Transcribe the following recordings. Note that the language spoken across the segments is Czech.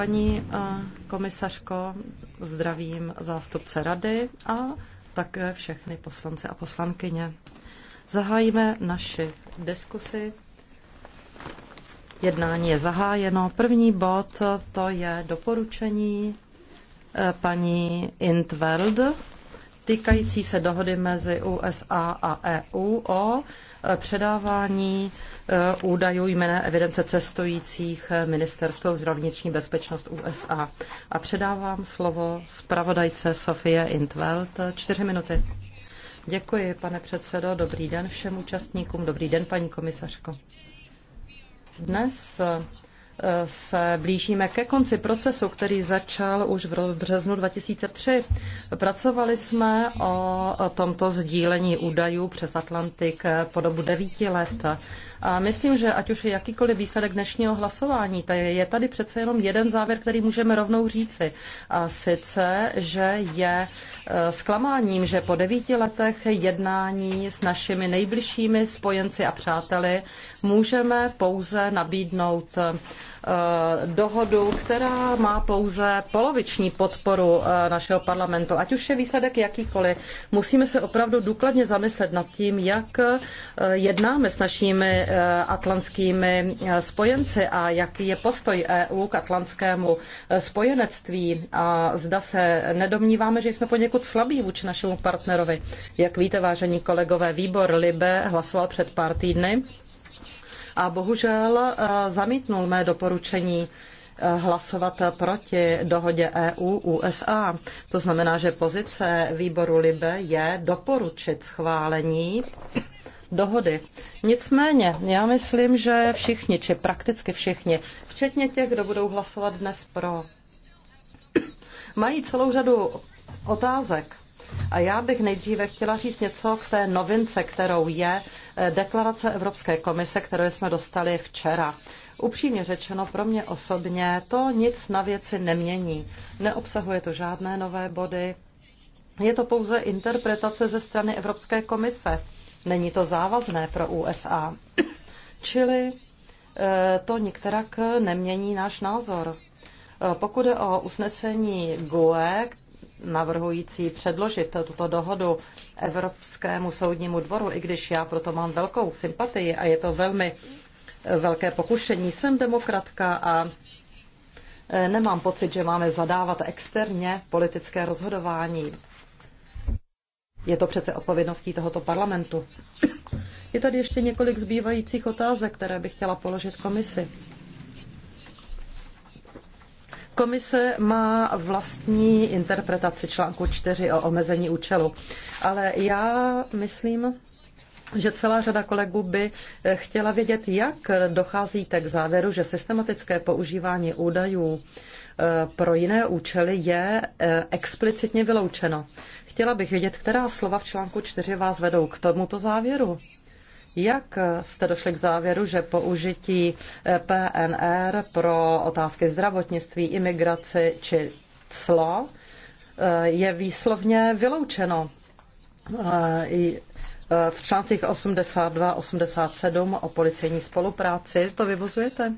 Paní eh, komisařko, zdravím zástupce rady a také všechny poslance a poslankyně. Zahájíme naši diskusi. Jednání je zahájeno. První bod to je doporučení eh, paní Intveld týkající se dohody mezi USA a EU o eh, předávání Eh, údajů jména evidence cestujících Ministerstvo vnitřní bezpečnost USA. A předávám slovo zpravodajce Sofie Intveld. Čtyři minuty. Děkuji, pane předsedo. Dobrý den všem účastníkům. Dobrý den, paní komisařko. Dnes eh, se blížíme ke konci procesu, který začal už v březnu 2003. Pracovali jsme o tomto sdílení údajů přes Atlantik po dobu devíti let. A myslím, že ať už je jakýkoliv výsledek dnešního hlasování, je tady přece jenom jeden závěr, který můžeme rovnou říci. A sice, že je e, zklamáním, že po devíti letech jednání s našimi nejbližšími spojenci a přáteli můžeme pouze nabídnout Eh, dohodu, která má pouze poloviční podporu eh, našeho parlamentu. Ať už je výsledek jakýkoliv, musíme se opravdu důkladně zamyslet nad tím, jak eh, jednáme s našimi atlantskými spojenci a jaký je postoj EU k atlantskému spojenectví a zda se nedomníváme, že jsme poněkud slabí vůči našemu partnerovi. Jak víte, vážení kolegové, výbor Libe hlasoval před pár týdny a bohužel eh, zamítnul mé doporučení eh, hlasovat proti dohodě EU-USA. To znamená, že pozice výboru Libe je doporučit schválení dohody. Nicméně, já myslím, že všichni, či prakticky všichni, včetně těch, kdo budou hlasovat dnes pro, mají celou řadu otázek a já bych nejdříve chtěla říct něco k té novince, kterou je eh, deklarace Evropské komise, kterou jsme dostali včera. Upřímně řečeno, pro mě osobně to nic na věci nemění. Neobsahuje to žádné nové body. Je to pouze interpretace ze strany Evropské komise. Není to závazné pro USA. Čili eh, to nikterak nemění náš názor. Eh, pokud je o usnesení GUE, navrhující předložit tuto dohodu Evropskému soudnímu dvoru, i když já proto mám velkou sympatii a je to velmi velké pokušení. Jsem demokratka a e, nemám pocit, že máme zadávat externě politické rozhodování. Je to přece odpovědností tohoto parlamentu. Je tady ještě několik zbývajících otázek, které bych chtěla položit komisi. Komise má vlastní interpretaci článku 4 o omezení účelu, ale já myslím, že celá řada kolegů by chtěla vědět, jak docházíte k závěru, že systematické používání údajů eh, pro jiné účely je eh, explicitně vyloučeno. Chtěla bych vědět, která slova v článku 4 vás vedou k tomuto závěru. Jak jste došli k závěru, že použití eh, PNR pro otázky zdravotnictví, imigraci či clo eh, je výslovně vyloučeno? Eh, v článcích 82-87 o policejní spolupráci to vyvozujete?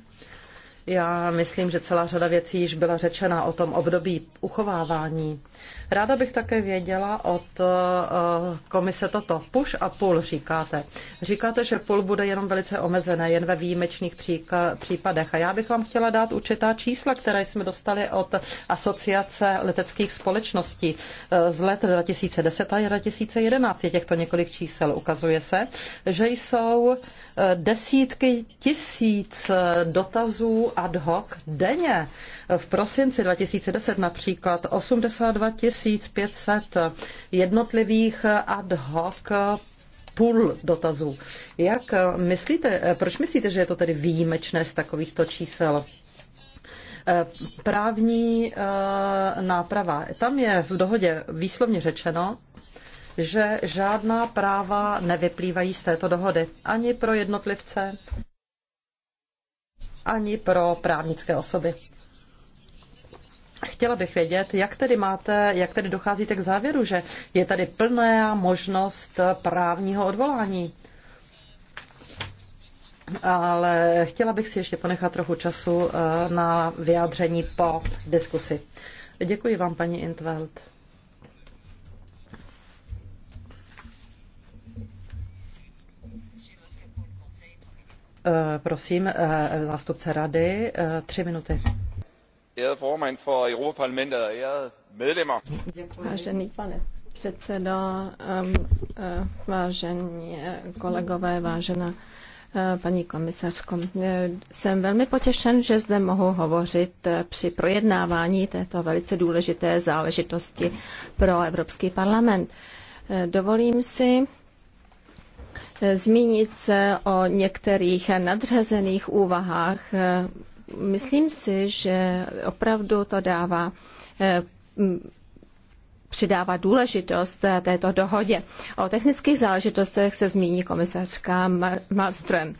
Já myslím, že celá řada věcí již byla řečena o tom období uchovávání. Ráda bych také věděla od eh, komise toto. Puš a pull říkáte. Říkáte, že pull bude jenom velice omezené, jen ve výjimečných případech. A já bych vám chtěla dát určitá čísla, které jsme dostali od Asociace leteckých společností eh, z let 2010 a 2011. Je těchto několik čísel. Ukazuje se, že jsou eh, desítky tisíc dotazů ad hoc denně. V prosinci 2010 například 82 tisíc 1500 jednotlivých ad hoc půl dotazů. Jak myslíte, proč myslíte, že je to tedy výjimečné z takovýchto čísel? Právní eh, náprava. Tam je v dohodě výslovně řečeno, že žádná práva nevyplývají z této dohody ani pro jednotlivce, ani pro právnické osoby. Chtěla bych vědět, jak tedy máte, jak tedy docházíte k závěru, že je tady plná možnost právního odvolání. Ale chtěla bych si ještě ponechat trochu času eh, na vyjádření po diskusi. Děkuji vám, paní Intveld. Eh, prosím, eh, zástupce rady, tři minuty. Vážený pane předsedo, um, uh, vážení uh, kolegové, vážená uh, paní komisařko. Jsem velmi potěšen, že zde mohu hovořit při projednávání této velice důležité záležitosti pro Evropský parlament. Dovolím si zmínit se o některých nadřazených úvahách Myslím si, že opravdu to dává eh, přidává důležitost této dohodě. O technických záležitostech se zmíní komisařka Malström.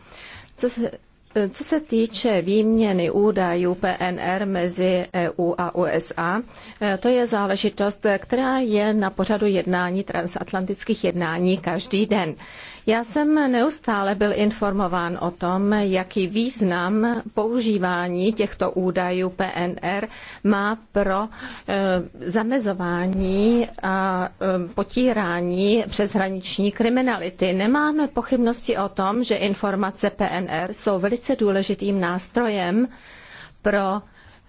Co se, eh, co se týče výměny údajů PNR mezi EU a USA, eh, to je záležitost, která je na pořadu jednání transatlantických jednání každý den. Já jsem neustále byl informován o tom, jaký význam používání těchto údajů PNR má pro eh, zamezování a eh, potírání přeshraniční kriminality. Nemáme pochybnosti o tom, že informace PNR jsou velice důležitým nástrojem pro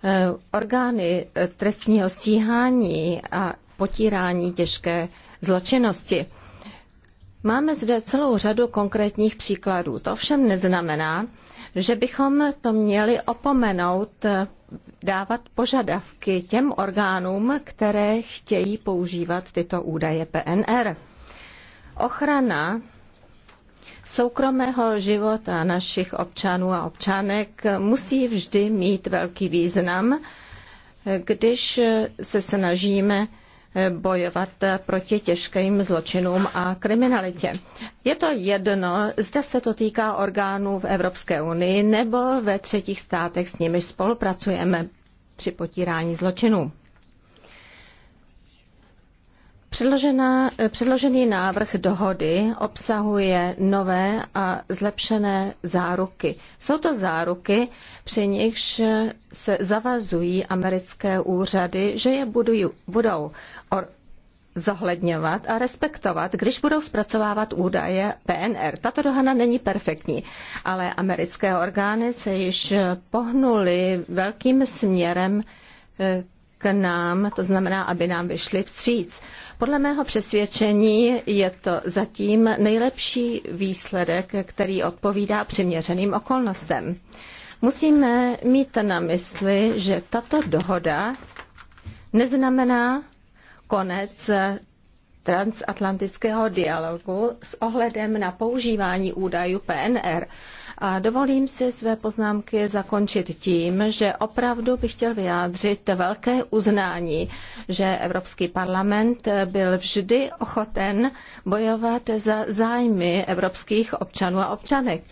eh, orgány trestního stíhání a potírání těžké zločinnosti. Máme zde celou řadu konkrétních příkladů. To všem neznamená, že bychom to měli opomenout dávat požadavky těm orgánům, které chtějí používat tyto údaje PNR. Ochrana soukromého života našich občanů a občanek musí vždy mít velký význam, když se snažíme bojovat proti těžkým zločinům a kriminalitě. Je to jedno, zda se to týká orgánů v Evropské unii nebo ve třetích státech, s nimiž spolupracujeme při potírání zločinů. Předložená, eh, předložený návrh dohody obsahuje nové a zlepšené záruky. Jsou to záruky, při nichž se zavazují americké úřady, že je budou or, zohledňovat a respektovat, když budou zpracovávat údaje PNR. Tato dohana není perfektní, ale americké orgány se již pohnuly velkým směrem eh, k nám, to znamená, aby nám vyšli vstříc. Podle mého přesvědčení je to zatím nejlepší výsledek, který odpovídá přiměřeným okolnostem. Musíme mít na mysli, že tato dohoda neznamená konec transatlantického dialogu s ohledem na používání údajů PNR. A dovolím si své poznámky zakončit tím, že opravdu bych chtěl vyjádřit velké uznání, že Evropský parlament byl vždy ochoten bojovat za zájmy evropských občanů a občanek.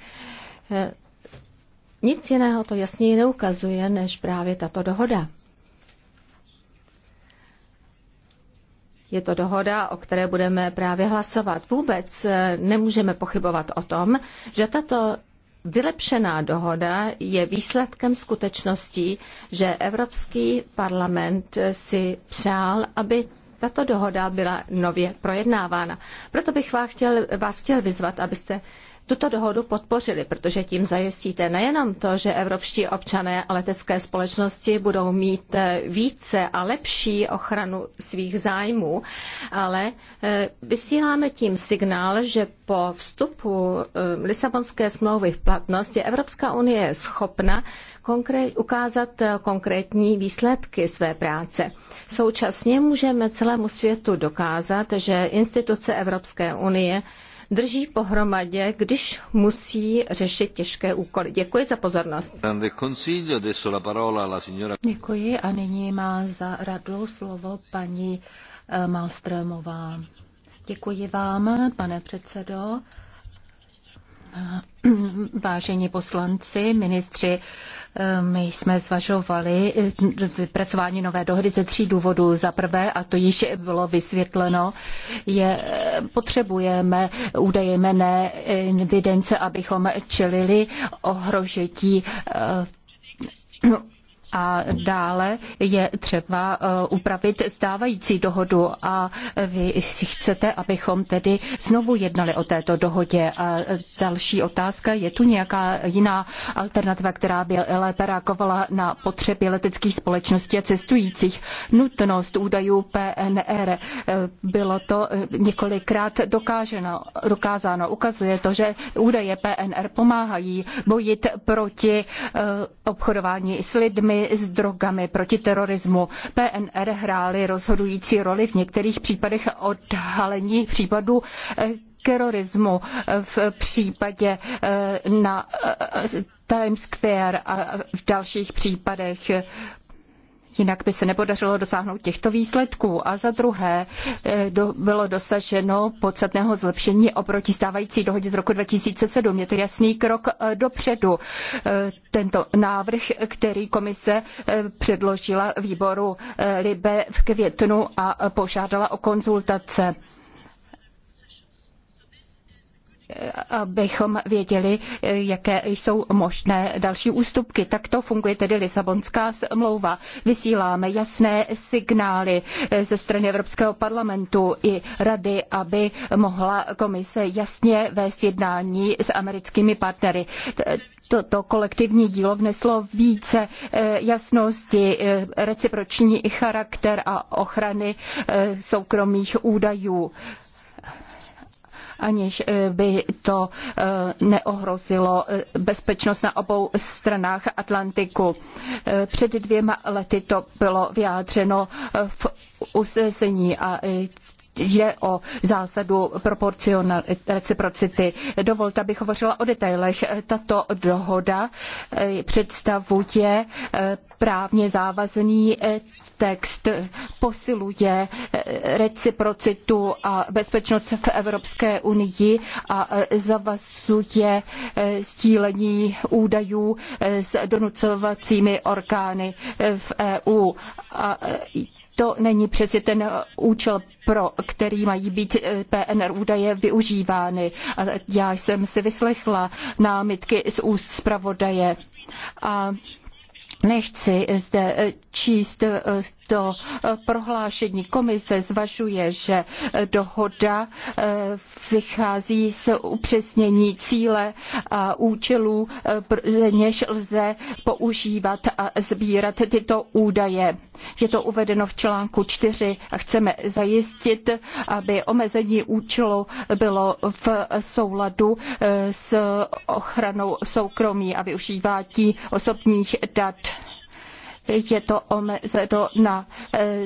Nic jiného to jasně neukazuje, než právě tato dohoda. Je to dohoda, o které budeme právě hlasovat. Vůbec eh, nemůžeme pochybovat o tom, že tato vylepšená dohoda je výsledkem skutečnosti, že Evropský parlament si přál, aby tato dohoda byla nově projednávána. Proto bych vás chtěl, vás chtěl vyzvat, abyste tuto dohodu podpořili, protože tím zajistíte nejenom to, že evropští občané a letecké společnosti budou mít eh, více a lepší ochranu svých zájmů, ale eh, vysíláme tím signál, že po vstupu eh, Lisabonské smlouvy v platnost je Evropská unie schopna ukázat konkrétní výsledky své práce. Současně můžeme celému světu dokázat, že instituce Evropské unie drží pohromadě, když musí řešit těžké úkoly. Děkuji za pozornost. Děkuji a nyní má za radu slovo paní eh, Malstrémová. Děkuji vám, pane předsedo. Eh, vážení poslanci, ministři, eh, my jsme zvažovali eh, vypracování nové dohody ze tří důvodů. Za prvé, a to již bylo vysvětleno, je, potřebujeme údaje jmené evidence, abychom čelili ohrožení a dále je třeba eh, upravit stávající dohodu a vy chcete, abychom tedy znovu jednali o této dohodě. A další otázka, je tu nějaká jiná alternativa, která by lépe reagovala na potřeby leteckých společností a cestujících? Nutnost údajů PNR eh, bylo to eh, několikrát dokáženo, dokázáno. Ukazuje to, že údaje PNR pomáhají bojit proti obchodování s lidmi, s drogami, proti terorismu. PNR hrály rozhodující roli v některých případech odhalení případů eh, terorismu v případě eh, na eh, Times Square a v dalších případech jinak by se nepodařilo dosáhnout těchto výsledků. A za druhé eh, do, bylo dosaženo podstatného zlepšení oproti stávající dohodě z roku 2007. Je to jasný krok eh, dopředu. Eh, tento návrh, který komise předložila výboru Libe v květnu a požádala o konzultace abychom věděli, jaké jsou možné další ústupky. Takto funguje tedy Lisabonská smlouva. Vysíláme jasné signály ze strany Evropského parlamentu i rady, aby mohla komise jasně vést jednání s americkými partnery toto kolektivní dílo vneslo více eh, jasnosti, eh, reciproční charakter a ochrany eh, soukromých údajů aniž eh, by to eh, neohrozilo eh, bezpečnost na obou stranách Atlantiku. Před dvěma lety to bylo vyjádřeno v usnesení a jde o zásadu reciprocity. Dovolte, abych hovořila o detailech. Tato dohoda představuje právně závazný text posiluje eh, reciprocitu a bezpečnost v Evropské unii a eh, zavazuje eh, sdílení údajů s donucovacími orgány v EU. A to není přesně ten účel, pro který mají být PNR údaje využívány. A já jsem si vyslechla námitky z úst zpravodaje. A Nechci zde eh, číst eh, to eh, prohlášení. Komise zvažuje, že dohoda vychází z upřesnění cíle a účelů, něž lze používat a sbírat tyto údaje. Je to uvedeno v článku 4 a chceme zajistit, aby omezení účelu bylo v souladu s ochranou soukromí a využívání osobních dat je to omezeno na eh,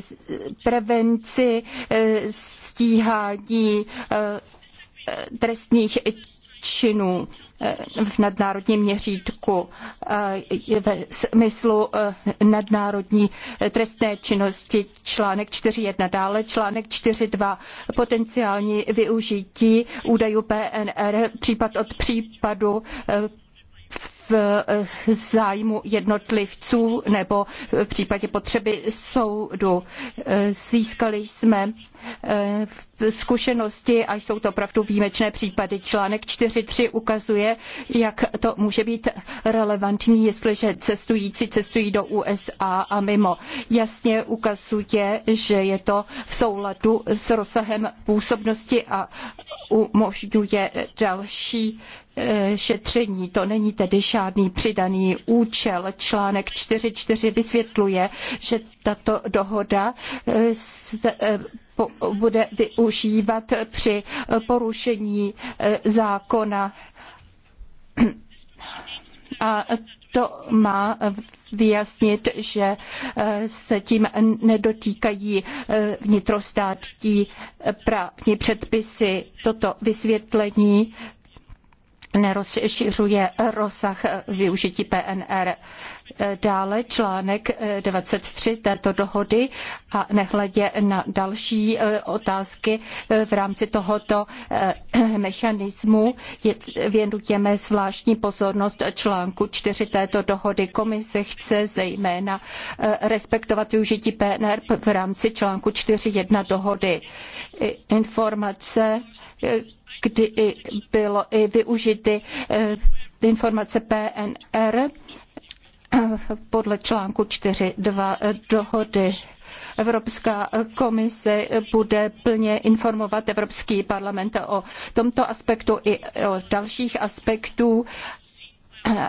prevenci eh, stíhání eh, trestních činů v nadnárodním měřítku ve smyslu nadnárodní trestné činnosti článek 4.1 dále, článek 4.2 potenciální využití údajů PNR případ od případu v eh, zájmu jednotlivců nebo v případě potřeby soudu. Eh, získali jsme eh, v zkušenosti a jsou to opravdu výjimečné případy. Článek 4.3 ukazuje, jak to může být relevantní, jestliže cestující cestují do USA a mimo. Jasně ukazuje, že je to v souladu s rozsahem působnosti a umožňuje další eh, šetření. To není tedy žádný přidaný účel. Článek 4.4 vysvětluje, že tato dohoda eh, eh, bude využívat při eh, porušení eh, zákona. A to má vyjasnit, že eh, se tím nedotýkají vnitrostátní právní předpisy. Toto vysvětlení nerozšiřuje rozsah využití PNR. Dále článek 23 této dohody a nehledě na další eh, otázky eh, v rámci tohoto eh, mechanismu věnujeme zvláštní pozornost článku 4 této dohody. Komise chce zejména respektovat využití PNR v rámci článku 4.1 dohody. Informace kdy bylo i využity eh, informace PNR eh, podle článku 4.2 eh, dohody. Evropská komise bude plně informovat Evropský parlament o tomto aspektu i o dalších aspektů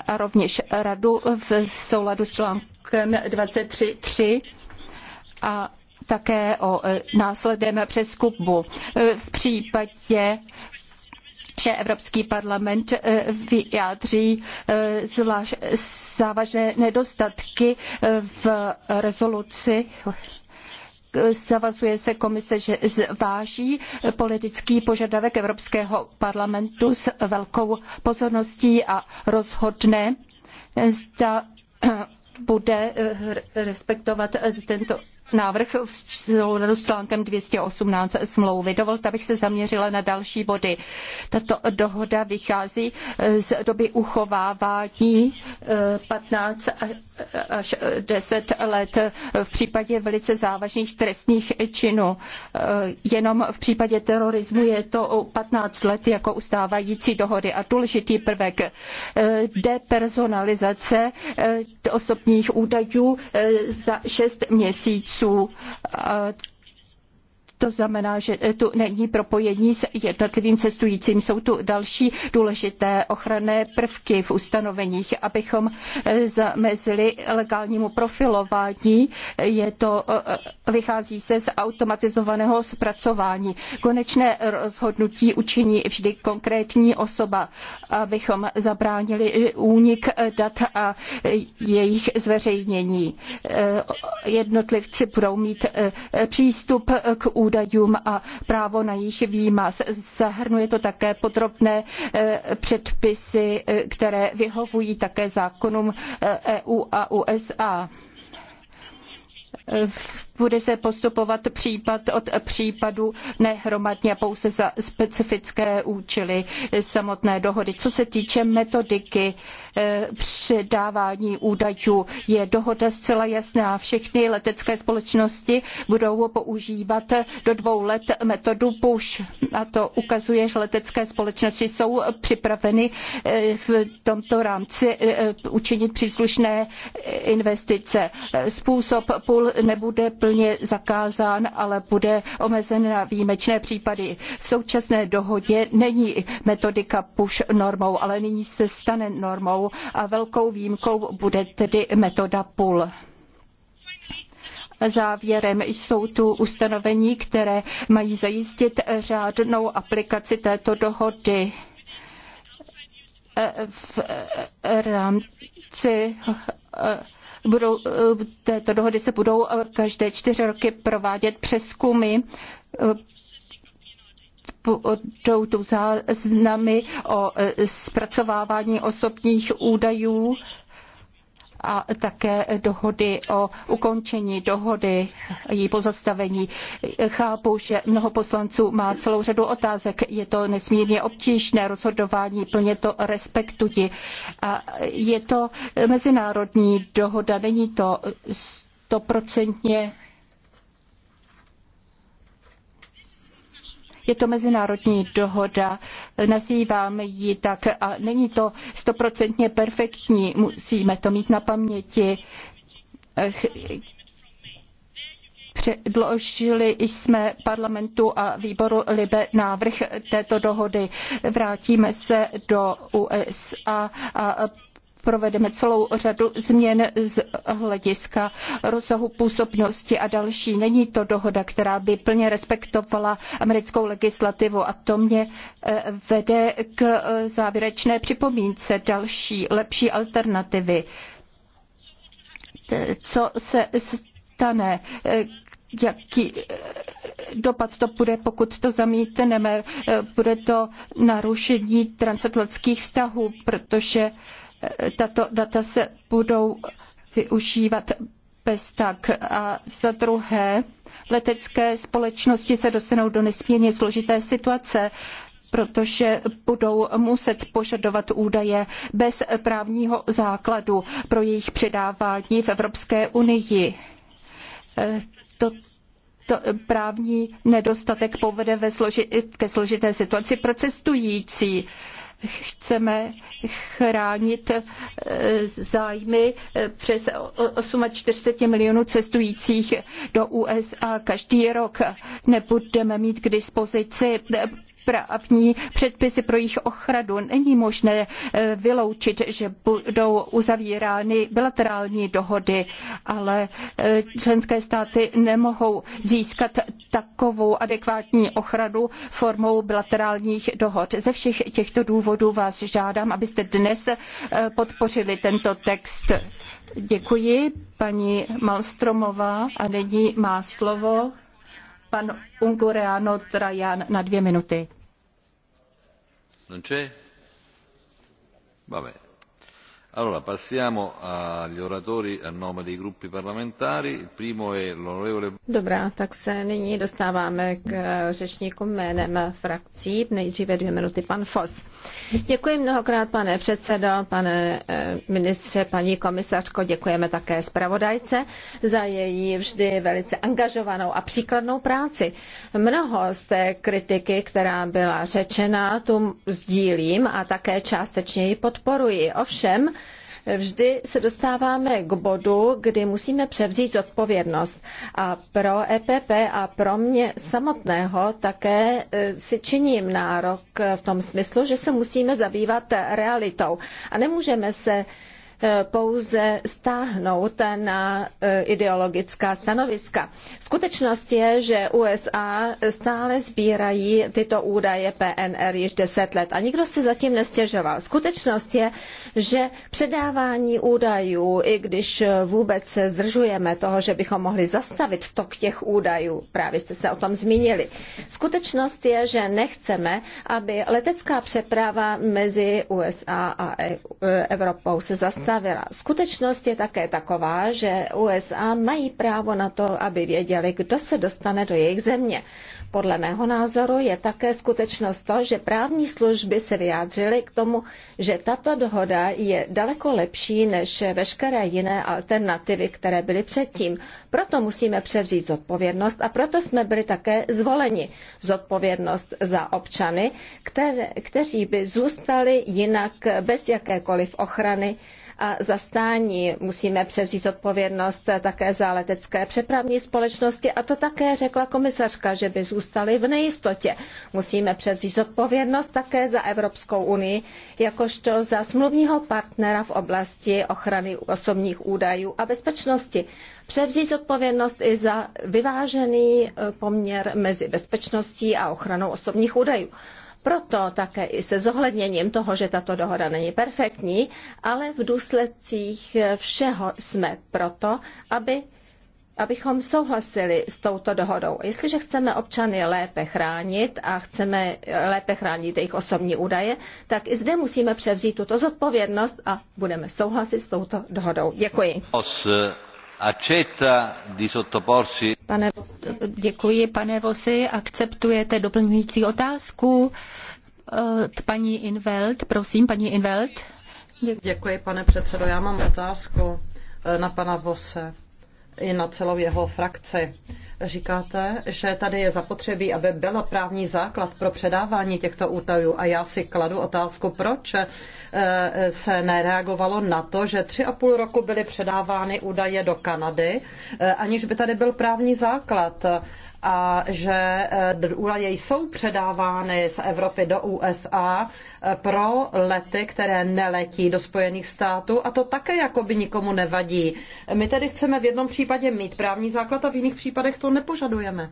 a rovněž radu v souladu s článkem 23.3 a také o následném přeskupu v případě že Evropský parlament eh, vyjádří eh, zvlášť závažné nedostatky eh, v rezoluci zavazuje se komise, že zváží politický požadavek Evropského parlamentu s velkou pozorností a rozhodne, zda bude respektovat tento návrh v souladu s článkem 218 smlouvy. Dovolte, abych se zaměřila na další body. Tato dohoda vychází z doby uchovávání 15 eh, až 10 let v případě velice závažných trestních činů. Eh, jenom v případě terorismu je to 15 let jako ustávající dohody a důležitý prvek eh, depersonalizace osobních údajů za 6 měsíců poslanců to znamená, že tu není propojení s jednotlivým cestujícím. Jsou tu další důležité ochranné prvky v ustanoveních, abychom eh, zamezili legálnímu profilování. Je to, eh, vychází se z automatizovaného zpracování. Konečné rozhodnutí učiní vždy konkrétní osoba, abychom zabránili eh, únik dat a jejich zveřejnění. Jednotlivci budou mít přístup k údajům údajům a právo na jejich výmaz. Zahrnuje to také podrobné eh, předpisy, eh, které vyhovují také zákonům EU eh, e a USA bude se postupovat případ od případu nehromadně a pouze za specifické účely samotné dohody. Co se týče metodiky eh, předávání údajů, je dohoda zcela jasná. Všechny letecké společnosti budou používat do dvou let metodu PUSH. A to ukazuje, že letecké společnosti jsou připraveny eh, v tomto rámci eh, učinit příslušné investice. Způsob PUL nebude úplně zakázán, ale bude omezen na výjimečné případy. V současné dohodě není metodika push normou, ale nyní se stane normou a velkou výjimkou bude tedy metoda pull. Závěrem jsou tu ustanovení, které mají zajistit řádnou aplikaci této dohody v rámci budou, eh, této dohody se budou eh, každé čtyři roky provádět přeskumy budou eh, tu záznamy o zpracovávání osobních údajů a také dohody o ukončení dohody, její pozastavení. Chápu, že mnoho poslanců má celou řadu otázek. Je to nesmírně obtížné rozhodování, plně to respektuji. A je to mezinárodní dohoda, není to stoprocentně Je to mezinárodní dohoda, nazýváme ji tak a není to stoprocentně perfektní, musíme to mít na paměti. Předložili jsme parlamentu a výboru Libe návrh této dohody. Vrátíme se do USA a provedeme celou řadu změn z hlediska rozsahu působnosti a další. Není to dohoda, která by plně respektovala americkou legislativu a to mě eh, vede k eh, závěrečné připomínce další lepší alternativy. Eh, co se stane, jaký dopad to bude, pokud to zamítneme. Bude to narušení transatlantských vztahů, protože tato data se budou využívat bez tak. A za druhé, letecké společnosti se dostanou do nesmírně složité situace, protože budou muset požadovat údaje bez právního základu pro jejich předávání v Evropské unii. To to právní nedostatek povede ke složité situaci pro cestující chceme chránit eh, zájmy eh, přes 48 milionů cestujících do USA každý rok. Nebudeme mít k dispozici právní předpisy pro jejich ochranu. Není možné eh, vyloučit, že budou uzavírány bilaterální dohody, ale eh, členské státy nemohou získat takovou adekvátní ochranu formou bilaterálních dohod. Ze všech těchto důvodů vás žádám, abyste dnes eh, podpořili tento text. Děkuji paní Malstromová a nyní má slovo pan Ungureano Trajan na dvě minuty. Non c'è? Vabbè. Allora, passiamo agli oratori a nome dei gruppi parlamentari. Il primo è l'onorevole... Dobrá, tak se nyní dostáváme k eh, řečníkům jménem frakcí. Nejdříve dvě minuty pan Fos. Děkuji mnohokrát, pane předsedo, pane eh, ministře, paní komisařko. Děkujeme také zpravodajce za její vždy velice angažovanou a příkladnou práci. Mnoho z té kritiky, která byla řečena, tu sdílím a také částečně ji podporuji. Ovšem, vždy se dostáváme k bodu, kdy musíme převzít odpovědnost. A pro EPP a pro mě samotného také e, si činím nárok v tom smyslu, že se musíme zabývat realitou. A nemůžeme se Eh, pouze stáhnout na eh, ideologická stanoviska. Skutečnost je, že USA stále sbírají tyto údaje PNR již deset let a nikdo si zatím nestěžoval. Skutečnost je, že předávání údajů, i když vůbec se zdržujeme toho, že bychom mohli zastavit tok těch údajů, právě jste se o tom zmínili. Skutečnost je, že nechceme, aby letecká přeprava mezi USA a e, eh, Evropou se zastavila představila. Skutečnost je také taková, že USA mají právo na to, aby věděli, kdo se dostane do jejich země. Podle mého názoru je také skutečnost to, že právní služby se vyjádřily k tomu, že tato dohoda je daleko lepší než veškeré jiné alternativy, které byly předtím. Proto musíme převzít zodpovědnost a proto jsme byli také zvoleni. Zodpovědnost za občany, které, kteří by zůstali jinak bez jakékoliv ochrany zastání. Musíme převzít odpovědnost také za letecké přepravní společnosti a to také řekla komisařka, že by zůstaly v nejistotě. Musíme převzít odpovědnost také za Evropskou unii, jakožto za smluvního partnera v oblasti ochrany osobních údajů a bezpečnosti převzít odpovědnost i za vyvážený poměr mezi bezpečností a ochranou osobních údajů. Proto také i se zohledněním toho, že tato dohoda není perfektní, ale v důsledcích všeho jsme proto, aby abychom souhlasili s touto dohodou. Jestliže chceme občany lépe chránit a chceme eh, lépe chránit jejich osobní údaje, tak i zde musíme převzít tuto zodpovědnost a budeme souhlasit s touto dohodou. Děkuji. Eh, Pane, děkuji, pane Vosy. Akceptujete doplňující otázku? Eh, paní Inveld, prosím, paní Inveld. Děkuji. pane předsedo. Já mám otázku eh, na pana Vose i na celou jeho frakci. Říkáte, že tady je zapotřebí, aby byl právní základ pro předávání těchto útajů. A já si kladu otázku, proč eh, se nereagovalo na to, že tři a půl roku byly předávány údaje do Kanady, eh, aniž by tady byl právní základ a že eh, údaje jsou předávány z Evropy do USA eh, pro lety, které neletí do Spojených států a to také jako by nikomu nevadí. My tedy chceme v jednom případě mít právní základ a v jiných případech to nepožadujeme.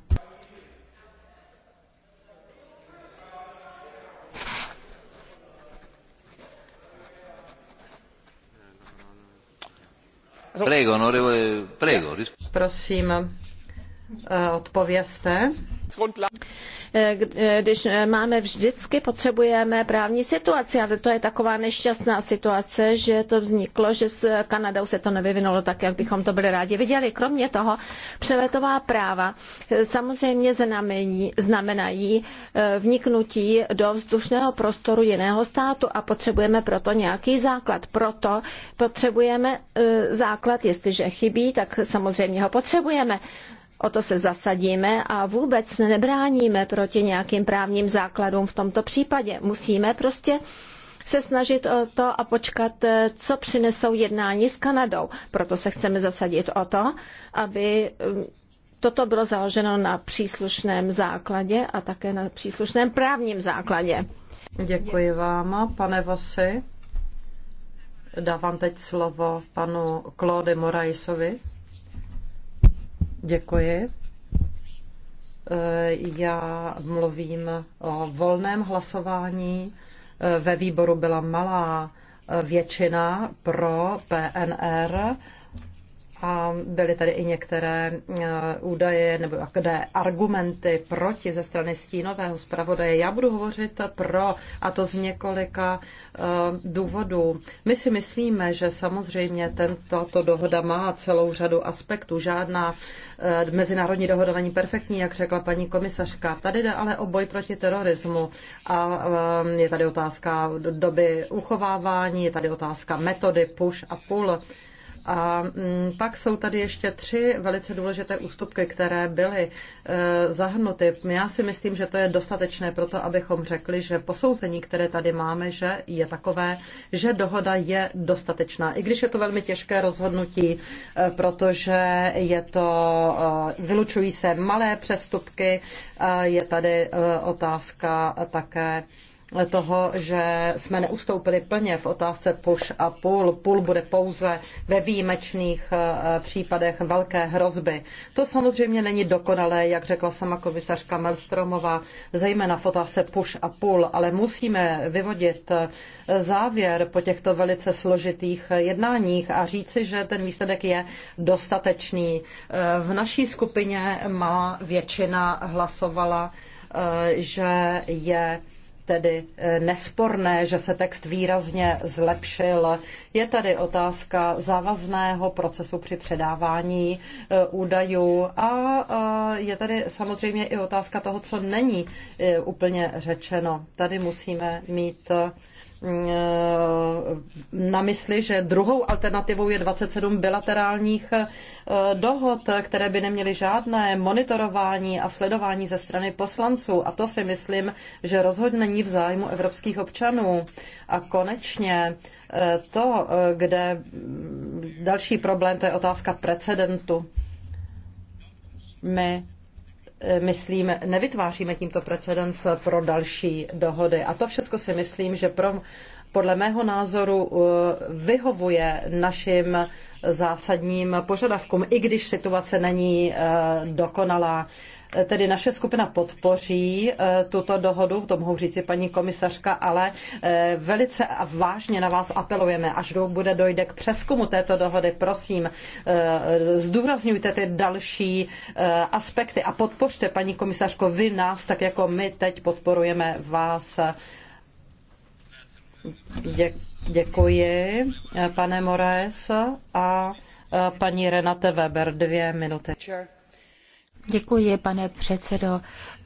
Prego, no, prego. Prosím. Eh, odpovězte. Eh, eh, když máme vždycky, potřebujeme právní situaci, ale to je taková nešťastná situace, že to vzniklo, že s Kanadou se to nevyvinulo tak, jak bychom to byli rádi viděli. Kromě toho, přeletová práva samozřejmě znamení, znamenají vniknutí do vzdušného prostoru jiného státu a potřebujeme proto nějaký základ. Proto potřebujeme základ, jestliže chybí, tak samozřejmě ho potřebujeme o to se zasadíme a vůbec nebráníme proti nějakým právním základům v tomto případě. Musíme prostě se snažit o to a počkat, eh, co přinesou jednání s Kanadou. Proto se chceme zasadit o to, aby mm, toto bylo založeno na příslušném základě a také na příslušném právním základě. Děkuji vám, pane Vosy. Dávám teď slovo panu Claude Moraisovi. Děkuji. Já mluvím o volném hlasování. Ve výboru byla malá většina pro PNR a byly tady i některé eh, údaje nebo jaké argumenty proti ze strany stínového zpravodaje. Já budu hovořit pro a to z několika eh, důvodů. My si myslíme, že samozřejmě tato dohoda má celou řadu aspektů. Žádná eh, mezinárodní dohoda není perfektní, jak řekla paní komisařka. Tady jde ale o boj proti terorismu a je tady otázka doby uchovávání, je tady otázka metody push a pull a mm, pak jsou tady ještě tři velice důležité ústupky, které byly e, zahrnuty. Já si myslím, že to je dostatečné pro to, abychom řekli, že posouzení, které tady máme, že je takové, že dohoda je dostatečná. I když je to velmi těžké rozhodnutí, e, protože je to, e, vylučují se malé přestupky, je tady otázka také toho, že jsme neustoupili plně v otázce push a pull. Pull bude pouze ve výjimečných eh, případech velké hrozby. To samozřejmě není dokonalé, jak řekla sama komisařka Melstromová, zejména v otázce push a pull, ale musíme vyvodit eh, závěr po těchto velice složitých eh, jednáních a říci, že ten výsledek je dostatečný. V naší skupině má většina hlasovala, že je tedy eh, nesporné, že se text výrazně zlepšil. Je tady otázka závazného procesu při předávání eh, údajů a eh, je tady samozřejmě i otázka toho, co není úplně řečeno. Tady musíme mít Eh, na mysli, že druhou alternativou je 27 bilaterálních eh, dohod, které by neměly žádné monitorování a sledování ze strany poslanců. A to si myslím, že rozhodně není v zájmu evropských občanů. A konečně eh, to, kde mm, další problém, to je otázka precedentu. My Eh, myslím, nevytváříme tímto precedens pro další dohody. A to všechno si myslím, že pro, podle mého názoru eh, vyhovuje našim zásadním požadavkům, i když situace není eh, dokonalá. Tedy naše skupina podpoří e, tuto dohodu, to mohou říci paní komisařka, ale e, velice vážně na vás apelujeme, až bude dojde k přeskumu této dohody, prosím, e, zdůrazňujte ty další aspekty a podpořte, paní komisařko, vy nás, tak jako my teď podporujeme vás. Dě- děkuji, pane Moraes a paní Renate Weber, dvě minuty. Sure. Děkuji, pane předsedo.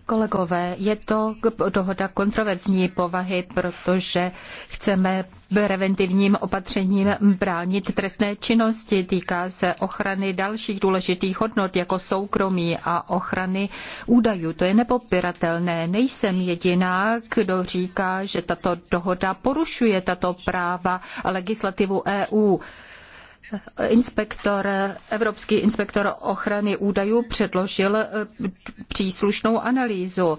Kolegové, je to dohoda kontroverzní povahy, protože chceme preventivním opatřením bránit trestné činnosti. Týká se ochrany dalších důležitých hodnot, jako soukromí a ochrany údajů. To je nepopiratelné. Nejsem jediná, kdo říká, že tato dohoda porušuje tato práva a legislativu EU inspektor, Evropský inspektor ochrany údajů předložil eh, příslušnou analýzu.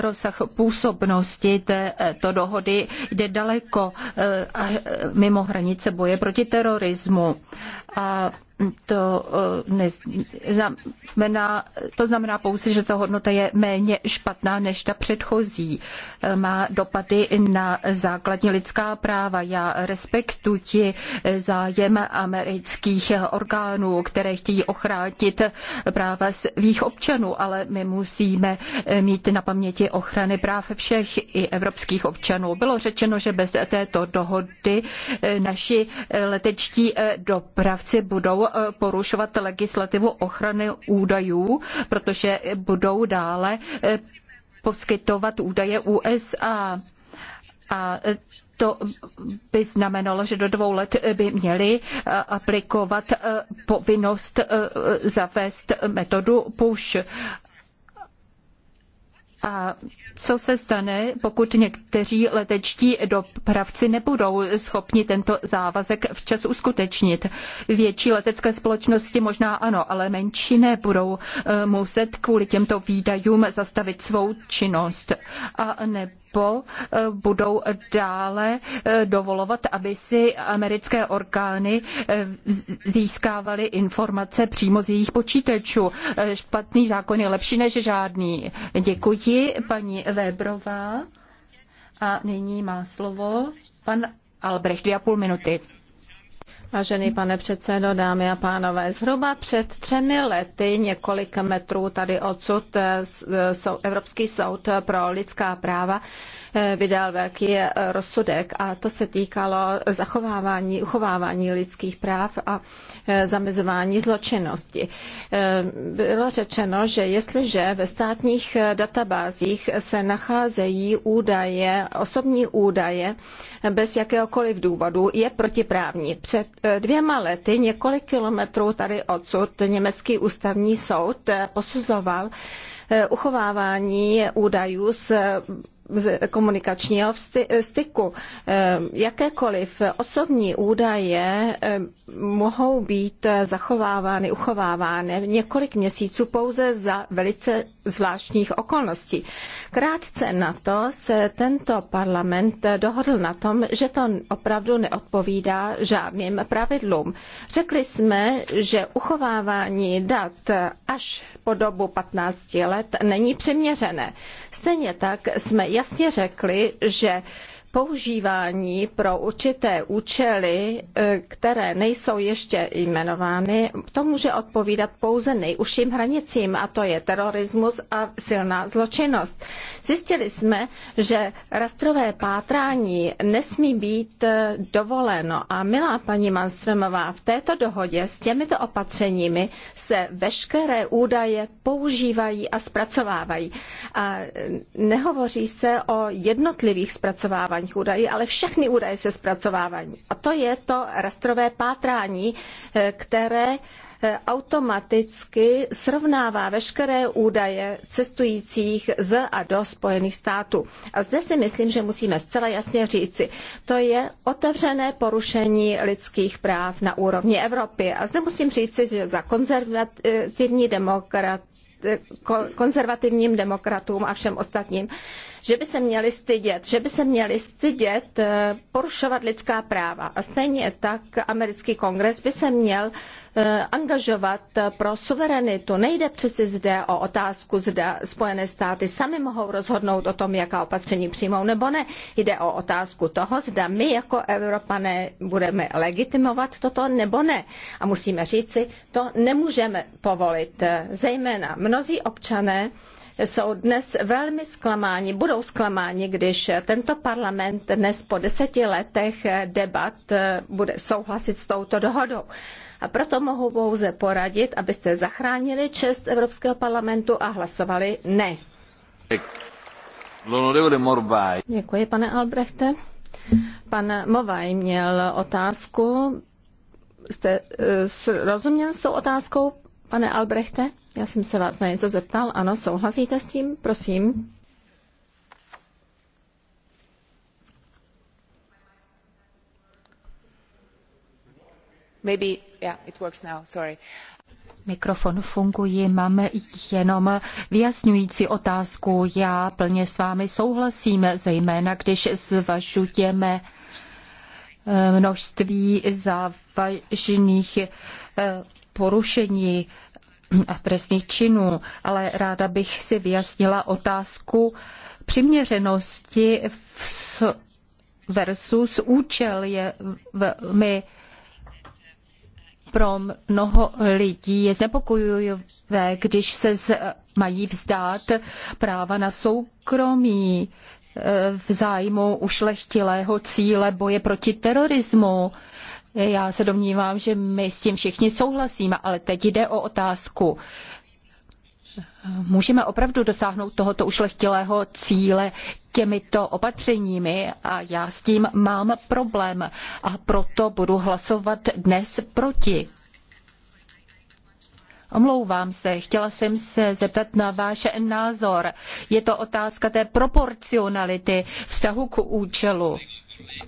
Rozsah působnosti této dohody jde daleko eh, eh, mimo hranice boje proti terorismu. A to eh, znamená, to znamená pouze, že ta hodnota je méně špatná než ta předchozí. Eh, má dopady na základní lidská práva. Já respektuji eh, zájem amerických orgánů, které chtějí ochránit práva svých občanů, ale my musíme mít na paměti ochrany práv všech i evropských občanů. Bylo řečeno, že bez této dohody naši letečtí dopravci budou Eh, porušovat legislativu ochrany údajů, protože budou dále eh, poskytovat údaje USA. A eh, to by znamenalo, že do dvou let by měli aplikovat povinnost zavést metodu push a co se stane, pokud někteří letečtí dopravci nebudou schopni tento závazek včas uskutečnit? Větší letecké společnosti možná ano, ale menší ne budou eh, muset kvůli těmto výdajům zastavit svou činnost. A nebo EPO eh, budou dále eh, dovolovat, aby si americké orgány eh, získávaly informace přímo z jejich počítačů. Špatný zákon je lepší než žádný. Děkuji, paní Webrová. A nyní má slovo pan Albrecht, dvě a půl minuty. Vážený pane předsedo, dámy a pánové, zhruba před třemi lety, několik metrů tady odsud, eh, eh, Evropský soud pro lidská práva eh, vydal velký rozsudek a to se týkalo zachovávání, uchovávání lidských práv a zamezování zločinnosti. Bylo řečeno, že jestliže ve státních databázích se nacházejí údaje, osobní údaje bez jakéhokoliv důvodu, je protiprávní. Před dvěma lety několik kilometrů tady odsud německý ústavní soud posuzoval eh, uchovávání údajů z komunikačního styku. Ehm, jakékoliv osobní údaje ehm, mohou být zachovávány, uchovávány několik měsíců pouze za velice zvláštních okolností. Krátce na to se tento parlament dohodl na tom, že to opravdu neodpovídá žádným pravidlům. Řekli jsme, že uchovávání dat až po dobu 15 let není přiměřené. Stejně tak jsme jasně řekli, že používání pro určité účely, eh, které nejsou ještě jmenovány, to může odpovídat pouze nejužším hranicím, a to je terorismus a silná zločinnost. Zjistili jsme, že rastrové pátrání nesmí být eh, dovoleno a milá paní Manströmová, v této dohodě s těmito opatřeními se veškeré údaje používají a zpracovávají. A eh, nehovoří se o jednotlivých zpracovávaní personálních údajů, ale všechny údaje se zpracovávají. A to je to rastrové pátrání, eh, které eh, automaticky srovnává veškeré údaje cestujících z a do Spojených států. A zde si myslím, že musíme zcela jasně říci, to je otevřené porušení lidských práv na úrovni Evropy. A zde musím říci, že za konzervativní demokrat konzervativním demokratům a všem ostatním, že by se měli stydět, že by se měli stydět eh, porušovat lidská práva. A stejně tak americký kongres by se měl Eh, angažovat pro suverenitu. Nejde přeci zde o otázku, zda Spojené státy sami mohou rozhodnout o tom, jaká opatření přijmou nebo ne. Jde o otázku toho, zda my jako Evropané budeme legitimovat toto nebo ne. A musíme říci, to nemůžeme povolit. Zejména mnozí občané jsou dnes velmi zklamáni, budou zklamáni, když tento parlament dnes po deseti letech debat eh, bude souhlasit s touto dohodou. A proto mohu pouze poradit, abyste zachránili čest Evropského parlamentu a hlasovali ne. Děkuji, pane Albrechte. Pan Movaj měl otázku. Jste eh, rozuměl s tou otázkou, pane Albrechte? Já jsem se vás na něco zeptal. Ano, souhlasíte s tím? Prosím. Maybe Mikrofon funguje, mám jenom vyjasňující otázku. Já plně s vámi souhlasím, zejména když zvažujeme eh, množství závažných eh, porušení hm, a trestných činů, ale ráda bych si vyjasnila otázku přiměřenosti versus účel je velmi pro mnoho lidí je znepokojivé, když se mají vzdát práva na soukromí eh, v zájmu ušlechtilého cíle boje proti terorismu. Já se domnívám, že my s tím všichni souhlasíme, ale teď jde o otázku můžeme opravdu dosáhnout tohoto ušlechtilého cíle těmito opatřeními a já s tím mám problém a proto budu hlasovat dnes proti. Omlouvám se, chtěla jsem se zeptat na váš názor. Je to otázka té proporcionality vztahu k účelu.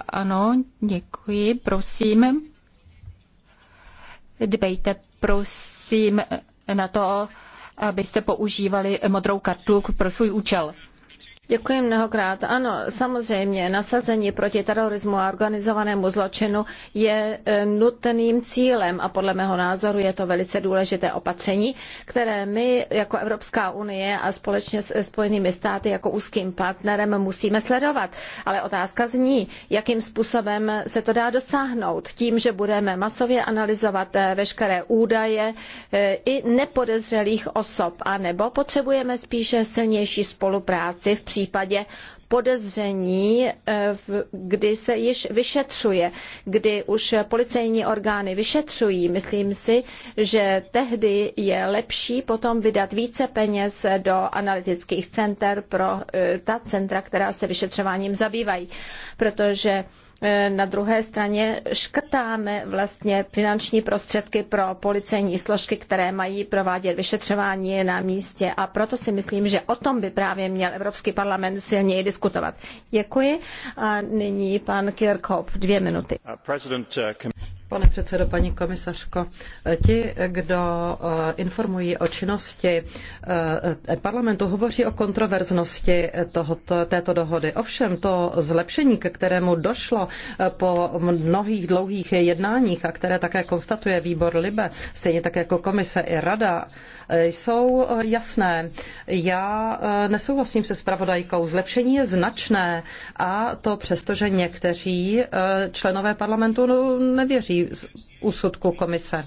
Ano, děkuji, prosím. Dbejte prosím na to, abyste používali modrou kartu pro svůj účel. Děkuji mnohokrát. Ano, samozřejmě, nasazení proti terorismu a organizovanému zločinu je e, nutným cílem a podle mého názoru je to velice důležité opatření, které my jako Evropská unie a společně s e, Spojenými státy jako úzkým partnerem musíme sledovat. Ale otázka zní, jakým způsobem se to dá dosáhnout. Tím, že budeme masově analyzovat e, veškeré údaje i nepodezřelých osob, anebo potřebujeme spíše silnější spolupráci v případě případě podezření, eh, kdy se již vyšetřuje, kdy už policejní orgány vyšetřují. Myslím si, že tehdy je lepší potom vydat více peněz do analytických center pro eh, ta centra, která se vyšetřováním zabývají, protože E, na druhé straně škrtáme vlastně finanční prostředky pro policejní složky, které mají provádět vyšetřování na místě. A proto si myslím, že o tom by právě měl Evropský parlament silněji diskutovat. Děkuji. A nyní pan Kirchhoff, dvě minuty. Uh, Pane předsedo, paní komisařko, ti, kdo eh, informují o činnosti eh, parlamentu, hovoří o kontroverznosti tohoto, této dohody. Ovšem to zlepšení, ke kterému došlo eh, po mnohých dlouhých jednáních a které také konstatuje výbor Libe, stejně tak jako komise i rada, jsou jasné. Já nesouhlasím se spravodajkou. Zlepšení je značné a to přesto, že někteří členové parlamentu nevěří úsudku komise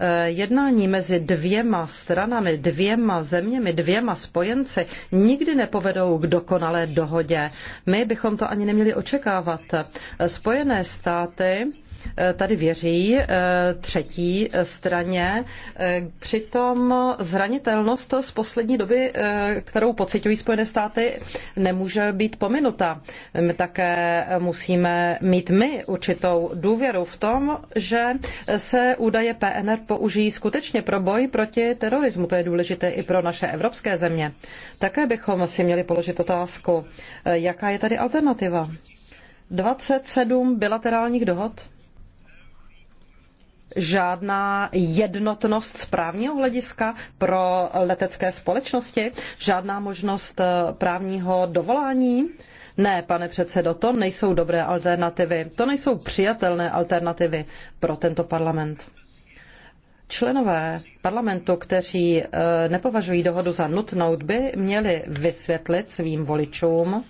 eh, jednání mezi dvěma stranami, dvěma zeměmi, dvěma spojenci nikdy nepovedou k dokonalé dohodě. My bychom to ani neměli očekávat. Eh, Spojené státy Eh, tady věří eh, třetí eh, straně. Přitom zranitelnost z poslední doby, kterou pocitují Spojené státy, nemůže být pominuta. My také musíme mít my určitou důvěru v tom, že se údaje PNR použijí skutečně pro boj proti terorismu. To je důležité i pro naše evropské země. Také bychom si měli položit otázku, jaká je tady alternativa. 27 bilaterálních dohod žádná jednotnost z právního hlediska pro letecké společnosti, žádná možnost eh, právního dovolání. Ne, pane předsedo, to nejsou dobré alternativy, to nejsou přijatelné alternativy pro tento parlament. Členové parlamentu, kteří eh, nepovažují dohodu za nutnou, by měli vysvětlit svým voličům,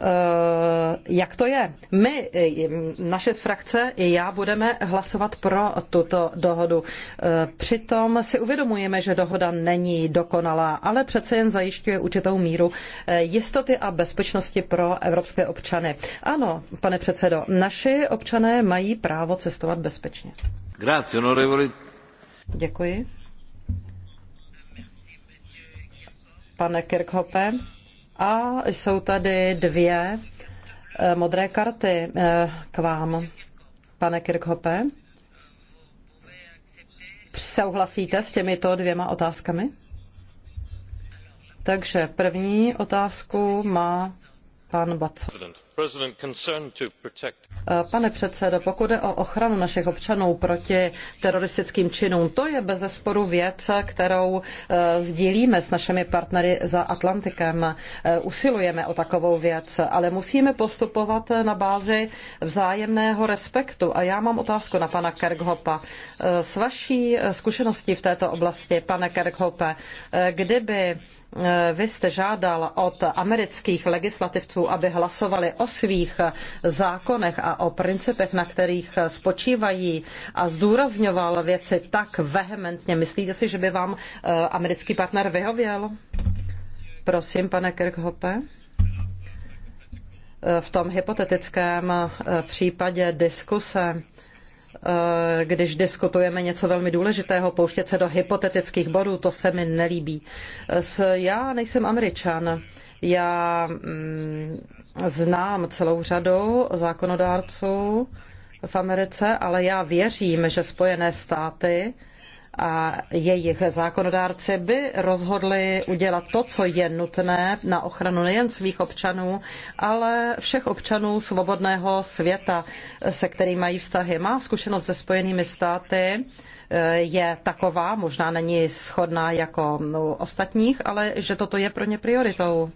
Eh, jak to je. My, eh, naše frakce i já budeme hlasovat pro tuto dohodu. Eh, přitom si uvědomujeme, že dohoda není dokonalá, ale přece jen zajišťuje určitou míru jistoty a bezpečnosti pro evropské občany. Ano, pane předsedo, naši občané mají právo cestovat bezpečně. Děkuji. Pane Kirchhope. A jsou tady dvě eh, modré karty eh, k vám, pane Kirkhope. Souhlasíte s těmito dvěma otázkami? Takže první otázku má pan Bat. Eh, pane předsedo, pokud je o ochranu našich občanů proti teroristickým činům, to je bez zesporu věc, kterou eh, sdílíme s našimi partnery za Atlantikem. Eh, usilujeme o takovou věc, ale musíme postupovat na bázi vzájemného respektu. A já mám otázku na pana Kerkhopa. S vaší zkušeností v této oblasti, pane Kerkhope, kdyby vy jste žádal od amerických legislativců, aby hlasovali o svých zákonech a o principech, na kterých spočívají a zdůrazňoval věci tak vehementně, myslíte si, že by vám eh, americký partner vyhověl? Prosím, pane Kirkhope eh, v tom hypotetickém eh, případě diskuse, když diskutujeme něco velmi důležitého, pouštět se do hypotetických bodů, to se mi nelíbí. Já nejsem američan, já mm, znám celou řadu zákonodárců v Americe, ale já věřím, že Spojené státy a jejich zákonodárci by rozhodli udělat to, co je nutné na ochranu nejen svých občanů, ale všech občanů svobodného světa, se kterými mají vztahy. Má zkušenost se Spojenými státy eh, je taková, možná není shodná jako ostatních, ale že toto je pro ně prioritou.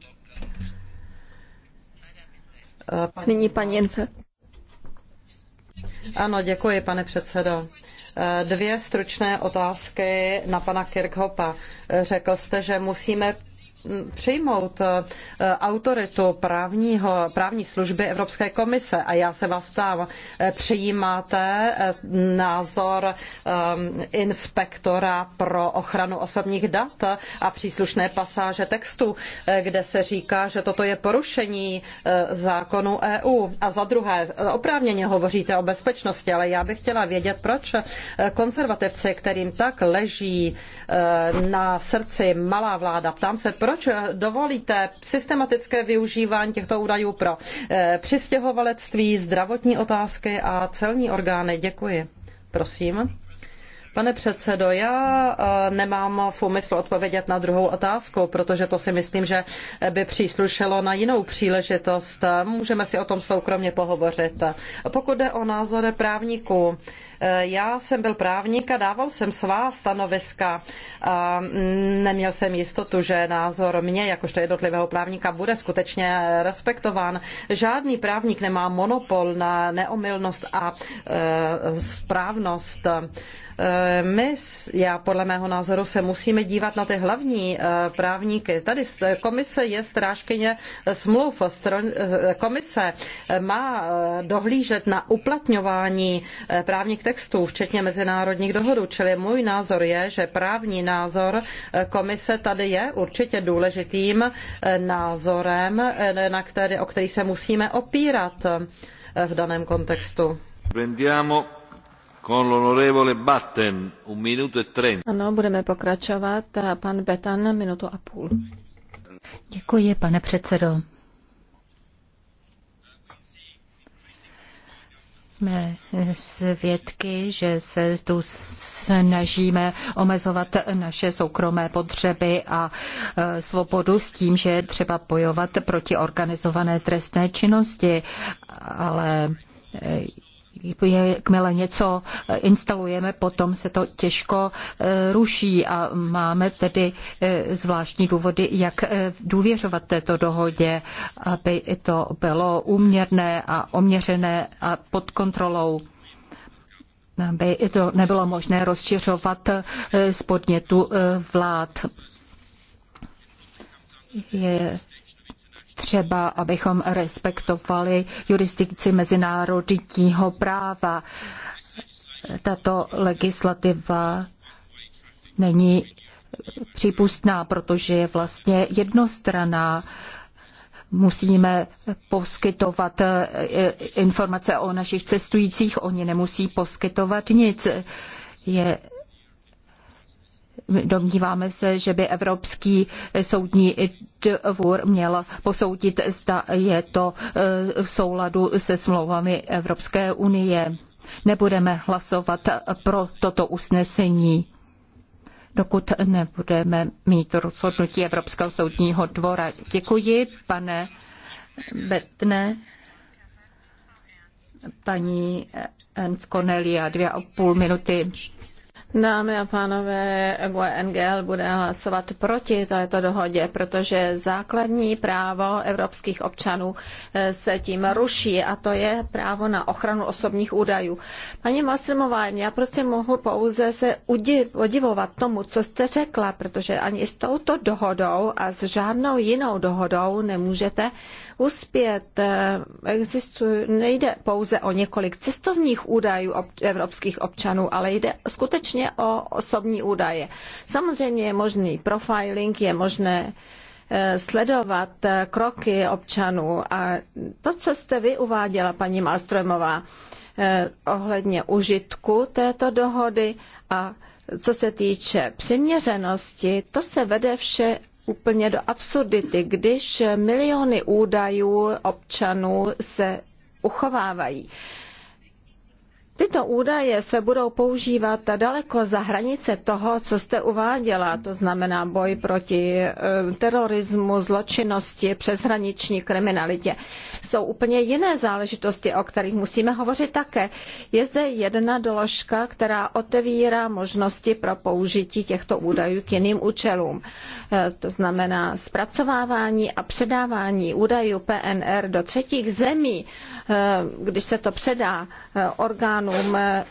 Eh, nyní paní Infer. Ano, děkuji, pane předsedo. Eh, dvě stručné otázky na pana Kirchhoffa. Eh, řekl jste, že musíme přijmout eh, autoritu právního, právní služby Evropské komise. A já se vás ptám, eh, přijímáte eh, názor inspektora pro ochranu osobních dat a příslušné pasáže textu, kde se říká, že toto je porušení zákonu EU. A za druhé, oprávněně hovoříte o bezpečnosti, ale já bych chtěla vědět, proč konzervativci, kterým tak leží na srdci malá vláda, ptám se, proč proč eh, dovolíte systematické využívání těchto údajů pro eh, přistěhovalectví, zdravotní otázky a celní orgány? Děkuji. Prosím. Pane předsedo, já eh, nemám v úmyslu odpovědět na druhou otázku, protože to si myslím, že by příslušelo na jinou příležitost. Můžeme si o tom soukromně pohovořit. Pokud jde o názory právníků, eh, já jsem byl právník a dával jsem svá stanoviska. Neměl jsem jistotu, že názor mě, jakožto jednotlivého právníka, bude skutečně respektován. Žádný právník nemá monopol na neomylnost a eh, správnost. Eh, my, já podle mého názoru, se musíme dívat na ty hlavní eh, právníky. Tady komise je strážkyně smluv. Eh, komise má dohlížet na uplatňování právních textů, včetně mezinárodních dohodů. Čili můj názor je, že právní názor komise tady je určitě důležitým názorem, na který, o který se musíme opírat v daném kontextu. Prendiamo E ano, budeme pokračovat. Pan Betan, minutu a půl. Děkuji, pane předsedo. jsme svědky, že se tu snažíme omezovat naše soukromé potřeby a e, svobodu s tím, že je třeba bojovat proti organizované trestné činnosti, ale e, jakmile něco eh, instalujeme, potom se to těžko eh, ruší a máme tedy eh, zvláštní důvody, jak důvěřovat této dohodě, aby to bylo úměrné a oměřené a pod kontrolou aby to nebylo možné rozšiřovat z podnětu vlád. Je třeba, abychom respektovali jurisdikci mezinárodního práva. Tato legislativa není přípustná, protože je vlastně jednostraná. Musíme poskytovat eh, eh, informace o našich cestujících, oni nemusí poskytovat nic. Je Domníváme se, že by Evropský soudní dvůr měl posoudit, zda je to eh, v souladu se smlouvami Evropské unie. Nebudeme hlasovat pro toto usnesení, dokud nebudeme mít rozhodnutí Evropského soudního dvora. Děkuji, pane Betne. Paní Ernst Cornelia, dvě a půl minuty. Dámy a pánové, GUE-NGL bude hlasovat proti této dohodě, protože základní právo evropských občanů eh, se tím ruší a to je právo na ochranu osobních údajů. Paní Mastrmová, já prostě mohu pouze se udivovat tomu, co jste řekla, protože ani s touto dohodou a s žádnou jinou dohodou nemůžete uspět. Eh, Existuje, nejde pouze o několik cestovních údajů evropských občanů, ale jde skutečně hlavně o osobní údaje. Samozřejmě je možný profiling, je možné eh, sledovat eh, kroky občanů a to, co jste vy uváděla, paní Malstromová, eh, ohledně užitku této dohody a co se týče přiměřenosti, to se vede vše úplně do absurdity, když miliony údajů občanů se uchovávají. Tyto údaje se budou používat daleko za hranice toho, co jste uváděla, to znamená boj proti eh, terorismu, zločinnosti, přeshraniční kriminalitě. Jsou úplně jiné záležitosti, o kterých musíme hovořit také. Je zde jedna doložka, která otevírá možnosti pro použití těchto údajů k jiným účelům. Eh, to znamená zpracovávání a předávání údajů PNR do třetích zemí Eh, když se to předá eh, orgánům, eh,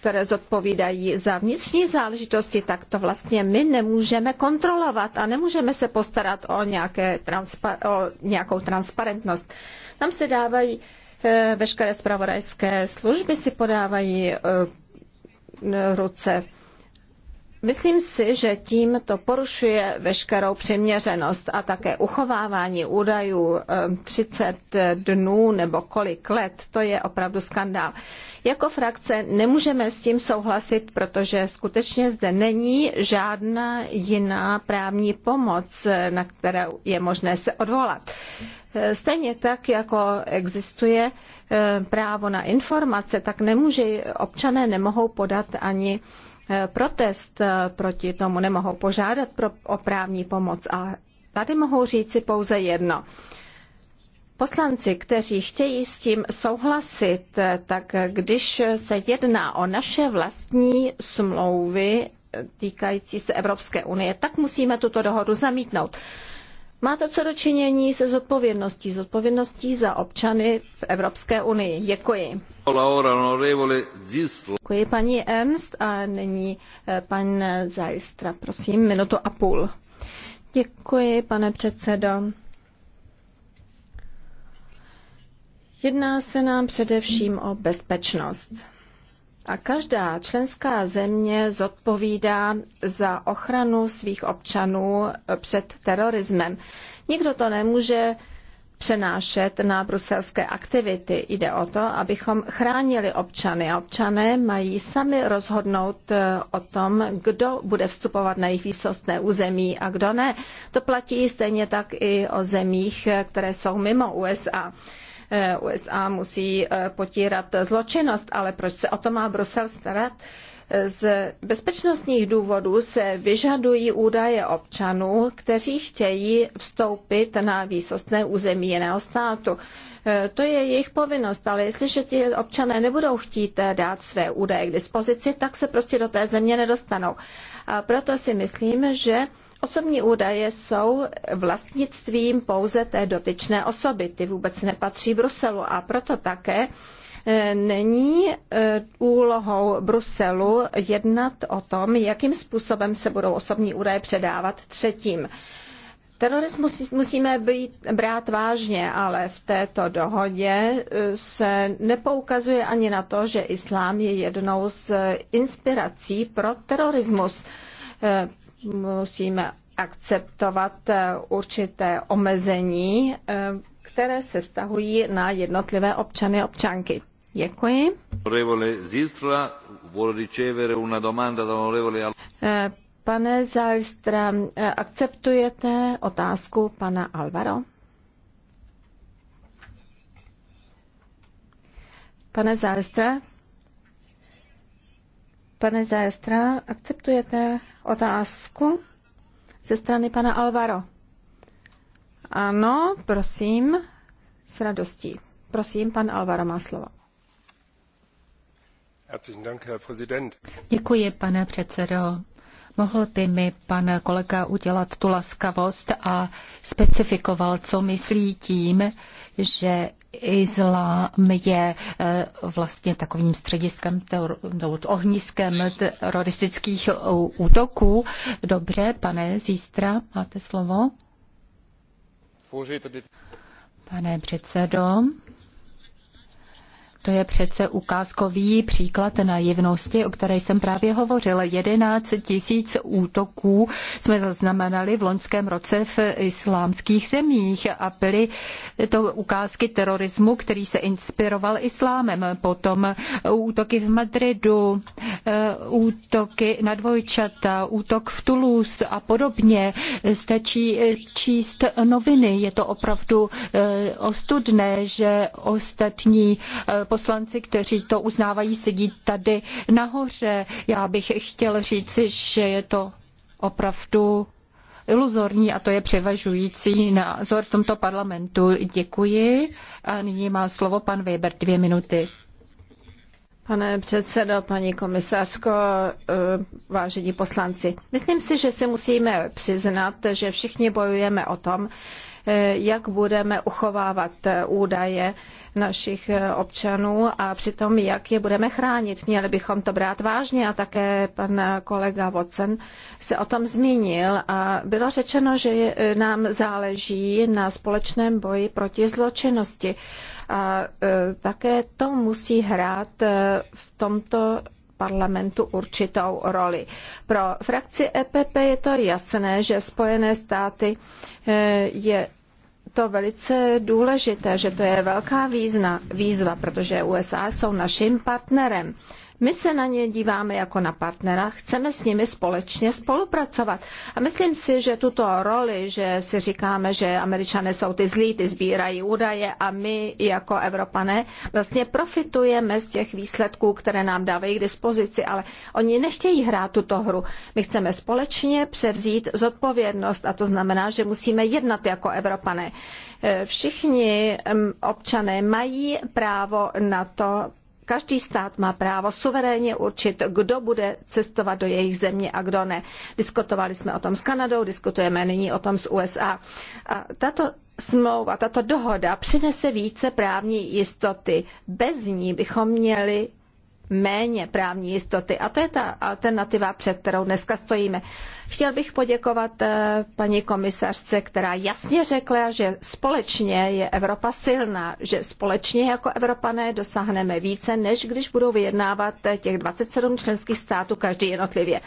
které zodpovídají za vnitřní záležitosti, tak to vlastně my nemůžeme kontrolovat a nemůžeme se postarat o, nějaké o nějakou transparentnost. Tam se dávají veškeré spravodajské služby si podávají ruce Myslím si, že tím to porušuje veškerou přiměřenost a také uchovávání údajů 30 eh, dnů nebo kolik let, to je opravdu skandál. Jako frakce nemůžeme s tím souhlasit, protože skutečně zde není žádná jiná právní pomoc, eh, na kterou je možné se odvolat. Eh, stejně tak, jako existuje právo na informace, tak nemůže, občané nemohou podat ani Eh, protest eh, proti tomu, nemohou požádat pro, o právní pomoc. A tady mohou říci pouze jedno. Poslanci, kteří chtějí s tím souhlasit, eh, tak když se jedná o naše vlastní smlouvy týkající se Evropské unie, tak musíme tuto dohodu zamítnout. Má to co dočinění se zodpovědností, zodpovědností za občany v Evropské unii. Děkuji. Děkuji paní Ernst a nyní eh, pan Zajstra, prosím, minutu a půl. Děkuji, pane předsedo. Jedná se nám především o bezpečnost. A každá členská země zodpovídá za ochranu svých občanů eh, před terorismem. Nikdo to nemůže přenášet na bruselské aktivity. Jde o to, abychom chránili občany a občané mají sami rozhodnout eh, o tom, kdo bude vstupovat na jejich výsostné území a kdo ne. To platí stejně tak i o zemích, eh, které jsou mimo USA. Eh, USA musí potírat zločinnost, ale proč se o to má Brusel starat? Z bezpečnostních důvodů se vyžadují údaje občanů, kteří chtějí vstoupit na výsostné území jiného státu. E, to je jejich povinnost, ale jestliže ti občané nebudou chtít eh, dát své údaje k dispozici, tak se prostě do té země nedostanou. A proto si myslím, že Osobní údaje jsou vlastnictvím pouze té dotyčné osoby, ty vůbec nepatří Bruselu a proto také E, není e, úlohou Bruselu jednat o tom, jakým způsobem se budou osobní údaje předávat třetím. Terorismus musíme být, brát vážně, ale v této dohodě e, se nepoukazuje ani na to, že islám je jednou z inspirací pro terorismus. Musíme akceptovat určité omezení, které se vztahují na jednotlivé občany občanky. Děkuji. Eh, pane Zalstra, eh, akceptujete otázku pana Alvaro? Pane Zalstra? Pane Zalstra, akceptujete otázku ze strany pana Alvaro? Ano, prosím, s radostí. Prosím, pan Alvaro má slovo. Děkuji, pane předsedo. Mohl by mi pan kolega udělat tu laskavost a specifikoval, co myslí tím, že islám je e, vlastně takovým střediskem, ohniskem teroristických útoků. Dobře, pane Zístra, máte slovo. Pane předsedo, to je přece ukázkový příklad naivnosti, o které jsem právě hovořil. 11 tisíc útoků jsme zaznamenali v loňském roce v islámských zemích a byly to ukázky terorismu, který se inspiroval islámem. Potom útoky v Madridu, eh, útoky na dvojčata, útok v Toulouse a podobně. Stačí eh, číst noviny. Je to opravdu eh, ostudné, že ostatní poslanci, kteří to uznávají, sedí tady nahoře. Já bych chtěl říci, že je to opravdu iluzorní a to je převažující názor v tomto parlamentu. Děkuji. A nyní má slovo pan Weber, dvě minuty. Pane předsedo, paní komisařko, eh, vážení poslanci, myslím si, že si musíme přiznat, že všichni bojujeme o tom, eh, jak budeme uchovávat eh, údaje našich eh, občanů a přitom, jak je budeme chránit. Měli bychom to brát vážně a také pan kolega Watson se o tom zmínil a bylo řečeno, že eh, nám záleží na společném boji proti zločinnosti a eh, také to musí hrát v tomto parlamentu určitou roli. Pro frakci EPP je to jasné, že Spojené státy je to velice důležité, že to je velká význa, výzva, protože USA jsou naším partnerem. My se na ně díváme jako na partnera, chceme s nimi společně spolupracovat. A myslím si, že tuto roli, že si říkáme, že američané jsou ty zlí, ty sbírají údaje a my jako Evropané vlastně profitujeme z těch výsledků, které nám dávají k dispozici, ale oni nechtějí hrát tuto hru. My chceme společně převzít zodpovědnost a to znamená, že musíme jednat jako Evropané e, všichni občané mají právo na to každý stát má právo suverénně určit, kdo bude cestovat do jejich země a kdo ne. Diskutovali jsme o tom s Kanadou, diskutujeme nyní o tom s USA. A tato smlouva, tato dohoda přinese více právní jistoty. Bez ní bychom měli méně právní jistoty. A to je ta alternativa, před kterou dneska stojíme. Chtěl bych poděkovat eh, paní komisařce, která jasně řekla, že společně je Evropa silná, že společně jako Evropané dosáhneme více, než když budou vyjednávat eh, těch 27 členských států každý jednotlivě.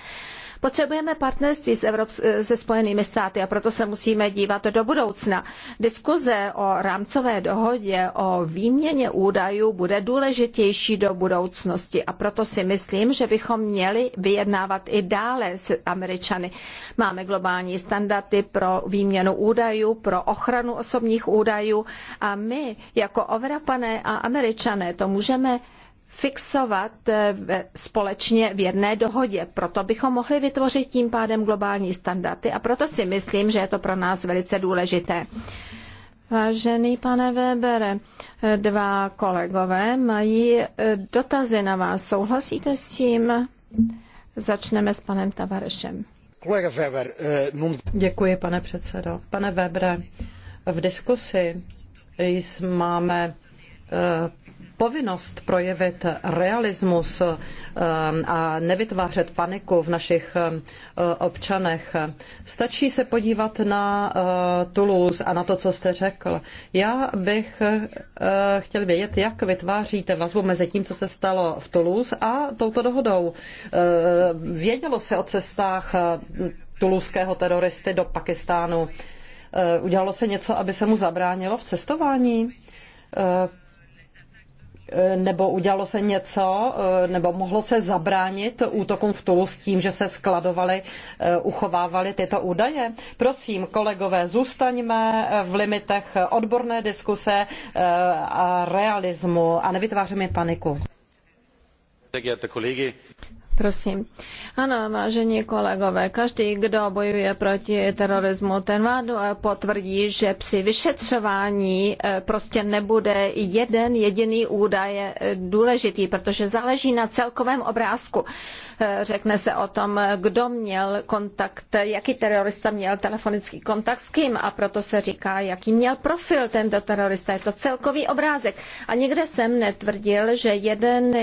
Potřebujeme partnerství s Evrops- se Spojenými státy a proto se musíme dívat do budoucna. Diskuze o rámcové dohodě o výměně údajů bude důležitější do budoucnosti a proto si myslím, že bychom měli vyjednávat i dále s Američany. Máme globální standardy pro výměnu údajů, pro ochranu osobních údajů a my jako Evropané a Američané to můžeme fixovat eh, společně v jedné dohodě. Proto bychom mohli vytvořit tím pádem globální standardy a proto si myslím, že je to pro nás velice důležité. Vážený pane Webere, eh, dva kolegové mají eh, dotazy na vás. Souhlasíte s tím? Začneme s panem Tavarešem. Kolega Weber, Děkuji, pane předsedo. Pane Webere, v diskusi máme povinnost projevit realismus eh, a nevytvářet paniku v našich eh, občanech. Stačí se podívat na eh, Toulouse a na to, co jste řekl. Já bych chtěl vědět, jak vytváříte vazbu mezi tím, co se stalo v Toulouse a touto dohodou. Vědělo se o cestách tuluského teroristy do Pakistánu. Udělalo se něco, aby se mu zabránilo v cestování? Eh, nebo udělalo se něco, eh, nebo mohlo se zabránit útokům v Tulu s tím, že se skladovaly, eh, uchovávaly tyto údaje. Prosím, kolegové, zůstaňme v limitech odborné diskuse a realismu a nevytvářejme paniku. Prosím. Ano, vážení kolegové, každý, kdo bojuje proti terorismu, ten vládu potvrdí, že při vyšetřování eh, prostě nebude jeden jediný údaj eh, důležitý, protože záleží na celkovém obrázku. Eh, řekne se o tom, kdo měl kontakt, jaký terorista měl telefonický kontakt s kým a proto se říká, jaký měl profil tento terorista. Je to celkový obrázek. A nikde jsem netvrdil, že jeden,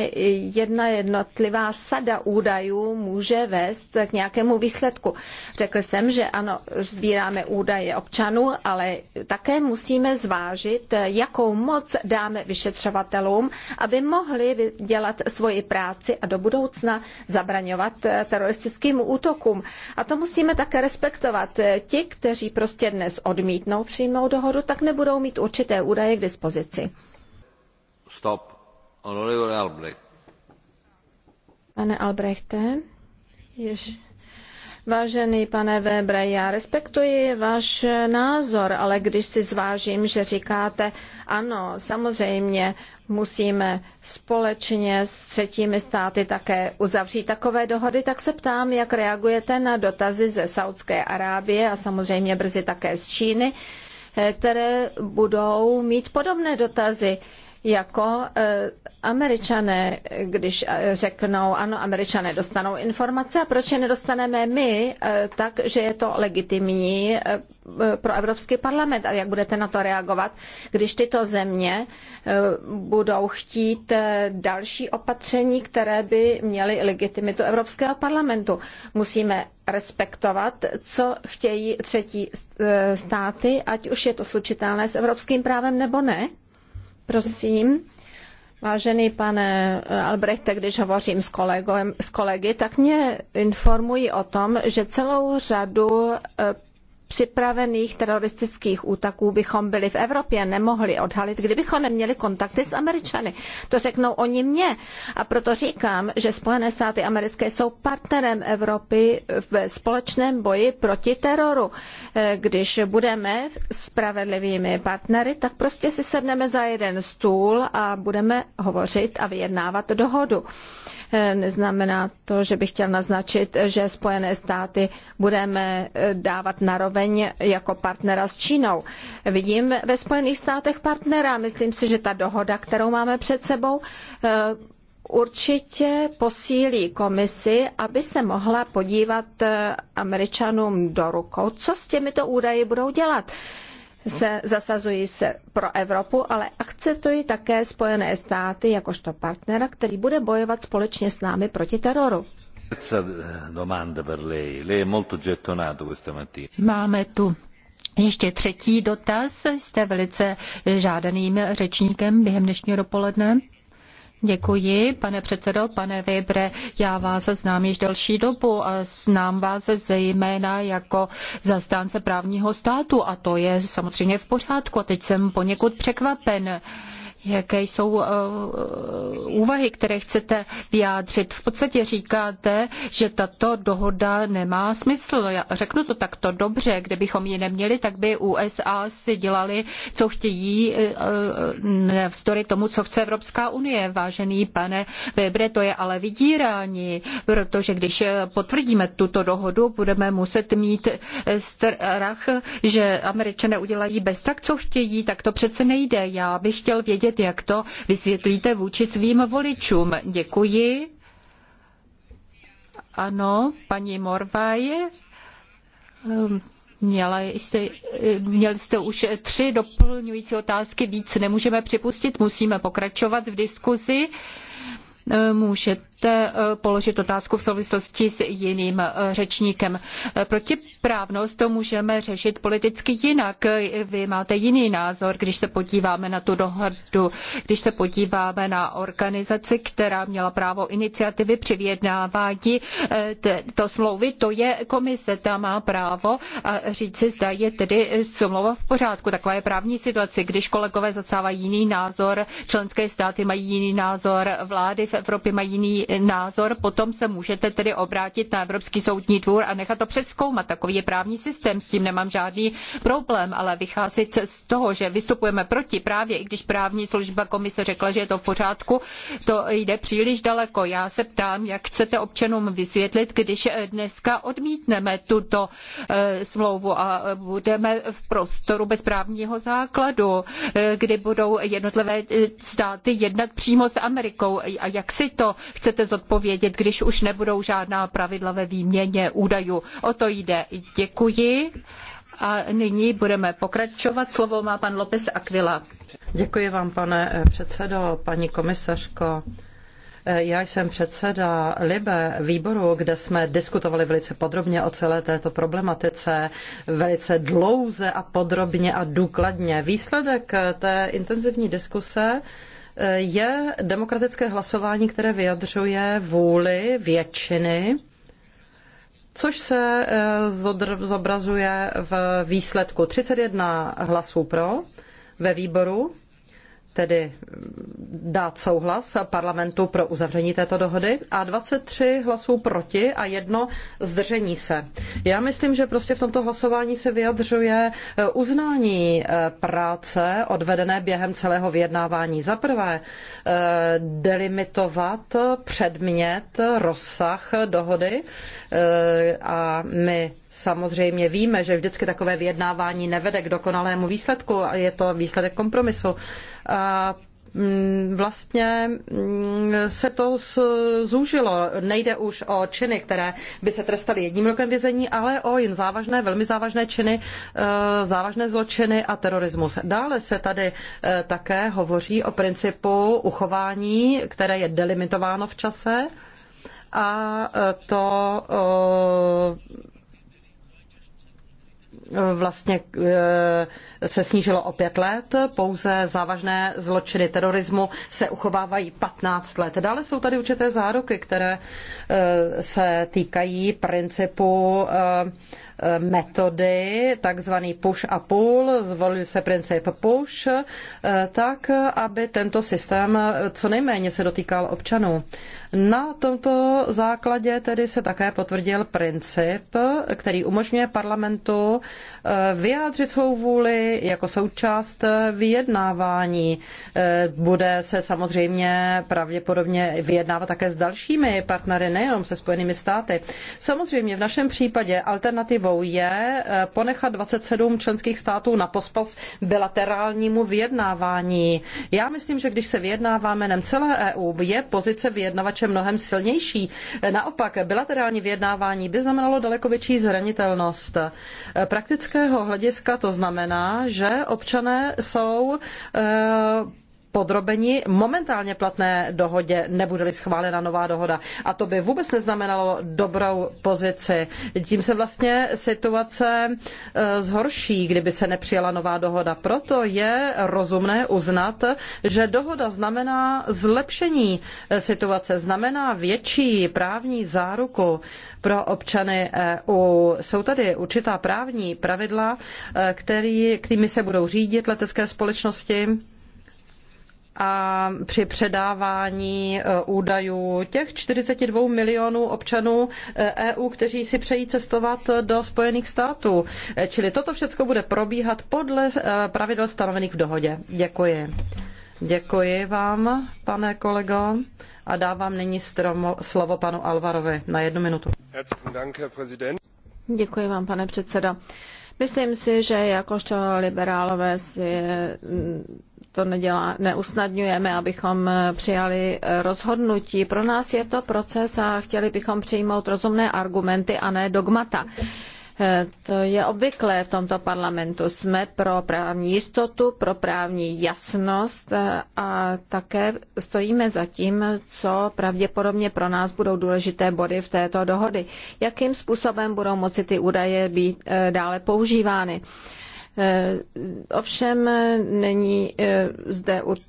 jedna jednotlivá sada údajů může vést k nějakému výsledku. Řekl jsem, že ano, sbíráme údaje občanů, ale také musíme zvážit, jakou moc dáme vyšetřovatelům, aby mohli dělat svoji práci a do budoucna zabraňovat teroristickým útokům. A to musíme také respektovat. Ti, kteří prostě dnes odmítnou přijmout dohodu, tak nebudou mít určité údaje k dispozici. Stop. Honorable Albrecht. Pane Albrechte, jež... Vážený pane Webre, já respektuji váš názor, ale když si zvážím, že říkáte, ano, samozřejmě musíme společně s třetími státy také uzavřít takové dohody, tak se ptám, jak reagujete na dotazy ze Saudské Arábie a samozřejmě brzy také z Číny, eh, které budou mít podobné dotazy jako e, američané, když e, řeknou, ano, američané dostanou informace a proč je nedostaneme my, e, tak, že je to legitimní pro Evropský parlament. A jak budete na to reagovat, když tyto země budou chtít další opatření, které by měly legitimitu Evropského parlamentu? Musíme respektovat, co chtějí třetí státy, ať už je to slučitelné s evropským právem nebo ne? Prosím. Vážený pane eh, Albrechte, když hovořím s, kolegem, s kolegy, tak mě informují o tom, že celou řadu eh, připravených teroristických útaků bychom byli v Evropě nemohli odhalit, kdybychom neměli kontakty s Američany. To řeknou oni mně. A proto říkám, že Spojené státy americké jsou partnerem Evropy v společném boji proti teroru. Eh, když budeme spravedlivými partnery, tak prostě si sedneme za jeden stůl a budeme hovořit a vyjednávat dohodu. Neznamená to, že bych chtěl naznačit, že Spojené státy budeme eh, dávat naroveň jako partnera s Čínou. Vidím ve Spojených státech partnera. Myslím si, že ta dohoda, kterou máme před sebou, eh, určitě posílí komisi, aby se mohla podívat eh, američanům do rukou, co s těmito údaji budou dělat se zasazují se pro Evropu, ale akceptuji také Spojené státy jakožto partnera, který bude bojovat společně s námi proti teroru. Eh, Máme tu ještě třetí dotaz. Jste velice žádaným řečníkem během dnešního dopoledne. Děkuji, pane předsedo, pane Webre. Já vás znám již delší dobu a znám vás zejména jako zastánce právního státu a to je samozřejmě v pořádku. A teď jsem poněkud překvapen jaké jsou eh, úvahy, které chcete vyjádřit. V podstatě říkáte, že tato dohoda nemá smysl. Já řeknu to takto dobře, kdybychom ji neměli, tak by USA si dělali, co chtějí, eh, eh, navzdory tomu, co chce Evropská unie. Vážený pane Webre, to je ale vydírání, protože když potvrdíme tuto dohodu, budeme muset mít strach, že američané udělají bez tak, co chtějí, tak to přece nejde. Já bych chtěl vědět, vědět, jak to vysvětlíte vůči svým voličům. Děkuji. Ano, paní Morvaj. Ehm, měla jste, ehm, měl jste už tři doplňující otázky, víc nemůžeme připustit, musíme pokračovat v diskuzi. Ehm, můžete můžete eh, položit otázku v souvislosti s jiným eh, řečníkem. Eh, protiprávnost to můžeme řešit politicky jinak. Vy máte jiný názor, když se podíváme na tu dohodu, když se podíváme na organizaci, která měla právo iniciativy při vyjednávání to smlouvy, to je komise, ta má právo říci, zda je tedy smlouva v pořádku. Taková je právní situace, když kolegové zastávají jiný názor, členské státy mají jiný názor, vlády v Evropě mají jiný názor, potom se můžete tedy obrátit na Evropský soudní dvůr a nechat to přeskoumat. Takový je právní systém, s tím nemám žádný problém, ale vycházet z toho, že vystupujeme proti právě, i když právní služba komise řekla, že je to v pořádku, to jde příliš daleko. Já se ptám, jak chcete občanům vysvětlit, když dneska odmítneme tuto eh, smlouvu a budeme v prostoru bez právního základu, eh, kdy budou jednotlivé eh, státy jednat přímo s Amerikou. A jak si to chcete můžete zodpovědět, když už nebudou žádná pravidla ve výměně údajů. O to jde. Děkuji. A nyní budeme pokračovat. Slovo má pan López Aquila. Děkuji vám, pane eh, předsedo, paní komisařko. Eh, já jsem předseda LIBE výboru, kde jsme diskutovali velice podrobně o celé této problematice, velice dlouze a podrobně a důkladně. Výsledek eh, té intenzivní diskuse je demokratické hlasování, které vyjadřuje vůli většiny, což se eh, zobrazuje v výsledku 31 hlasů pro ve výboru tedy dát souhlas parlamentu pro uzavření této dohody a 23 hlasů proti a jedno zdržení se. Já myslím, že prostě v tomto hlasování se vyjadřuje eh, uznání eh, práce odvedené během celého vyjednávání. Za prvé eh, delimitovat předmět, rozsah dohody a my samozřejmě víme, že vždycky takové vyjednávání nevede k dokonalému výsledku a je to výsledek kompromisu Mm, vlastně mm, se to zúžilo. Nejde už o činy, které by se trestaly jedním rokem vězení, ale o jen závažné, velmi závažné činy, e, závažné zločiny a terorismus. Dále se tady e, také hovoří o principu uchování, které je delimitováno v čase a e, to vlastně eh, se snížilo o pět let, pouze závažné zločiny terorismu se uchovávají 15 let. Dále jsou tady určité záruky, které eh, se týkají principu eh, metody, takzvaný push a pull, zvolil se princip push, eh, tak, aby tento systém eh, co nejméně se dotýkal občanů. Na tomto základě tedy se také potvrdil princip, který umožňuje parlamentu eh, vyjádřit svou vůli jako součást vyjednávání. Bude se samozřejmě pravděpodobně vyjednávat také s dalšími partnery, nejenom se Spojenými státy. Samozřejmě v našem případě alternativou výzvou je eh, ponechat 27 členských států na pospas bilaterálnímu vyjednávání. Já myslím, že když se vyjednává jménem celé EU, je pozice vyjednavače mnohem silnější. Eh, naopak, bilaterální vyjednávání by znamenalo daleko větší zranitelnost. Eh, praktického hlediska to znamená, že občané jsou podrobeni momentálně platné dohodě, nebude-li schválena nová dohoda. A to by vůbec neznamenalo dobrou pozici. Tím se vlastně situace e, zhorší, kdyby se nepřijala nová dohoda. Proto je rozumné uznat, že dohoda znamená zlepšení e, situace, znamená větší právní záruku pro občany EU. Jsou tady určitá právní pravidla, e, který, kterými se budou řídit letecké společnosti a při předávání e, údajů těch 42 milionů občanů EU, e kteří si přejí cestovat do Spojených států. E, čili toto všechno bude probíhat podle pravidel stanovených v dohodě. Děkuji. Děkuji vám, pane kolego, a dávám nyní stromo, slovo panu Alvarovi na jednu minutu. Děkuji vám, pane předsedo. Myslím si, že jakožto liberálové si to nedělá, neusnadňujeme, abychom eh, přijali eh, rozhodnutí. Pro nás je to proces a chtěli bychom přijmout rozumné argumenty a ne dogmata. Eh, to je obvyklé v tomto parlamentu. Jsme pro právní jistotu, pro právní jasnost a také stojíme za tím, co pravděpodobně pro nás budou důležité body v této dohody. Jakým způsobem budou moci ty údaje být dále používány. Eh, ovšem není eh, zde určitě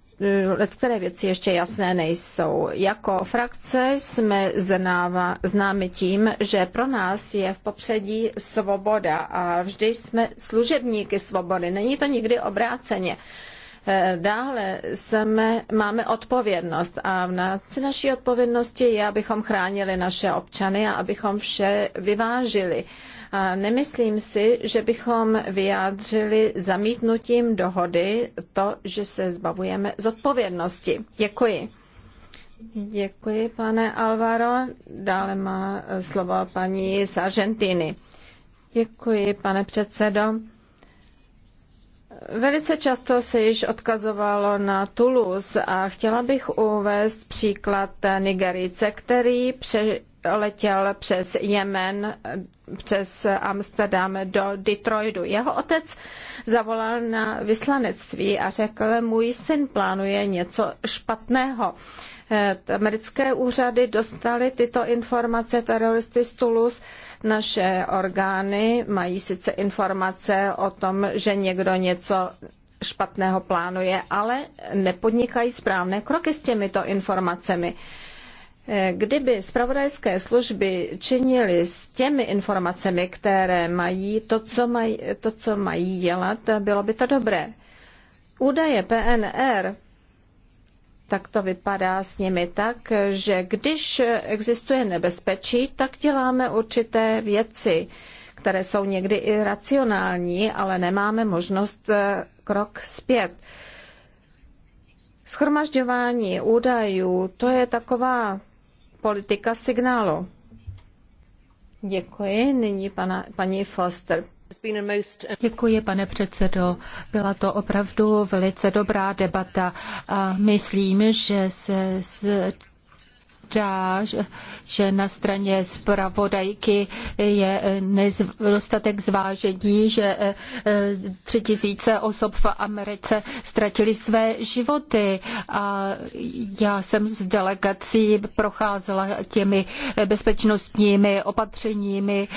eh, které věci ještě jasné nejsou. Jako frakce jsme znáva, známi tím, že pro nás je v popředí svoboda a vždy jsme služebníky svobody. Není to nikdy obráceně. Dále jsme, máme odpovědnost a v rámci naší odpovědnosti je, abychom chránili naše občany a abychom vše vyvážili. A nemyslím si, že bychom vyjádřili zamítnutím dohody to, že se zbavujeme zodpovědnosti. Děkuji. Děkuji, pane Alvaro. Dále má slovo paní z Argentiny. Děkuji, pane předsedo. Velice často se již odkazovalo na Toulouse a chtěla bych uvést příklad Nigerice, který přeletěl přes Jemen přes Amsterdam do Detroitu. Jeho otec zavolal na vyslanectví a řekl, můj syn plánuje něco špatného. Eh, americké úřady dostaly tyto informace teroristy z Toulouse. Naše orgány mají sice informace o tom, že někdo něco špatného plánuje, ale nepodnikají správné kroky s těmito informacemi. Kdyby zpravodajské služby činily s těmi informacemi, které mají to, co mají, to, co mají dělat, bylo by to dobré. Údaje PNR tak to vypadá s nimi tak, že když existuje nebezpečí, tak děláme určité věci, které jsou někdy iracionální, ale nemáme možnost eh, krok zpět. Schromažďování údajů, to je taková politika signálu. Děkuji. Nyní pana, paní Foster. Děkuji, pane předsedo. Byla to opravdu velice dobrá debata a myslím, že se zdá, že na straně zpravodajky je nedostatek zvážení, že eh, eh, tři tisíce osob v Americe ztratili své životy. A já jsem s delegací procházela těmi bezpečnostními opatřeními,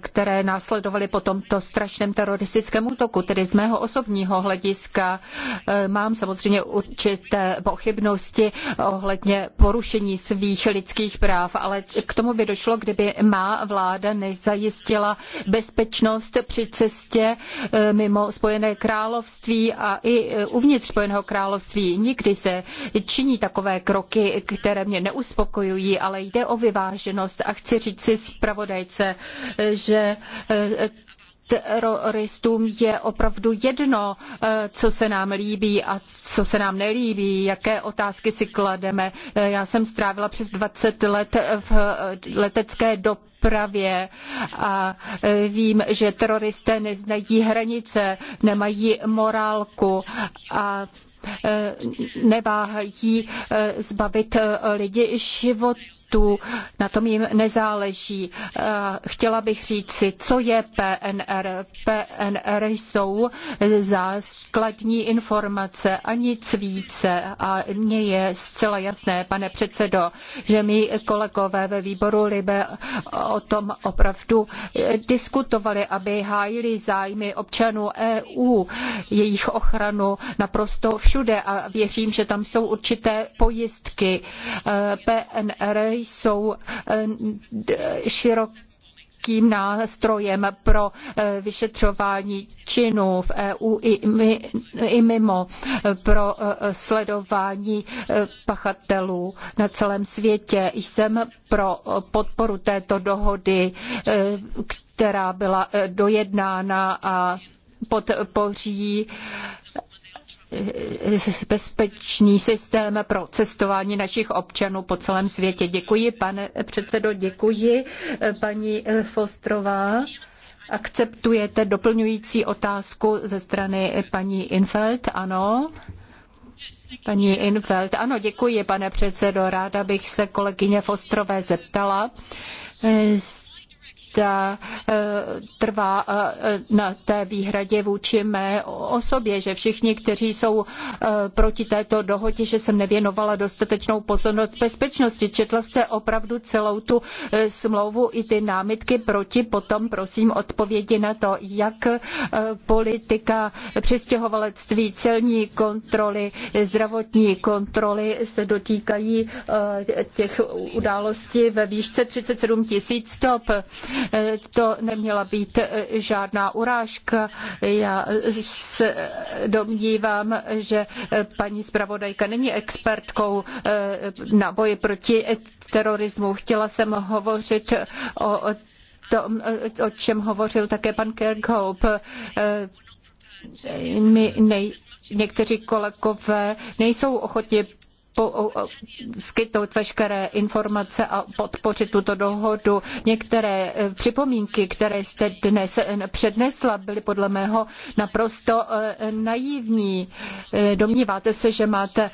které následovaly po tomto strašném teroristickém útoku. Tedy z mého osobního hlediska eh, mám samozřejmě určité pochybnosti ohledně ohledně porušení svých lidských práv, ale k tomu by došlo, kdyby má vláda nezajistila bezpečnost při cestě eh, mimo Spojené království a i eh, uvnitř Spojeného království. Nikdy se činí takové kroky, které mě neuspokojují, ale jde o vyváženost a chci říct si zpravodajce, eh, že teroristům je opravdu jedno, eh, co se nám líbí a co se nám nelíbí, jaké otázky si klademe. Eh, já jsem strávila přes 20 let v eh, letecké dopravě pravě a vím, že teroristé neznají hranice, nemají morálku a neváhají zbavit lidi života států, na tom jim nezáleží. Eh, chtěla bych říci, co je PNR. PNR jsou základní informace a nic více. A mně je zcela jasné, pane předsedo, že mi kolegové ve výboru Libe o tom opravdu diskutovali, aby hájili zájmy občanů EU, jejich ochranu naprosto všude a věřím, že tam jsou určité pojistky. Eh, PNR jsou eh, široké nástrojem pro eh, vyšetřování činů v EU i, mimo, eh, pro sledování pachatelů na celém světě. Jsem pro podporu této dohody, která byla dojednána a podpoří bezpečný systém pro cestování našich občanů po celém světě. Děkuji, pane předsedo, děkuji, paní Fostrová. Akceptujete doplňující otázku ze strany paní Infeld? Ano. Paní Infeld, ano, děkuji, pane předsedo. Ráda bych se kolegyně Fostrové zeptala zda eh, trvá eh, na té výhradě vůči mé osobě, že všichni, kteří jsou eh, proti této dohodě, že jsem nevěnovala dostatečnou pozornost bezpečnosti. Četla jste opravdu celou tu smlouvu i ty námitky proti, potom prosím odpovědi na to, jak politika přistěhovalectví, celní kontroly, zdravotní kontroly se dotýkají těch událostí ve výšce 37 tisíc stop to neměla být žádná urážka. Já se domnívám, že paní zpravodajka není expertkou na boji proti terorismu. Chtěla jsem hovořit o tom, o čem hovořil také pan Kirkhope. My nej, někteří kolegové nejsou ochotni poskytnout veškeré informace a podpořit tuto dohodu. Některé e, připomínky, které jste dnes e, přednesla, byly podle mého naprosto e, naivní. Domníváte se, že máte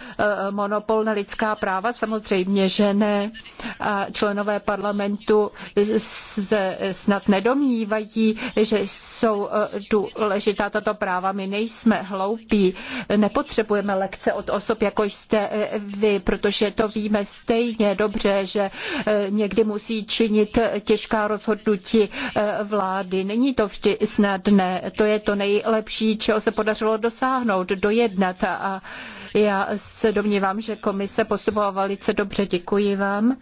monopol na lidská práva? Samozřejmě, že ne. A členové parlamentu se snad nedomnívají, že jsou důležitá tato práva. My nejsme hloupí, nepotřebujeme lekce od osob, jako jste vy, protože to víme stejně dobře, že e, někdy musí činit těžká rozhodnutí e, vlády. Není to vždy snadné, to je to nejlepší, čeho se podařilo dosáhnout, dojednat a já se domnívám, že komise postupovala velice dobře. Děkuji vám.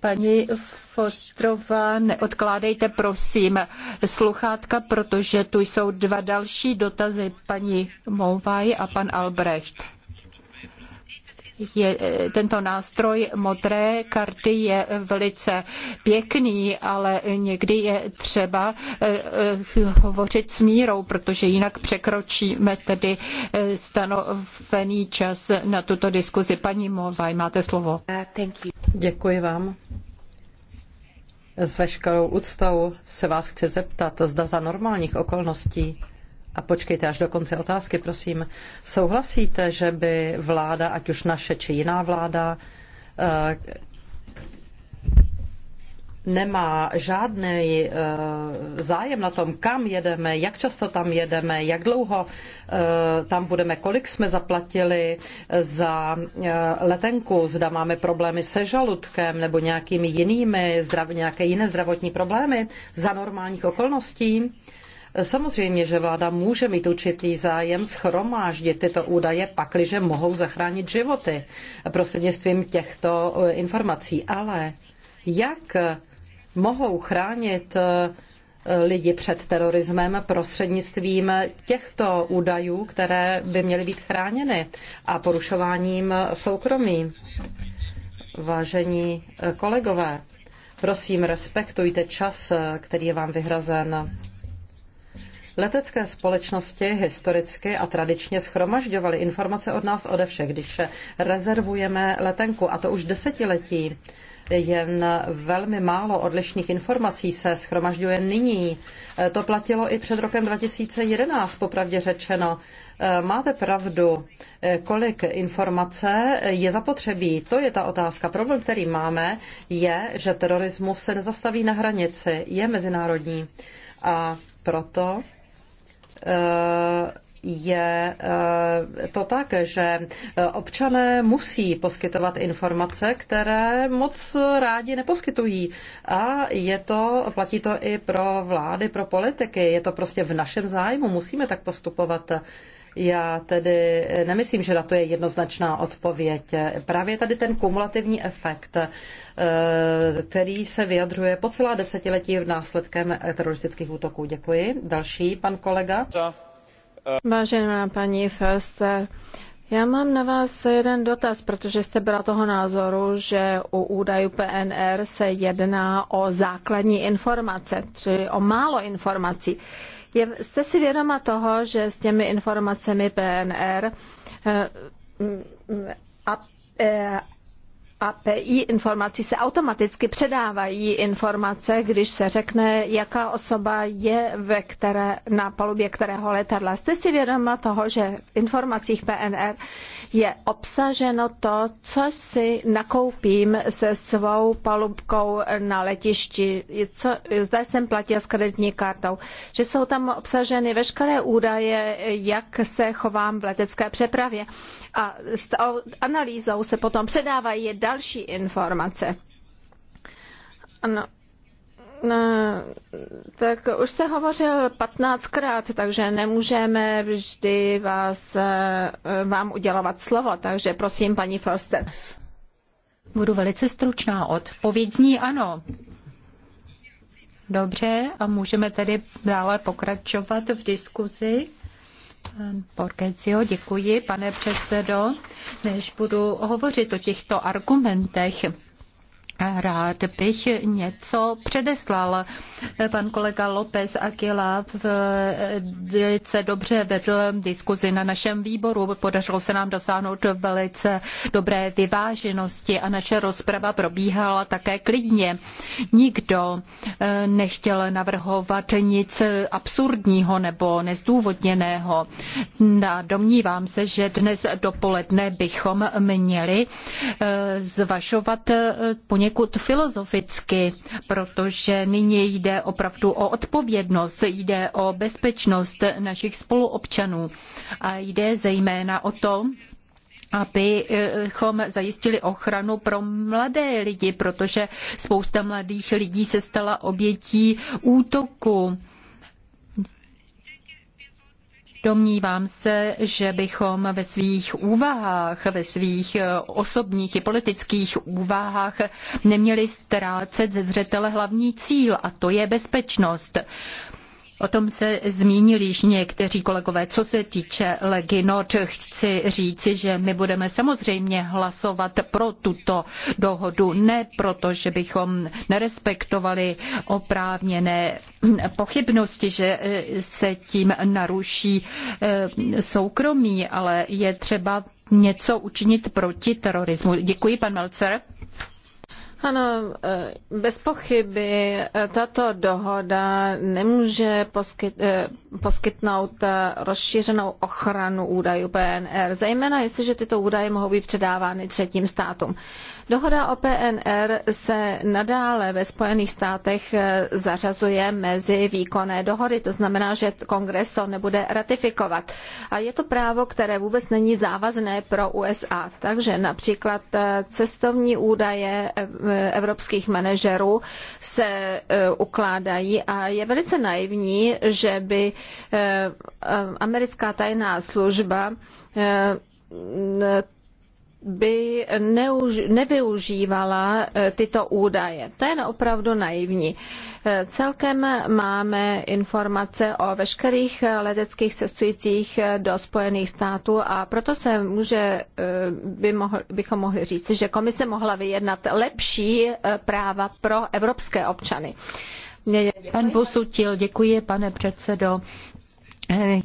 Paní Fostrová, neodkládejte prosím sluchátka, protože tu jsou dva další dotazy, paní Mouvaj a pan Albrecht je, eh, tento nástroj modré karty je velice pěkný, ale někdy je třeba eh, eh, hovořit s mírou, protože jinak překročíme tedy stanovený čas na tuto diskuzi. Paní Movaj, máte slovo. Uh, Děkuji vám. S veškerou úctou se vás chci zeptat, zda za normálních okolností a počkejte až do konce otázky, prosím. Souhlasíte, že by vláda, ať už naše či jiná vláda, eh, nemá žádný eh, zájem na tom, kam jedeme, jak často tam jedeme, jak dlouho eh, tam budeme, kolik jsme zaplatili za letenku, zda máme problémy se žaludkem nebo nějakými jinými, nějaké jiné zdravotní problémy za normálních okolností Samozřejmě, že vláda může mít určitý zájem schromáždit tyto údaje, pakliže mohou zachránit životy prostřednictvím těchto eh, informací. Ale jak mohou chránit eh, lidi před terorismem prostřednictvím těchto údajů, které by měly být chráněny a porušováním soukromí. Vážení eh, kolegové, prosím, respektujte čas, který je vám vyhrazen. Letecké společnosti historicky a tradičně schromažďovaly informace od nás ode všech, když rezervujeme letenku, a to už desetiletí. Jen velmi málo odlišných informací se schromažďuje nyní. E, to platilo i před rokem 2011, popravdě řečeno. E, máte pravdu, e, kolik informace je zapotřebí. To je ta otázka. Problém, který máme, je, že terorismus se nezastaví na hranici, je mezinárodní. A proto je eh, to tak, že občané musí poskytovat informace, které moc rádi neposkytují. A je to, platí to i pro vlády, pro politiky. Je to prostě v našem zájmu. Musíme tak postupovat. Já tedy nemyslím, že na to je jednoznačná odpověď. Právě tady ten kumulativní efekt, eh, který se vyjadřuje po celá desetiletí v následkem teroristických útoků. Děkuji. Další, pan kolega. Eh, Vážená paní Felster, já mám na vás jeden dotaz, protože jste byla toho názoru, že u údajů PNR se jedná o základní informace, čili o málo informací. Je, jste si vědoma toho, že s těmi informacemi PNR eh, a, eh, API informací se automaticky předávají informace, když se řekne, jaká osoba je ve které, na palubě kterého letadla. Jste si vědoma toho, že v informacích PNR je obsaženo to, co si nakoupím se svou palubkou na letišti, co, zda jsem platil s kreditní kartou, že jsou tam obsaženy veškeré údaje, jak se chovám v letecké přepravě. A s analýzou se potom předávají další informace. Ano. Tak už se hovořil 15krát, takže nemůžeme vždy vás, eh, vám udělovat slovo, takže prosím, paní Foster. Budu velice stručná. Odpověď zní ano. Dobře, a můžeme tedy dále pokračovat v diskuzi. Pan děkuji, pane předsedo. Než budu hovořit o těchto argumentech, Rád bych něco předeslal. Pan kolega López Aquila velice dobře vedl diskuzi na našem výboru. Podařilo se nám dosáhnout velice dobré vyváženosti a naše rozprava probíhala také klidně. Nikdo eh, nechtěl navrhovat nic absurdního nebo nezdůvodněného. Domnívám se, že dnes dopoledne bychom měli eh, zvažovat eh, poněkud poněkud filozoficky, protože nyní jde opravdu o odpovědnost, jde o bezpečnost našich spoluobčanů a jde zejména o to, abychom zajistili ochranu pro mladé lidi, protože spousta mladých lidí se stala obětí útoku Domnívám se, že bychom ve svých úvahách, ve svých eh, osobních i politických úvahách neměli ztrácet ze zřetele hlavní cíl, a to je bezpečnost. O tom se zmínili již někteří kolegové. Co se týče Leginot, chci říci, že my budeme samozřejmě hlasovat pro tuto dohodu, ne proto, že bychom nerespektovali oprávněné pochybnosti, že se tím naruší eh, soukromí, ale je třeba něco učinit proti terorismu. Děkuji, pan Melcer. Ano, e, bez pochyby e, tato dohoda nemůže poskyt, e, poskytnout rozšířenou ochranu údajů PNR, zejména jestliže tyto údaje mohou být předávány třetím státům. Dohoda o PNR se nadále ve Spojených státech zařazuje mezi výkonné dohody, to znamená, že kongres to nebude ratifikovat. A je to právo, které vůbec není závazné pro USA. Takže například cestovní údaje E, evropských manažerů se e, ukládají a je velice naivní, že by e, americká tajná služba by neuž, nevyužívala eh, tyto údaje. To je opravdu naivní. Eh, celkem máme informace o veškerých eh, leteckých cestujících do Spojených států a proto se může, by mohl, bychom mohli říct, že komise mohla vyjednat lepší práva pro evropské občany. Pan Posutil, děkuji, pane předsedo. Eh,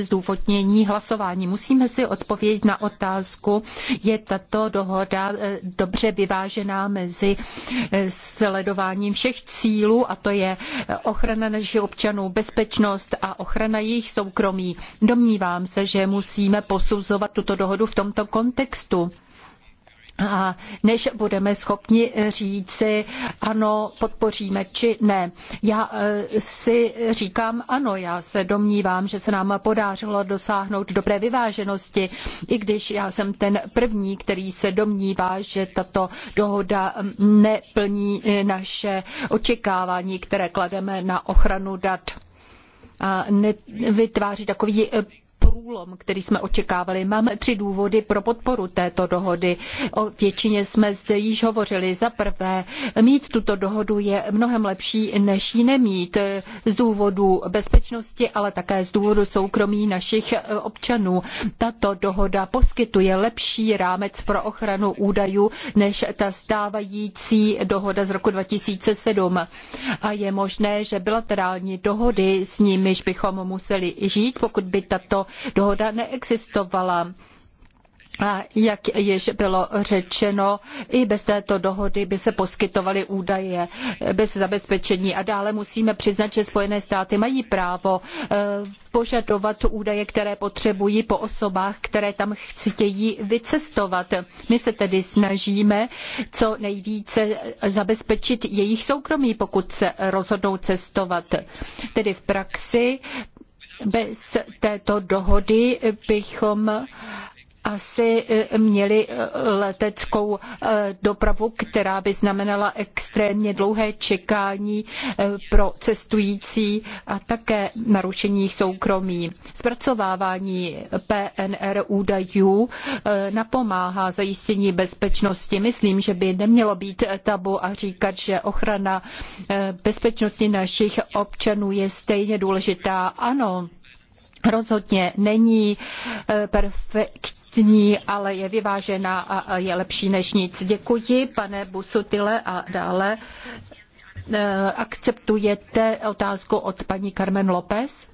zdůvodnění hlasování. Musíme si odpovědět na otázku, je tato dohoda eh, dobře vyvážená mezi eh, sledováním všech cílů, a to je ochrana našich občanů, bezpečnost a ochrana jejich soukromí. Domnívám se, že musíme posuzovat tuto dohodu v tomto kontextu a než budeme schopni říci, ano, podpoříme či ne. Já eh, si říkám ano, já se domnívám, že se nám podařilo dosáhnout dobré vyváženosti, i když já jsem ten první, který se domnívá, že tato dohoda mm, neplní eh, naše očekávání, které klademe na ochranu dat a nevytváří takový eh, průlom, který jsme očekávali. Máme tři důvody pro podporu této dohody. O většině jsme zde již hovořili. Za prvé, mít tuto dohodu je mnohem lepší, než ji nemít z důvodu bezpečnosti, ale také z důvodu soukromí našich eh, občanů. Tato dohoda poskytuje lepší rámec pro ochranu údajů než ta stávající dohoda z roku 2007. A je možné, že bilaterální dohody, s nimiž bychom museli žít, pokud by tato dohoda neexistovala. A jak již bylo řečeno, i bez této dohody by se poskytovaly údaje bez zabezpečení. A dále musíme přiznat, že Spojené státy mají právo eh, požadovat údaje, které potřebují po osobách, které tam chtějí vycestovat. My se tedy snažíme co nejvíce zabezpečit jejich soukromí, pokud se rozhodnou cestovat. Tedy v praxi bez této dohody bychom asi e, měli e, leteckou e, dopravu, která by znamenala extrémně dlouhé čekání pro cestující a také narušení jejich soukromí. Zpracovávání PNR údajů napomáhá zajištění bezpečnosti. Myslím, že by nemělo být tabu a říkat, že ochrana bezpečnosti našich občanů je stejně důležitá. Ano, rozhodně není perfektní kvalitní, ale je vyvážená a je lepší než nic. Děkuji, pane Busutile, a dále e, akceptujete otázku od paní Carmen López?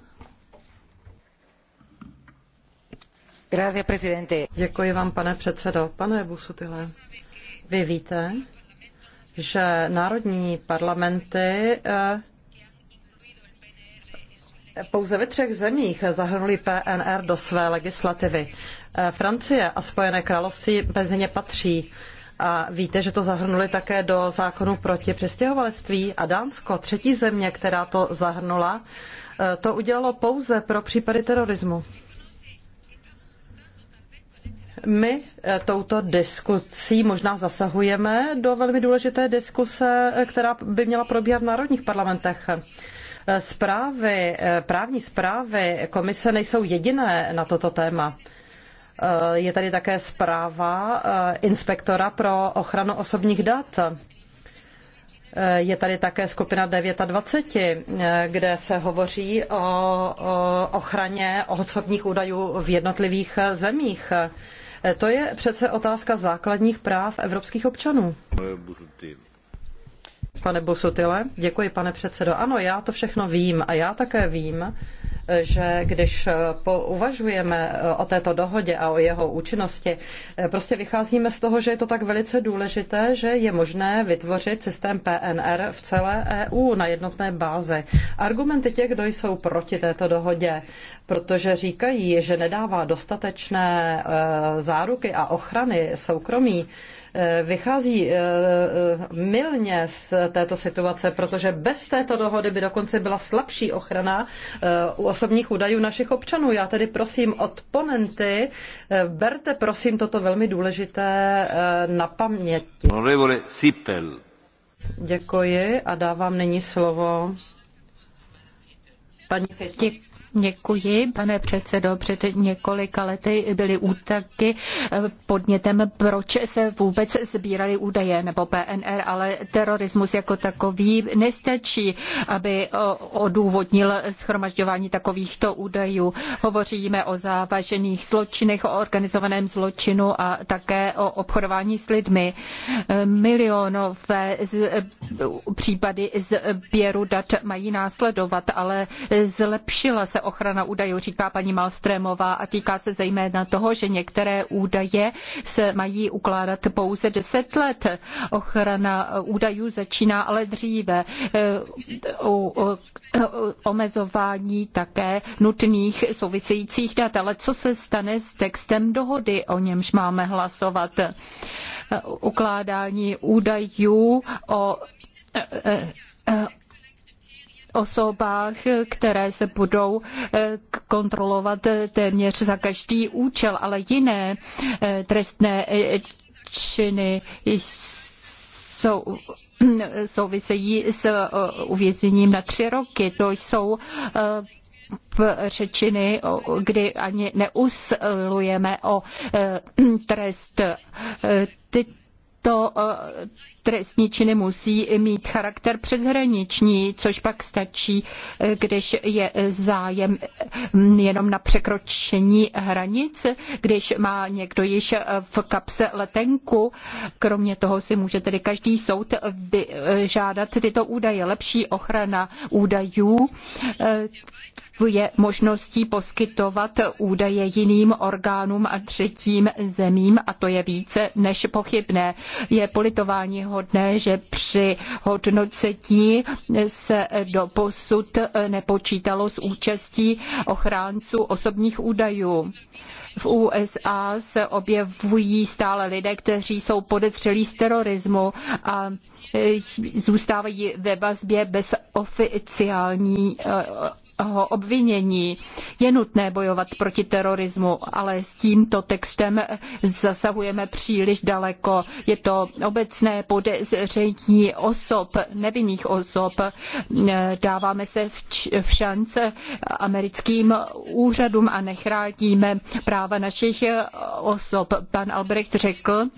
Děkuji vám, pane předsedo. Pane Busutile, vy víte, že národní parlamenty e, pouze ve třech zemích zahrnuli PNR do své legislativy. Eh, Francie a Spojené království mezi ně patří. A víte, že to zahrnuli také do zákonu proti přestěhovalectví a Dánsko, třetí země, která to zahrnula, eh, to udělalo pouze pro případy terorismu. My eh, touto diskusí možná zasahujeme do velmi důležité diskuse, která by měla probíhat v národních parlamentech. Zprávy, právní zprávy komise nejsou jediné na toto téma. Eh, je tady také zpráva eh, inspektora pro ochranu osobních dat. Eh, je tady také skupina 29, kde se hovoří o ochraně osobních údajů v jednotlivých zemích. To je přece otázka základních práv evropských občanů pane Busutile. Děkuji, pane předsedo. Ano, já to všechno vím a já také vím, že když eh, uvažujeme eh, o této dohodě a o jeho účinnosti, eh, prostě vycházíme z toho, že je to tak velice důležité, že je možné vytvořit systém PNR v celé EU na jednotné bázi. Argumenty těch, kdo jsou proti této dohodě, protože říkají, že nedává dostatečné záruky a ochrany soukromí, Eh, vychází eh, eh, milně z této situace, protože bez této dohody by dokonce byla slabší ochrana u osobních údajů našich občanů. Já tedy prosím odponenty, berte prosím toto velmi důležité na paměti. Děkuji a dávám nyní slovo paní Fitch. Děkuji, pane předsedo. Před několika lety byly útaky eh, podnětem, proč se vůbec sbíraly údaje nebo PNR, ale terorismus jako takový nestačí, aby eh, odůvodnil schromažďování takovýchto údajů. Hovoříme o závažených zločinech, o organizovaném zločinu a také o obchodování s lidmi. Eh, milionové případy sběru dat mají následovat, ale zlepšila se ochrana údajů, říká paní Malstrémová a týká se zejména toho, že některé údaje se mají ukládat pouze 10 let. Ochrana údajů začíná ale dříve. Eh, u eh, omezování také nutných souvisejících dat. Ale co se stane s textem dohody, o němž máme hlasovat? Eh, ukládání údajů o osobách, které se budou eh, kontrolovat eh, téměř za každý účel, ale jiné eh, trestné činy jsou souvisejí s uvězněním na tři roky. To jsou řečiny, kdy ani neusilujeme o trest. Tyto trestní činy musí mít charakter přeshraniční, což pak stačí, eh, když je zájem mm, jenom na překročení hranic, když má někdo již eh, v kapse letenku. Kromě toho si může tedy každý soud eh, žádat tyto údaje. Lepší ochrana údajů je možností poskytovat údaje jiným orgánům a třetím zemím a to je více než pochybné. Je politování pozoruhodné, že při hodnocení se do posud nepočítalo s účastí ochránců osobních údajů. V USA se objevují stále lidé, kteří jsou podezřelí z terorismu a zůstávají ve vazbě bez oficiální eh, obvinění. Je nutné bojovat proti terorismu, ale s tímto textem zasahujeme příliš daleko. Je to obecné podezření osob, nevinných osob. Dáváme se v šance americkým úřadům a nechráníme práva našich osob. Pan Albrecht řekl,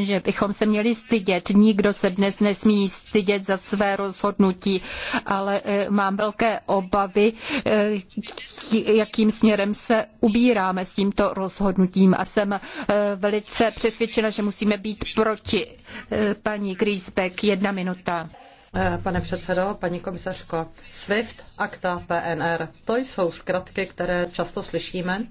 že bychom se měli stydět. Nikdo se dnes nesmí stydět za své rozhodnutí, ale eh, mám velké obavy, eh, jakým směrem se ubíráme s tímto rozhodnutím a jsem eh, velice přesvědčena, že musíme být proti. Paní Griesbeck, jedna minuta. Pane předsedo, paní komisařko, SWIFT, ACTA, PNR, to jsou zkratky, které často slyšíme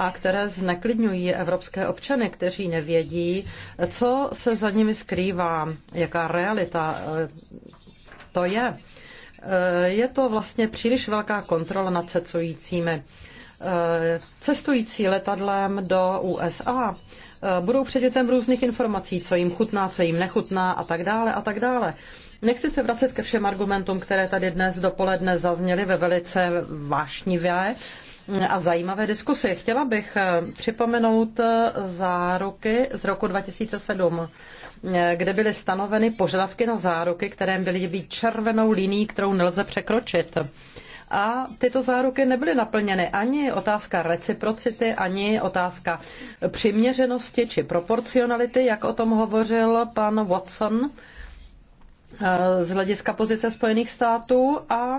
a které zneklidňují evropské občany, kteří nevědí, co se za nimi skrývá, jaká realita eh, to je. Eh, je to vlastně příliš velká kontrola nad cestujícími. Eh, cestující letadlem do USA budou předmětem různých informací, co jim chutná, co jim nechutná a tak dále a tak dále. Nechci se vracet ke všem argumentům, které tady dnes dopoledne zazněly ve velice vášnivé a zajímavé diskusy. Chtěla bych eh, připomenout eh, záruky z roku 2007 eh, kde byly stanoveny požadavky na záruky, které byly být červenou linií, kterou nelze překročit. A tyto záruky nebyly naplněny ani otázka reciprocity, ani otázka přiměřenosti či proporcionality, jak o tom hovořil pan Watson z hlediska pozice Spojených států a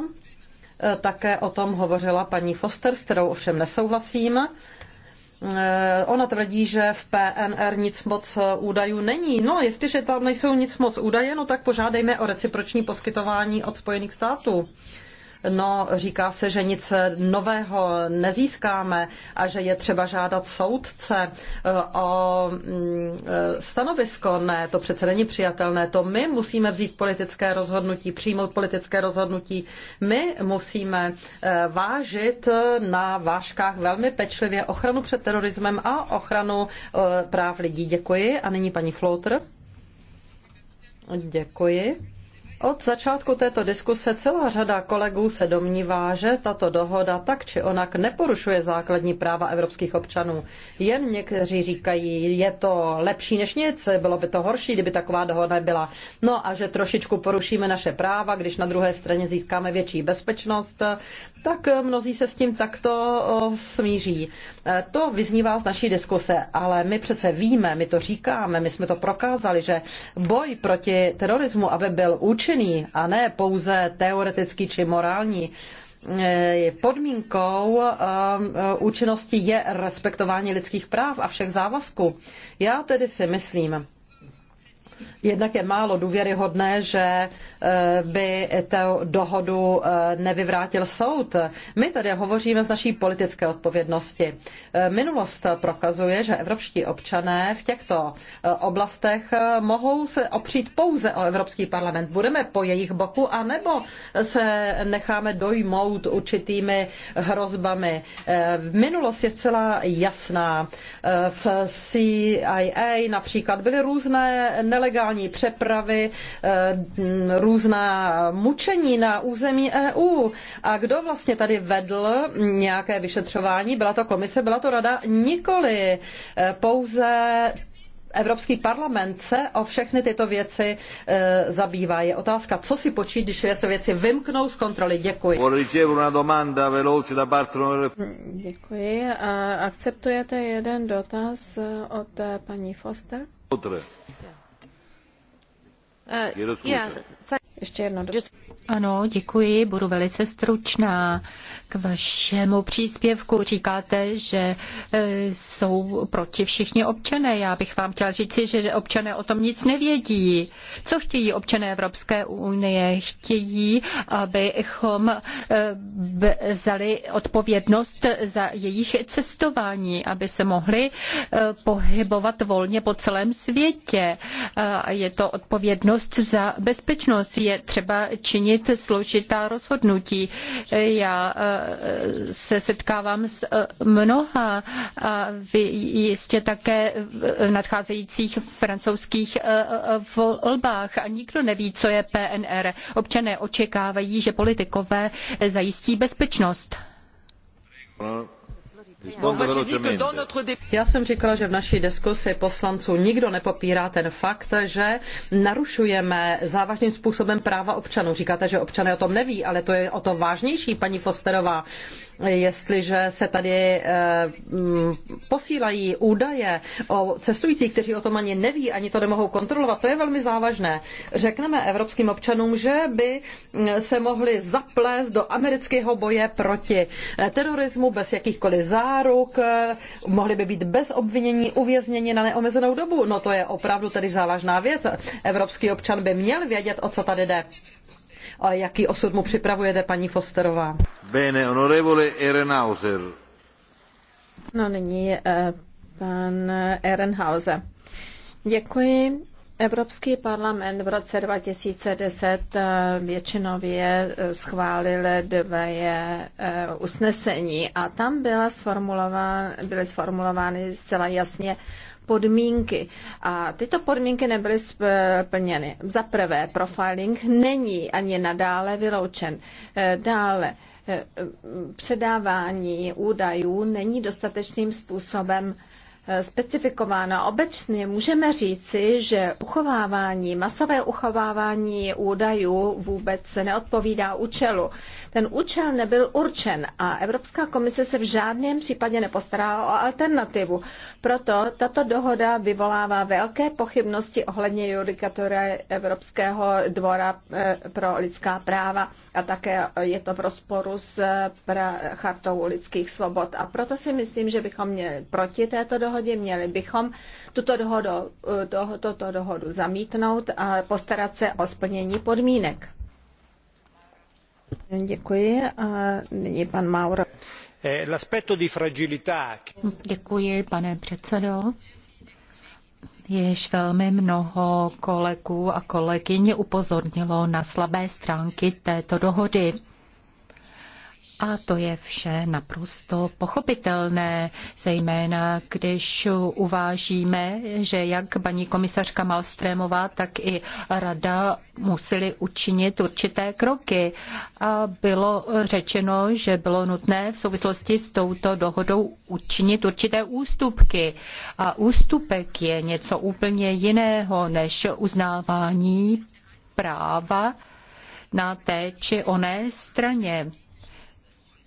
Eh, také o tom hovořila paní Foster, s kterou ovšem nesouhlasím. Eh, ona tvrdí, že v PNR nic moc eh, údajů není. No, jestliže tam nejsou nic moc údaje, no tak požádejme o reciproční poskytování od Spojených států. No, říká se, že nic nového nezískáme a že je třeba žádat soudce eh, o mm, eh, stanovisko. Ne, to přece není přijatelné. To my musíme vzít politické rozhodnutí, přijmout politické rozhodnutí. My musíme eh, vážit na vážkách velmi pečlivě ochranu před terorismem a ochranu práv lidí. Děkuji. A nyní paní Flouter? Děkuji. Od začátku této diskuse celá řada kolegů se domnívá, že tato dohoda tak či onak neporušuje základní práva evropských občanů. Jen někteří říkají, je to lepší než nic, bylo by to horší, kdyby taková dohoda nebyla. No a že trošičku porušíme naše práva, když na druhé straně získáme větší bezpečnost, tak eh, mnozí se s tím takto eh, smíří. Eh, to vyznívá z naší diskuse, ale my přece víme, my to říkáme, my jsme to prokázali, že boj proti terorismu, aby byl účinný a ne pouze teoretický či morální, podmínkou účinnosti je respektování lidských práv a všech závazků. Já tedy si myslím, Jednak je málo důvěryhodné, že eh, by tu dohodu eh, nevyvrátil soud. My tady hovoříme z naší politické odpovědnosti. Eh, minulost prokazuje, že evropští občané v těchto oblastech mohou se opřít pouze o Evropský parlament. Budeme po jejich boku, anebo se necháme dojmout určitými hrozbami. V minulost je zcela jasná. V CIA například byly různé nelegální ilegální přepravy, eh, různá mučení na území EU. A kdo vlastně tady vedl nějaké vyšetřování? Byla to komise, byla to rada? Nikoli. Eh, pouze Evropský parlament se o všechny tyto věci e, zabývá. Je otázka, co si počít, když se věci vymknou z kontroly. Děkuji. Děkuji. A akceptujete jeden dotaz od paní Foster? Foster. Uh, yeah, ještě jedno. Ano, děkuji, budu velice stručná. K vašemu příspěvku říkáte, že e, jsou proti všichni občané. Já bych vám chtěla říci, že občané o tom nic nevědí. Co chtějí občané Evropské unie? Chtějí, abychom e, vzali odpovědnost za jejich cestování, aby se mohli e, pohybovat volně po celém světě. Je to odpovědnost za bezpečnost. Je je třeba činit složitá rozhodnutí. Já eh, se setkávám s eh, mnoha a vy jistě také v nadcházejících francouzských eh, volbách a nikdo neví, co je PNR. Občané očekávají, že politikové zajistí bezpečnost. Já jsem říkala, že v naší diskusi poslanců nikdo nepopírá ten fakt, že narušujeme závažným způsobem práva občanů. Říkáte, že občané o tom neví, ale to je o to vážnější, paní Fosterová jestliže se tady eh, mm, posílají údaje o cestujících, kteří o tom ani neví, ani to nemohou kontrolovat, to je velmi závažné. Řekneme evropským občanům, že by mm, se mohli zaplést do amerického boje proti eh, terorismu bez jakýchkoliv záruk, eh, mohli by být bez obvinění uvězněni na neomezenou dobu. No to je opravdu tedy závažná věc. Evropský občan by měl vědět, o co tady jde. A jaký osud mu připravujete, paní Fosterová? Bene, onorevole No nyní eh, pan Ehrenhauser. Děkuji. Evropský parlament v roce 2010 eh, většinově eh, schválil dvě usnesení a tam byla byly sformulovány zcela jasně podmínky. A tyto podmínky nebyly splněny. Za prvé, profiling není ani nadále vyloučen. Dále, Eh, eh, předávání údajů není dostatečným způsobem eh, specifikována. Obecně můžeme říci, že uchovávání, masové uchovávání údajů vůbec neodpovídá účelu. Ten účel nebyl určen a Evropská komise se v žádném případě nepostarala o alternativu. Proto tato dohoda vyvolává velké pochybnosti ohledně judikatury Evropského dvora eh, pro lidská práva a také je to v rozporu s eh, chartou lidských svobod. A proto si myslím, že bychom měli proti této dohodě, měli bychom tuto dohodu, eh, toto dohodu zamítnout a postarat se o splnění podmínek. Děkuji a nyní pan Mauro. Eh, Děkuji, pane předsedo. Již velmi mnoho kolegů a kolegyň upozornilo na slabé stránky této dohody. A to je vše naprosto pochopitelné, zejména když uvážíme, že jak paní komisařka Malstrémová, tak i rada museli učinit určité kroky. A bylo řečeno, že bylo nutné v souvislosti s touto dohodou učinit určité ústupky. A ústupek je něco úplně jiného než uznávání práva na té či oné straně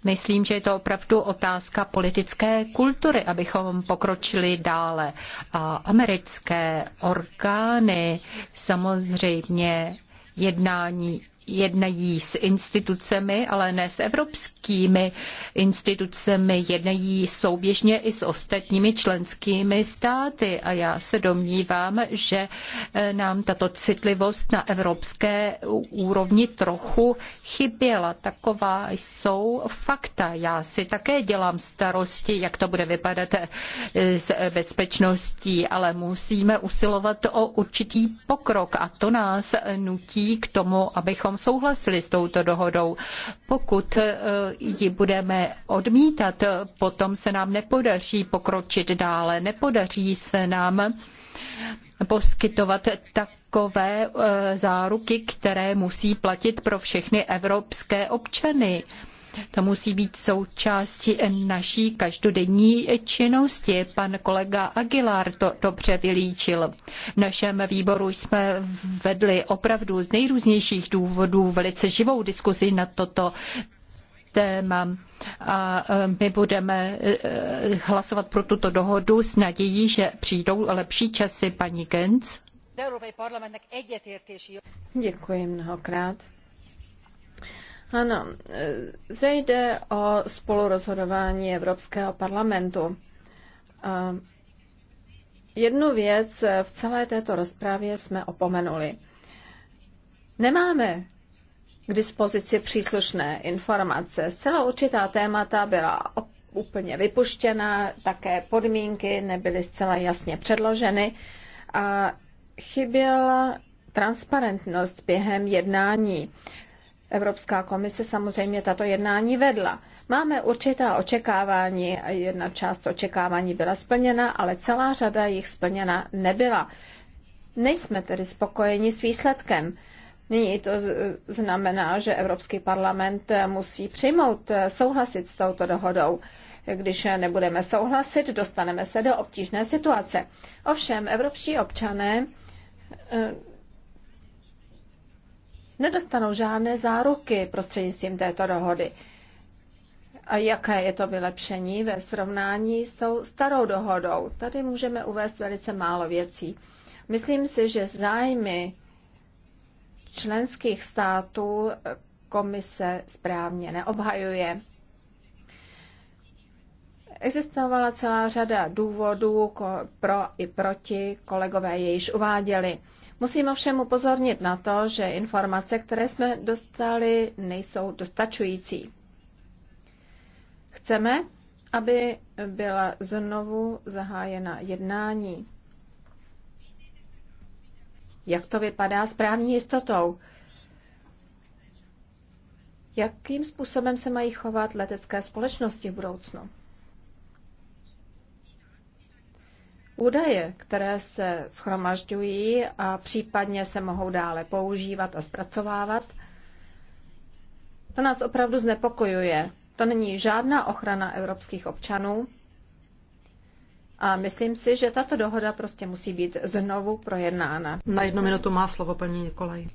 Myslím, že je to opravdu otázka politické kultury, abychom pokročili dále. A americké orgány samozřejmě jednání jednají s institucemi, ale ne s evropskými institucemi, jednají souběžně i s ostatními členskými státy. A já se domnívám, že eh, nám tato citlivost na evropské úrovni trochu chyběla. Taková jsou fakta. Já si také dělám starosti, jak to bude vypadat eh, s bezpečností, ale musíme usilovat o určitý pokrok a to nás nutí k tomu, abychom abychom souhlasili s touto dohodou. Pokud eh, ji budeme odmítat, potom se nám nepodaří pokročit dále, nepodaří se nám poskytovat takové eh, záruky, které musí platit pro všechny evropské občany. To musí být součástí naší každodenní činnosti. Pan kolega Aguilar to dobře vylíčil. V našem výboru jsme vedli opravdu z nejrůznějších důvodů velice živou diskuzi na toto téma a e, my budeme e, hlasovat pro tuto dohodu s nadějí, že přijdou lepší časy, paní Genc. Děkuji mnohokrát. Ano, e, zde jde o spolurozhodování Evropského parlamentu. Jednu věc v celé této rozprávě jsme opomenuli. Nemáme k dispozici příslušné informace. Zcela určitá témata byla úplně vypuštěna, také podmínky nebyly zcela jasně předloženy a chyběla transparentnost během jednání. Evropská komise samozřejmě tato jednání vedla. Máme určitá očekávání, jedna část očekávání byla splněna, ale celá řada jich splněna nebyla. Nejsme tedy spokojeni s výsledkem. Nyní to znamená, že Evropský parlament musí přijmout, souhlasit s touto dohodou. Když nebudeme souhlasit, dostaneme se do obtížné situace. Ovšem, evropští občané eh, nedostanou žádné záruky prostřednictvím této dohody. A jaké je to vylepšení ve srovnání s tou starou dohodou? Tady můžeme uvést velice málo věcí. Myslím si, že zájmy členských států komise správně neobhajuje. Existovala celá řada důvodů pro i proti, kolegové je již uváděli. Musím ovšem upozornit na to, že informace, které jsme dostali, nejsou dostačující. Chceme, aby byla znovu zahájena jednání. Jak to vypadá s právní jistotou? Jakým způsobem se mají chovat letecké společnosti v budoucnu? Údaje, které se schromažďují a případně se mohou dále používat a zpracovávat, to nás opravdu znepokojuje. To není žádná ochrana evropských občanů a myslím si, že tato dohoda prostě musí být znovu projednána. Na jednu minutu má slovo paní Nikolaj.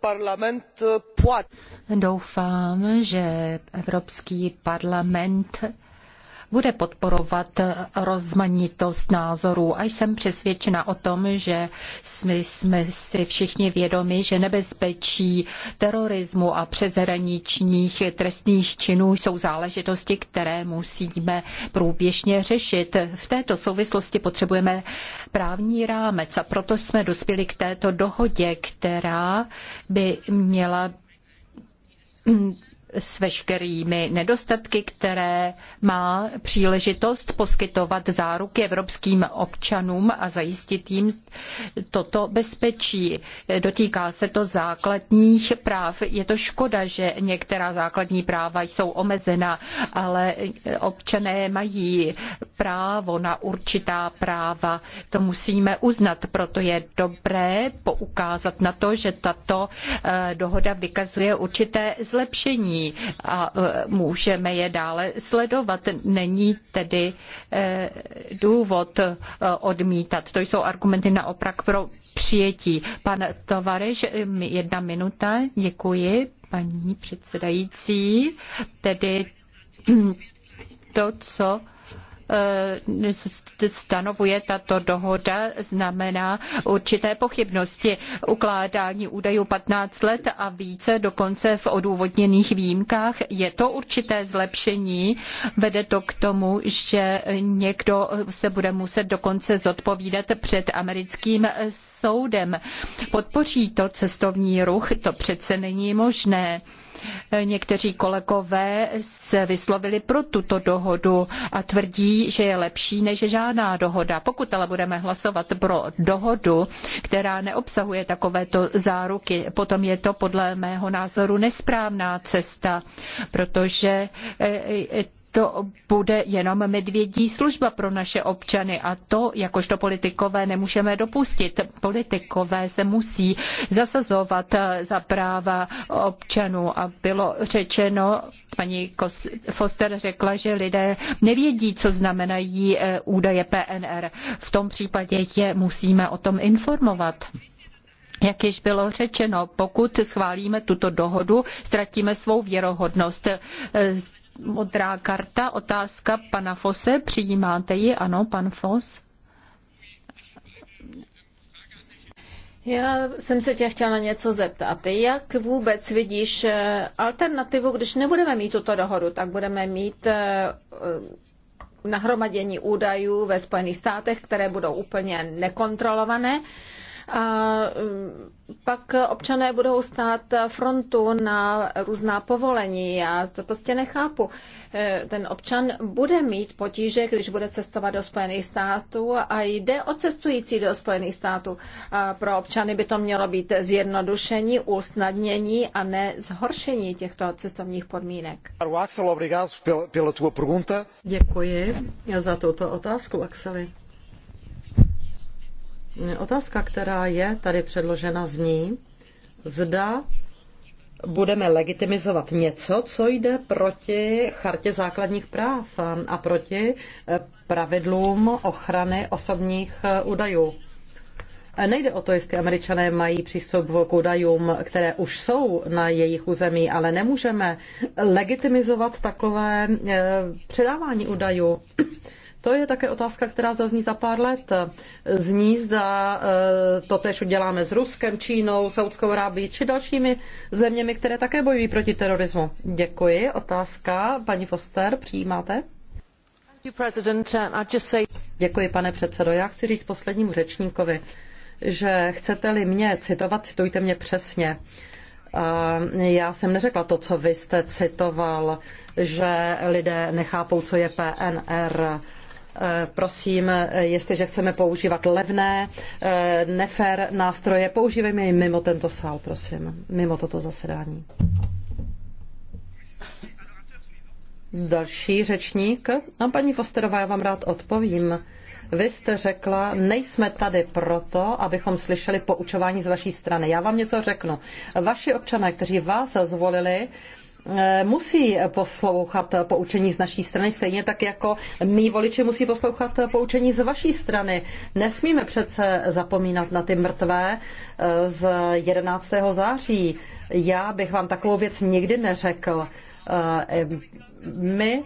parlament uh, Doufám, že Evropský parlament bude podporovat rozmanitost názorů a jsem přesvědčena o tom, že jsme, jsme si všichni vědomi, že nebezpečí terorismu a přeshraničních trestných činů jsou záležitosti, které musíme průběžně řešit. V této souvislosti potřebujeme právní rámec a proto jsme dospěli k této dohodě, která by měla s veškerými nedostatky, které má příležitost poskytovat záruky evropským občanům a zajistit jim toto bezpečí. Dotýká se to základních práv. Je to škoda, že některá základní práva jsou omezena, ale občané mají právo na určitá práva. To musíme uznat, proto je dobré poukázat na to, že tato eh, dohoda vykazuje určité zlepšení a e, můžeme je dále sledovat. Není tedy e, důvod e, odmítat. To jsou argumenty naopak pro přijetí. Pan jedna minuta. Děkuji, paní předsedající. Tedy to, co Eh, stanovuje tato dohoda, znamená určité pochybnosti. Ukládání údajů 15 let a více, dokonce v odůvodněných výjimkách, je to určité zlepšení. Vede to k tomu, že někdo se bude muset dokonce zodpovídat před americkým soudem. Podpoří to cestovní ruch, to přece není možné. Někteří kolegové se vyslovili pro tuto dohodu a tvrdí, že je lepší než žádná dohoda. Pokud ale budeme hlasovat pro dohodu, která neobsahuje takovéto záruky, potom je to podle mého názoru nesprávná cesta, protože eh, to bude jenom medvědí služba pro naše občany a to, jakožto politikové, nemůžeme dopustit. Politikové se musí zasazovat eh, za práva občanů a bylo řečeno, paní Foster řekla, že lidé nevědí, co znamenají eh, údaje PNR. V tom případě je musíme o tom informovat. Jak již bylo řečeno, pokud schválíme tuto dohodu, ztratíme svou věrohodnost. Eh, modrá karta, otázka pana Fose, přijímáte ji? Ano, pan Fos. Já jsem se tě chtěla něco zeptat. Jak vůbec vidíš eh, alternativu, když nebudeme mít tuto dohodu, tak budeme mít eh, eh, nahromadění údajů ve Spojených státech, které budou úplně nekontrolované. A mm, pak občané budou stát frontu na různá povolení. Já to prostě nechápu. E, ten občan bude mít potíže, když bude cestovat do Spojených států a jde o cestující do Spojených států. A pro občany by to mělo být zjednodušení, usnadnění a ne zhoršení těchto cestovních podmínek. Děkuji za tuto otázku, Axeli. Otázka, která je tady předložena, zní, zda budeme legitimizovat něco, co jde proti chartě základních práv a proti eh, pravidlům ochrany osobních eh, údajů. Eh, nejde o to, jestli američané mají přístup k údajům, které už jsou na jejich území, ale nemůžeme legitimizovat takové předávání údajů. To je také otázka, která zazní za pár let. Zní, zda eh, to tež uděláme s Ruskem, Čínou, Saudskou Arábií či dalšími zeměmi, které také bojují proti terorismu. Děkuji. Otázka, paní Foster, přijímáte? Uh, Děkuji, pane předsedo. Já chci říct poslednímu řečníkovi, že chcete-li mě citovat, citujte mě přesně. Já jsem neřekla to, co vy jste citoval, že lidé nechápou, co je PNR Eh, prosím, eh, jestliže chceme používat levné, eh, nefér nástroje, používejme je mimo tento sál, prosím, mimo toto zasedání. Další řečník. A paní Fosterová, já vám rád odpovím. Vy jste řekla, nejsme tady proto, abychom slyšeli poučování z vaší strany. Já vám něco řeknu. Vaši občané, kteří vás zvolili, Eh, musí poslouchat poučení z naší strany, stejně tak jako mý voliči musí poslouchat poučení z vaší strany. Nesmíme přece zapomínat na ty mrtvé eh, z 11. září. Já bych vám takovou věc nikdy neřekl. Eh, my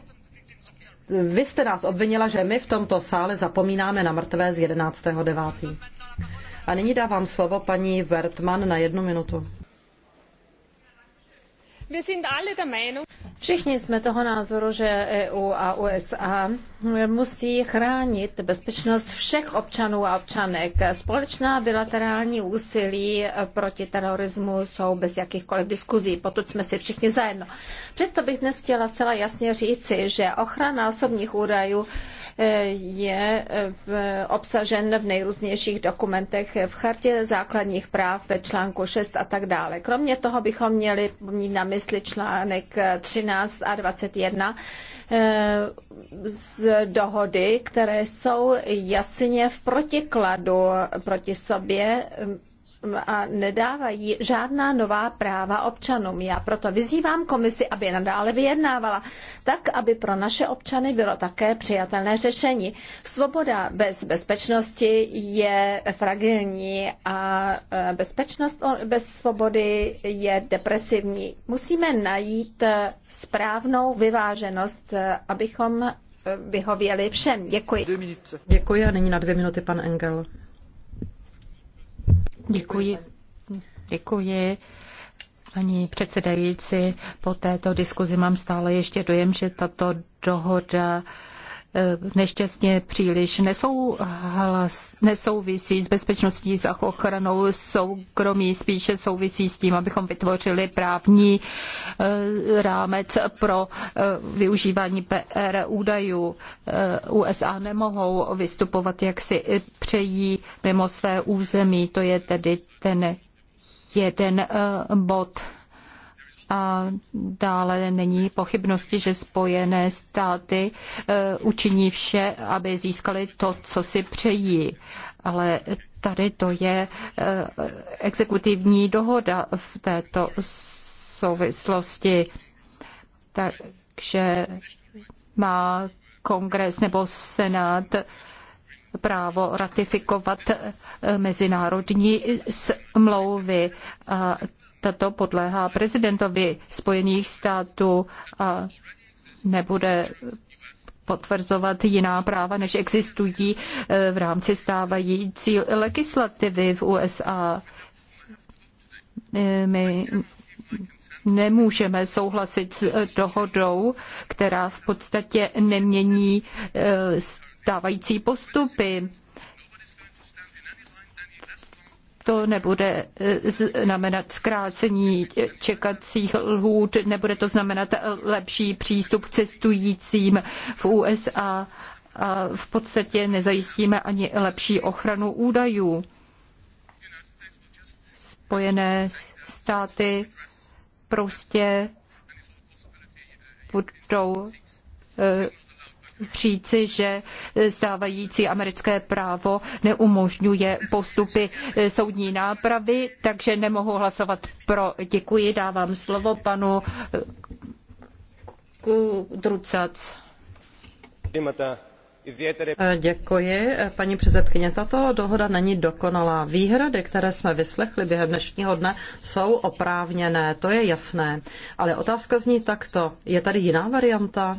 vy jste nás obvinila, že my v tomto sále zapomínáme na mrtvé z 11.9. A nyní dávám slovo paní Vertman na jednu minutu. Všichni jsme toho názoru, že EU a USA musí chránit bezpečnost všech občanů a občanek. Společná bilaterální úsilí proti terorismu jsou bez jakýchkoliv diskuzí, potud jsme si všichni zajedno. Přesto bych dnes chtěla zcela jasně říci, že ochrana osobních údajů e, je e, obsažen v nejrůznějších dokumentech v chartě základních práv ve článku 6 a tak dále. Kromě toho bychom měli mít na mysli mysli článek 13 a 21 eh, z dohody, které jsou jasně v protikladu proti sobě a nedávají žádná nová práva občanům. Já proto vyzývám komisi, aby nadále vyjednávala, tak aby pro naše občany bylo také přijatelné řešení. Svoboda bez bezpečnosti je fragilní a e, bezpečnost bez svobody je depresivní. Musíme najít e, správnou vyváženost, e, abychom vyhověli všem. Děkuji. Děkuji a nyní na dvě minuty pan Engel. Děkuji. Děkuji. Paní předsedající, po této diskuzi mám stále ještě dojem, že tato dohoda nešťastně příliš nesouhlas, nesouvisí s bezpečností za ochranou soukromí, spíše souvisí s tím, abychom vytvořili právní eh, rámec pro eh, využívání PR údajů. Eh, USA nemohou vystupovat, jak si přejí mimo své území, to je tedy ten jeden bod a dále není pochybnosti, že Spojené státy e, učiní vše, aby získali to, co si přejí. Ale tady to je e, exekutivní dohoda v této souvislosti. Takže má kongres nebo senát právo ratifikovat e, mezinárodní smlouvy. A tato podléhá prezidentovi Spojených států a nebude potvrzovat jiná práva, než existují eh, v rámci stávající legislativy v USA. Eh, my nemůžeme souhlasit s eh, dohodou, která v podstatě nemění stávající postupy to nebude eh, znamenat zkrácení čekacích lhůt, nebude to znamenat lepší přístup k cestujícím v USA. A v podstatě nezajistíme ani lepší ochranu údajů. Spojené státy prostě budou eh, říci, že stávající americké právo neumožňuje postupy soudní nápravy, takže nemohu hlasovat pro. Děkuji, dávám slovo panu Drucac. Děkuji, paní předsedkyně. Tato dohoda není dokonalá. Výhrady, které jsme vyslechli během dnešního dne, jsou oprávněné, to je jasné. Ale otázka zní takto. Je tady jiná varianta?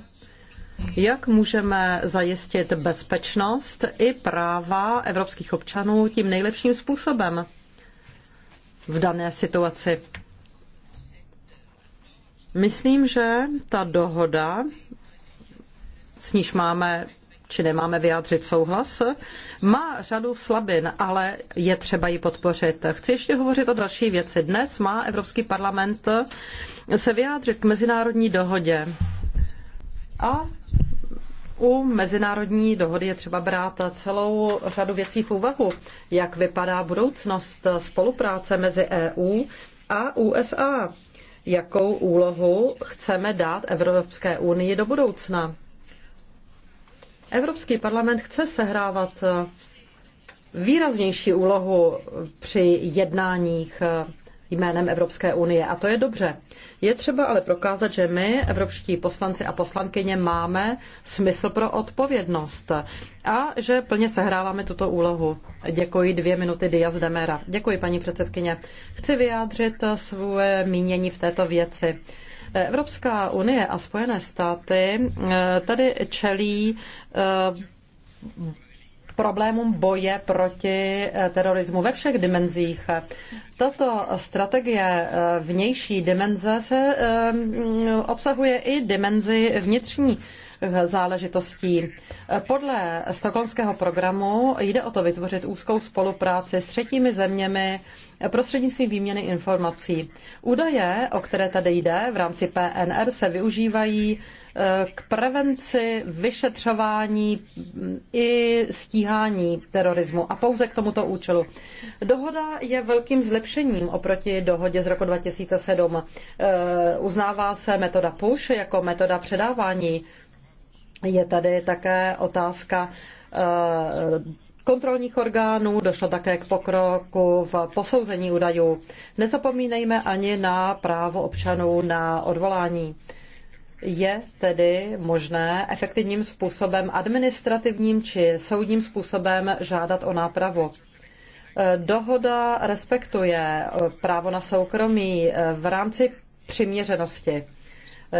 Jak můžeme zajistit bezpečnost i práva evropských občanů tím nejlepším způsobem v dané situaci? Myslím, že ta dohoda, s níž máme či nemáme vyjádřit souhlas, má řadu slabin, ale je třeba ji podpořit. Chci ještě hovořit o další věci. Dnes má Evropský parlament se vyjádřit k mezinárodní dohodě a u mezinárodní dohody je třeba brát celou řadu věcí v úvahu, jak vypadá budoucnost spolupráce mezi EU a USA, jakou úlohu chceme dát Evropské unii do budoucna. Evropský parlament chce sehrávat výraznější úlohu při jednáních jménem Evropské unie. A to je dobře. Je třeba ale prokázat, že my, evropští poslanci a poslankyně, máme smysl pro odpovědnost a že plně sehráváme tuto úlohu. Děkuji dvě minuty Diaz Demera. Děkuji, paní předsedkyně. Chci vyjádřit svoje mínění v této věci. Evropská unie a Spojené státy eh, tady čelí eh, problémům boje proti eh, terorismu ve všech dimenzích. Tato strategie eh, vnější dimenze se eh, obsahuje i dimenzi vnitřní záležitostí. Podle stokholmského programu jde o to vytvořit úzkou spolupráci s třetími zeměmi prostřednictvím výměny informací. Údaje, o které tady jde v rámci PNR, se využívají k prevenci, vyšetřování i stíhání terorismu a pouze k tomuto účelu. Dohoda je velkým zlepšením oproti dohodě z roku 2007. E, uznává se metoda PUSH jako metoda předávání. Je tady také otázka e, kontrolních orgánů, došlo také k pokroku v posouzení údajů. Nezapomínejme ani na právo občanů na odvolání je tedy možné efektivním způsobem, administrativním či soudním způsobem žádat o nápravu. E, dohoda respektuje e, právo na soukromí e, v rámci přiměřenosti.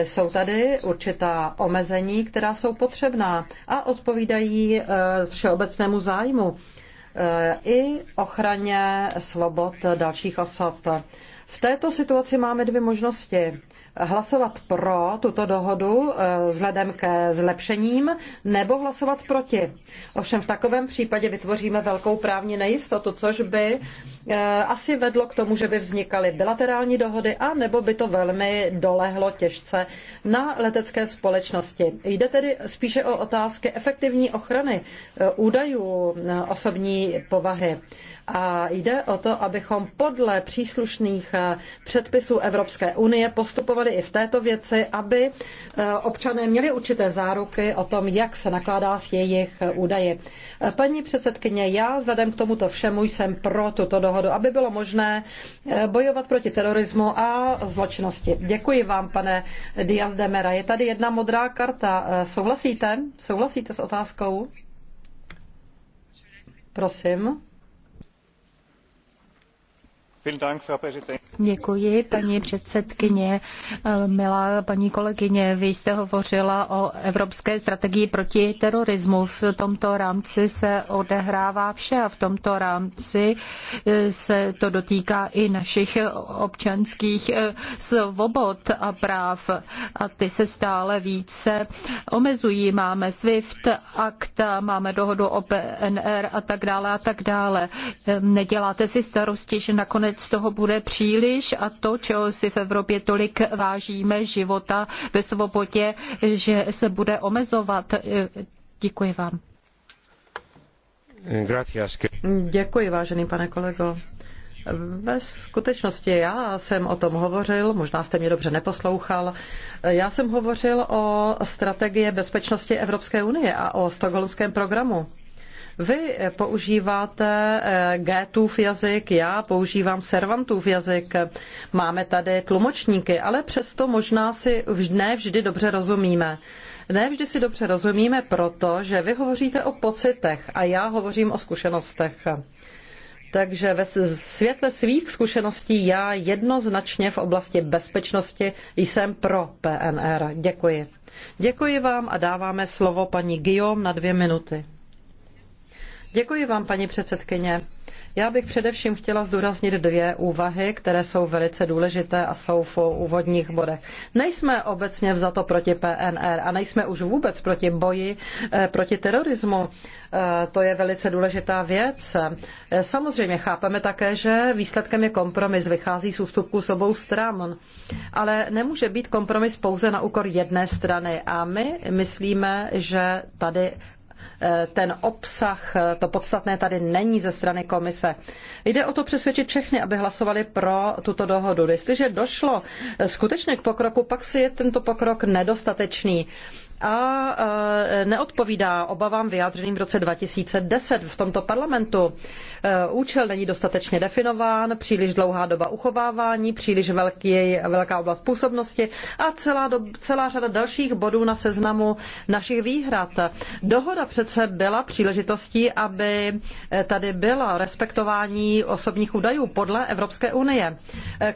Jsou tady určitá omezení, která jsou potřebná a odpovídají všeobecnému zájmu i ochraně svobod dalších osob. V této situaci máme dvě možnosti hlasovat pro tuto dohodu eh, vzhledem ke zlepšením nebo hlasovat proti. Ovšem v takovém případě vytvoříme velkou právní nejistotu, což by eh, asi vedlo k tomu, že by vznikaly bilaterální dohody a nebo by to velmi dolehlo těžce na letecké společnosti. Jde tedy spíše o otázky efektivní ochrany eh, údajů osobní povahy. A jde o to, abychom podle příslušných eh, předpisů Evropské unie postupovali i v této věci, aby eh, občané měli určité záruky o tom, jak se nakládá s jejich eh, údaji. Paní předsedkyně, já vzhledem k tomuto všemu jsem pro tuto dohodu, aby bylo možné bojovat proti terorismu a zločinnosti. Děkuji vám, pane Diaz de Mera. Je tady jedna modrá karta. Souhlasíte? Souhlasíte s otázkou? Prosím. Děkuji, paní předsedkyně. Eh, milá paní kolegyně, vy jste hovořila o evropské strategii proti terorismu. V tomto rámci se odehrává vše a v tomto rámci eh, se to dotýká i našich občanských eh, svobod a práv. A ty se stále více omezují. Máme SWIFT, akta, máme dohodu o PNR a tak dále a tak dále. Neděláte si starosti, že nakonec nakonec toho bude příliš a to, čeho si v Evropě tolik vážíme, života ve svobodě, že se bude omezovat. Děkuji vám. Děkuji, vážený pane kolego. Ve skutečnosti já jsem o tom hovořil, možná jste mě dobře neposlouchal. Já jsem hovořil o strategii bezpečnosti Evropské unie a o stokholmském programu. Vy eh, používáte eh, Gétův jazyk, já používám Servantův jazyk. Máme tady tlumočníky, ale přesto možná si ne vždy dobře rozumíme. Ne vždy si dobře rozumíme proto, že vy hovoříte o pocitech a já hovořím o zkušenostech. Takže ve světle svých zkušeností já jednoznačně v oblasti bezpečnosti jsem pro PNR. Děkuji. Děkuji vám a dáváme slovo paní Guillaume na dvě minuty. Děkuji vám, paní předsedkyně. Já bych především chtěla zdůraznit dvě úvahy, které jsou velice důležité a jsou v úvodních bodech. Nejsme obecně vzato proti PNR a nejsme už vůbec proti boji eh, proti terorismu. Eh, to je velice důležitá věc. Eh, samozřejmě chápeme také, že výsledkem je kompromis, vychází z ústupků s obou stran, ale nemůže být kompromis pouze na úkor jedné strany a my myslíme, že tady Eh, ten obsah, eh, to podstatné tady není ze strany komise. Jde o to přesvědčit všechny, aby hlasovali pro tuto dohodu. Jestliže došlo eh, skutečně k pokroku, pak si je tento pokrok nedostatečný a e, neodpovídá obavám vyjádřeným v roce 2010 v tomto parlamentu. E, účel není dostatečně definován, příliš dlouhá doba uchovávání, příliš velký, velká oblast působnosti a celá, do, celá řada dalších bodů na seznamu našich výhrad. Dohoda přece byla příležitostí, aby e, tady byla respektování osobních údajů podle Evropské unie.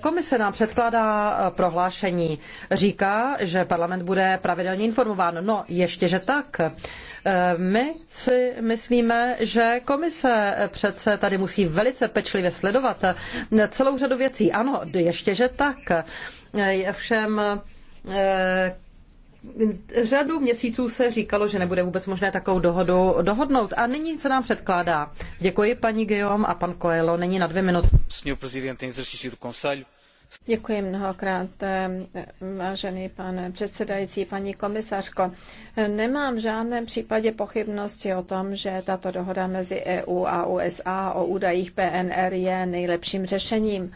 Komise nám předkládá prohlášení. Říká, že parlament bude pravidelně informován Orbán. No, ještě že tak. Eh, my si myslíme, že komise přece tady musí velice pečlivě sledovat eh, celou řadu věcí. Ano, ještě že tak. Eh, je všem řadu měsíců se říkalo, že nebude vůbec možné takovou dohodu dohodnout a nyní se nám předkládá. Děkuji paní Guillaume a pan Coelho, není na dvě minuty. Senhor em exercício do Conselho, Děkuji mnohokrát, eh, vážený pane předsedající, paní komisařko. Nemám v žádném případě pochybnosti o tom, že tato dohoda mezi EU a USA o údajích PNR je nejlepším řešením.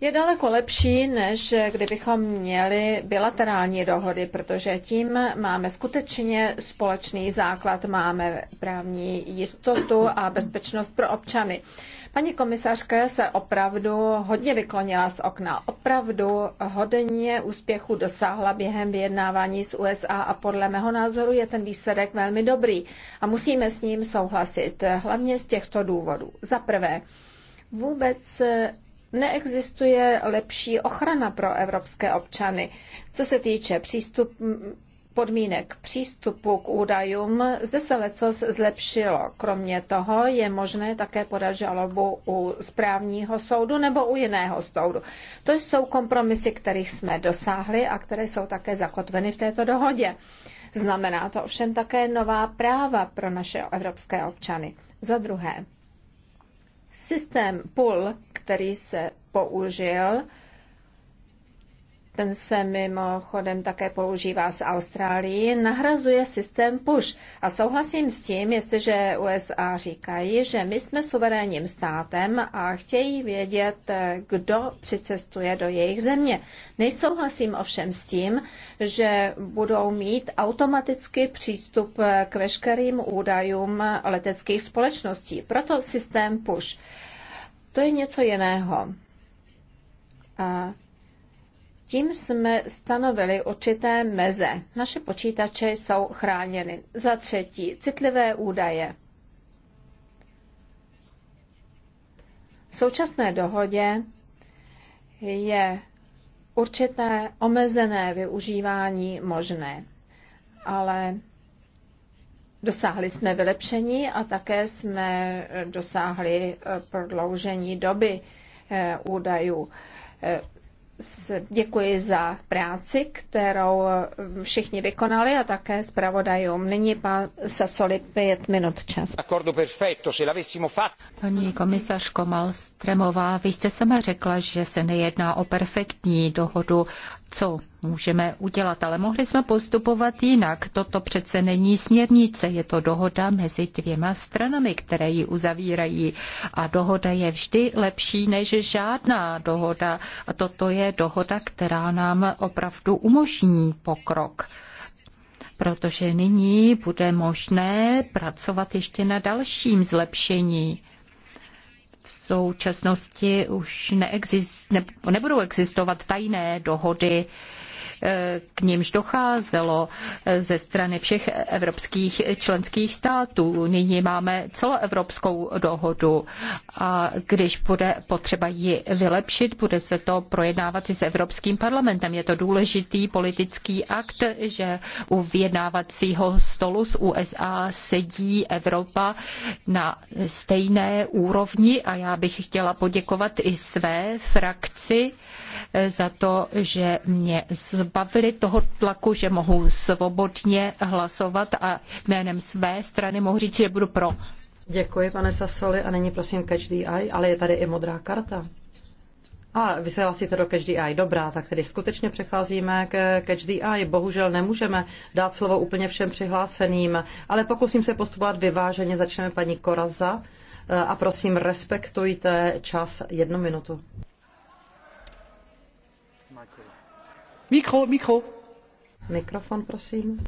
Je daleko lepší, než kdybychom měli bilaterální dohody, protože tím máme skutečně společný základ, máme právní jistotu a bezpečnost pro občany. Paní komisařka se opravdu hodně vyklonila z okna. Opravdu hodně úspěchu dosáhla během vyjednávání s USA a podle mého názoru je ten výsledek velmi dobrý a musíme s ním souhlasit, hlavně z těchto důvodů. Za prvé, vůbec neexistuje lepší ochrana pro evropské občany, co se týče přístup, podmínek přístupu k údajům, zde se lecos zlepšilo. Kromě toho je možné také podat žalobu u správního soudu nebo u jiného soudu. To jsou kompromisy, kterých jsme dosáhli a které jsou také zakotveny v této dohodě. Znamená to ovšem také nová práva pro naše evropské občany. Za druhé, systém PUL, který se použil, ten se mimochodem také používá z Austrálii, nahrazuje systém push. A souhlasím s tím, jestliže USA říkají, že my jsme suverénním státem a chtějí vědět, kdo přicestuje do jejich země. Nejsouhlasím ovšem s tím, že budou mít automaticky přístup k veškerým údajům leteckých společností. Proto systém push. To je něco jiného. A tím jsme stanovili určité meze. Naše počítače jsou chráněny. Za třetí, citlivé údaje. V současné dohodě je určité omezené využívání možné, ale dosáhli jsme vylepšení a také jsme dosáhli eh, prodloužení doby eh, údajů. Eh, děkuji za práci, kterou eh, všichni vykonali a také zpravodajům. Nyní pan Sasoli pět minut čas. Paní komisařko Malstremová, vy jste sama řekla, že se nejedná o perfektní dohodu. Co můžeme udělat, ale mohli jsme postupovat jinak. Toto přece není směrnice, je to dohoda mezi dvěma stranami, které ji uzavírají. A dohoda je vždy lepší než žádná dohoda. A toto je dohoda, která nám opravdu umožní pokrok protože nyní bude možné pracovat ještě na dalším zlepšení v současnosti už neexist, ne, nebudou existovat tajné dohody, k nímž docházelo eh, ze strany všech evropských členských států. Nyní máme celoevropskou dohodu a když bude potřeba ji vylepšit, bude se to projednávat i s Evropským parlamentem. Je to důležitý politický akt, že u vyjednávacího stolu s USA sedí Evropa na stejné úrovni a já bych chtěla poděkovat i své frakci eh, za to, že mě zbavila zbavili toho tlaku, že mohu svobodně hlasovat a jménem své strany mohu říct, že budu pro. Děkuji, pane Sasoli, a není prosím catch the ale je tady i modrá karta. A vy se hlasíte do Catch the dobrá, tak tedy skutečně přecházíme k Catch the Bohužel nemůžeme dát slovo úplně všem přihláseným, ale pokusím se postupovat vyváženě. Začneme paní Koraza eh, a prosím, respektujte čas jednu minutu. Mikro, mikro. Mikrofon, prosím.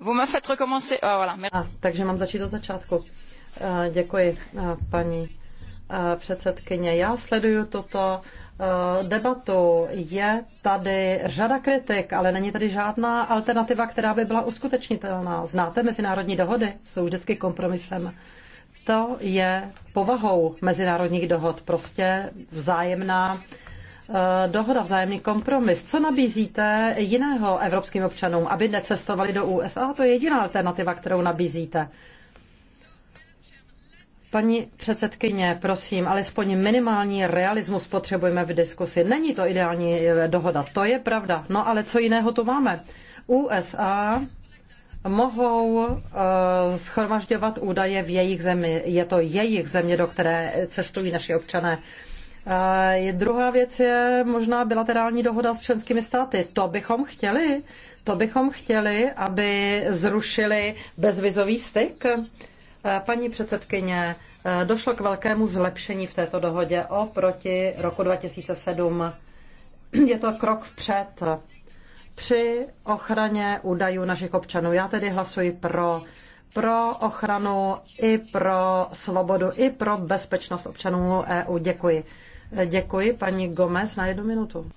Vous me faites recommencer. Oh, voilà. takže mám začít od začátku. Děkuji, paní předsedkyně. Já sleduju tuto debatu. Je tady řada kritik, ale není tady žádná alternativa, která by byla uskutečnitelná. Znáte mezinárodní dohody? Jsou vždycky kompromisem. To je povahou mezinárodních dohod, prostě vzájemná eh, dohoda, vzájemný kompromis. Co nabízíte jiného evropským občanům, aby necestovali do USA? To je jediná alternativa, kterou nabízíte. Paní předsedkyně, prosím, alespoň minimální realismus potřebujeme v diskusi. Není to ideální eh, dohoda, to je pravda. No ale co jiného tu máme? USA mohou eh, schromažďovat údaje v jejich zemi. Je to jejich země, do které cestují naši občané. Eh, je, druhá věc je možná bilaterální dohoda s členskými státy. To bychom chtěli. To bychom chtěli, aby zrušili bezvizový styk. Eh, paní předsedkyně, došlo k velkému zlepšení v této dohodě oproti roku 2007. Je to krok vpřed při ochraně údajů našich občanů. Já tedy hlasuji pro pro ochranu i pro svobodu, i pro bezpečnost občanů EU. Děkuji. Děkuji, paní Gomez, na jednu minutu.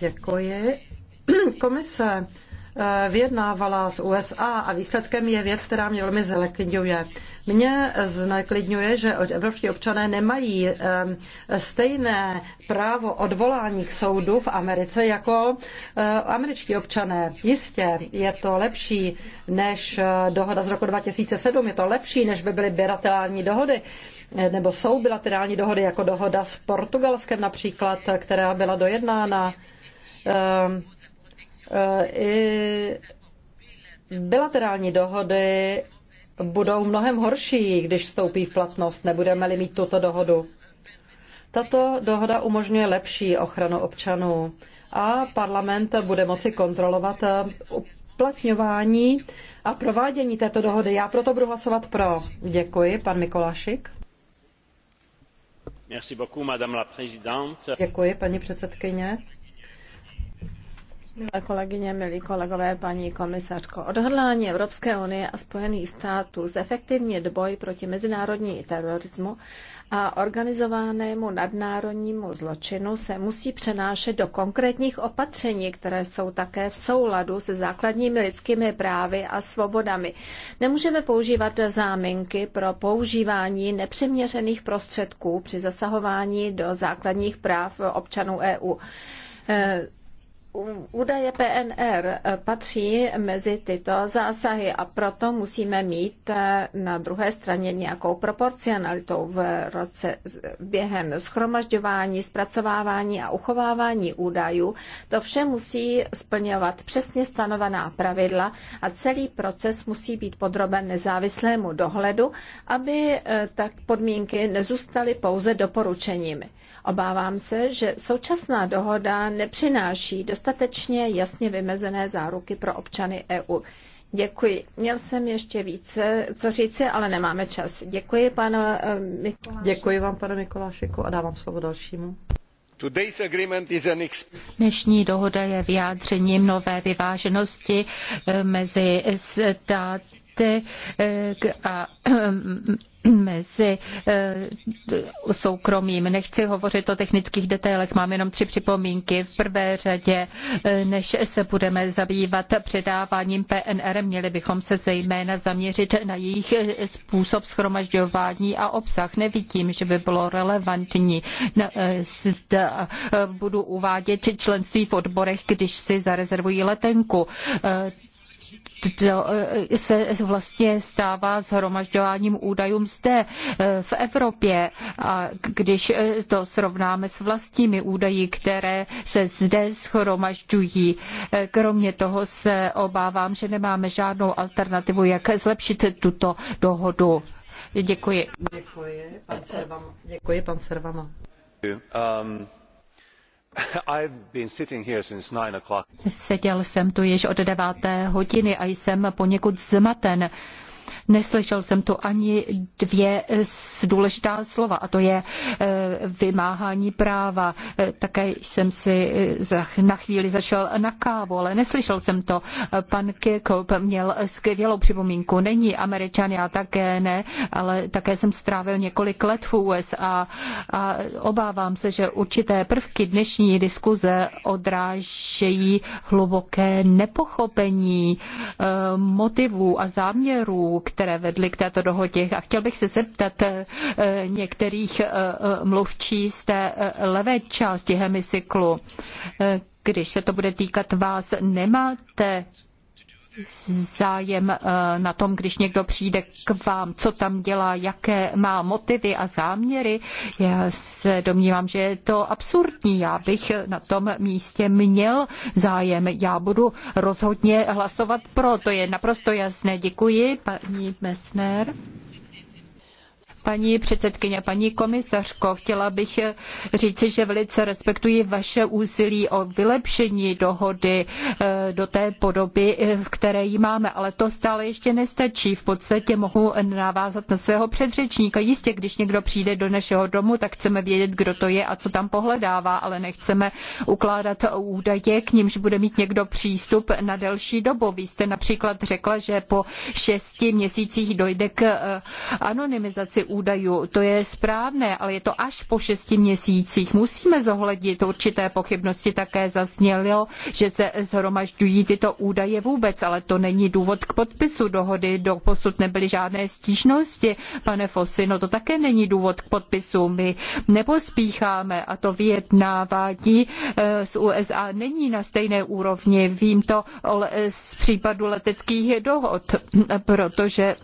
Děkuji. Komise Eh, vyjednávala s USA a výsledkem je věc, která mě velmi zneklidňuje. Mě zneklidňuje, že evropští občané nemají eh, stejné právo odvolání k soudu v Americe jako eh, američtí občané. Jistě je to lepší než dohoda z roku 2007, je to lepší, než by byly bilaterální dohody, nebo jsou bilaterální dohody jako dohoda s Portugalskem například, která byla dojednána i bilaterální dohody budou mnohem horší, když vstoupí v platnost, nebudeme-li mít tuto dohodu. Tato dohoda umožňuje lepší ochranu občanů a parlament bude moci kontrolovat uplatňování a provádění této dohody. Já proto budu hlasovat pro. Děkuji, pan Mikolášik. Děkuji, paní předsedkyně. Milé kolegyně, milí kolegové, paní komisařko, odhodlání Evropské unie a Spojených států zefektivnit boj proti mezinárodní terorismu a organizovanému nadnárodnímu zločinu se musí přenášet do konkrétních opatření, které jsou také v souladu se základními lidskými právy a svobodami. Nemůžeme používat záminky pro používání nepřiměřených prostředků při zasahování do základních práv občanů EU eh, Údaje PNR eh, patří mezi tyto zásahy a proto musíme mít eh, na druhé straně nějakou proporcionalitu v roce během schromažďování, zpracovávání a uchovávání údajů. To vše musí splňovat přesně stanovená pravidla a celý proces musí být podroben nezávislému dohledu, aby eh, tak podmínky nezůstaly pouze doporučeními. Obávám se, že současná dohoda nepřináší dost dostatečně jasně vymezené záruky pro občany EU. Děkuji. Měl jsem ještě více, co říci, ale nemáme čas. Děkuji, pane eh, Mikulášiku. Děkuji vám, pane Mikulášiku, a dávám slovo dalšímu. Dnešní dohoda je vyjádřením nové vyváženosti eh, mezi státy eh, a mezi eh, soukromým. Nechci hovořit o technických detailech, mám jenom tři připomínky. V prvé řadě, eh, než se budeme zabývat předáváním PNR, měli bychom se zejména zaměřit na jejich eh, způsob schromažďování a obsah. Nevidím, že by bylo relevantní. Budu uvádět členství v odborech, když si zarezervují letenku. Eh, se vlastně stává shromažďováním údajům zde eh, v Evropě. A když eh, to srovnáme s vlastními údaji, které se zde shromažďují, kromě toho se obávám, že nemáme žádnou alternativu, jak zlepšit tuto dohodu. Děkuji. Děkuji, pan Děkuji, pan Servama. Um... Seděl jsem tu již od deváté hodiny a jsem poněkud zmaten. Neslyšel jsem tu ani dvě důležitá slova, a to je eh, vymáhání práva. Eh, také jsem si eh, na chvíli zašel na kávu, ale neslyšel jsem to. Pan Kirkhope měl skvělou připomínku. Není američan, já také ne, ale také jsem strávil několik let v USA a obávám se, že určité prvky dnešní diskuze odrážejí hluboké nepochopení motivů a záměrů, které které vedly k této dohodě. A chtěl bych se zeptat eh, některých eh, eh, mluvčí z té levé části hemicyklu, když se to bude týkat vás, nemáte zájem eh, na tom, když někdo přijde k vám, co tam dělá, jaké má motivy a záměry. Já se domnívám, že je to absurdní. Já bych na tom místě měl zájem. Já budu rozhodně hlasovat pro. To je naprosto jasné. Děkuji, paní Mesner. Paní předsedkyně, paní komisařko, chtěla bych říci, že velice respektuji vaše úsilí o vylepšení dohody eh, do té podoby, eh, v které ji máme, ale to stále ještě nestačí. V podstatě mohu navázat na svého předřečníka. Jistě, když někdo přijde do našeho domu, tak chceme vědět, kdo to je a co tam pohledává, ale nechceme ukládat údaje, k nimž bude mít někdo přístup na delší dobu. Vy jste například řekla, že po šesti měsících dojde k eh, anonymizaci údajů. To je správné, ale je to až po šesti měsících. Musíme zohlednit určité pochybnosti. Také zaznělo, že se zhromažďují tyto údaje vůbec, ale to není důvod k podpisu dohody. Do posud nebyly žádné stížnosti, pane Fosy. No to také není důvod k podpisu. My nepospícháme a to vyjednávání z eh, USA není na stejné úrovni. Vím to z případu leteckých dohod, eh, protože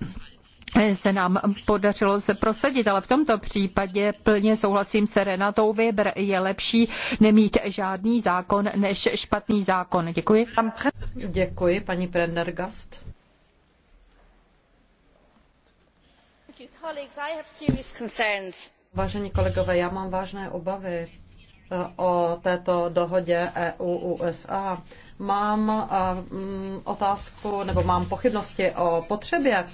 se nám podařilo se prosadit, ale v tomto případě plně souhlasím se Renatou Weber. Je lepší nemít žádný zákon než špatný zákon. Děkuji. Děkuji, paní Prendergast. Vážení kolegové, já mám vážné obavy eh, o této dohodě EU-USA. Mám eh, mm, otázku, nebo mám pochybnosti o potřebě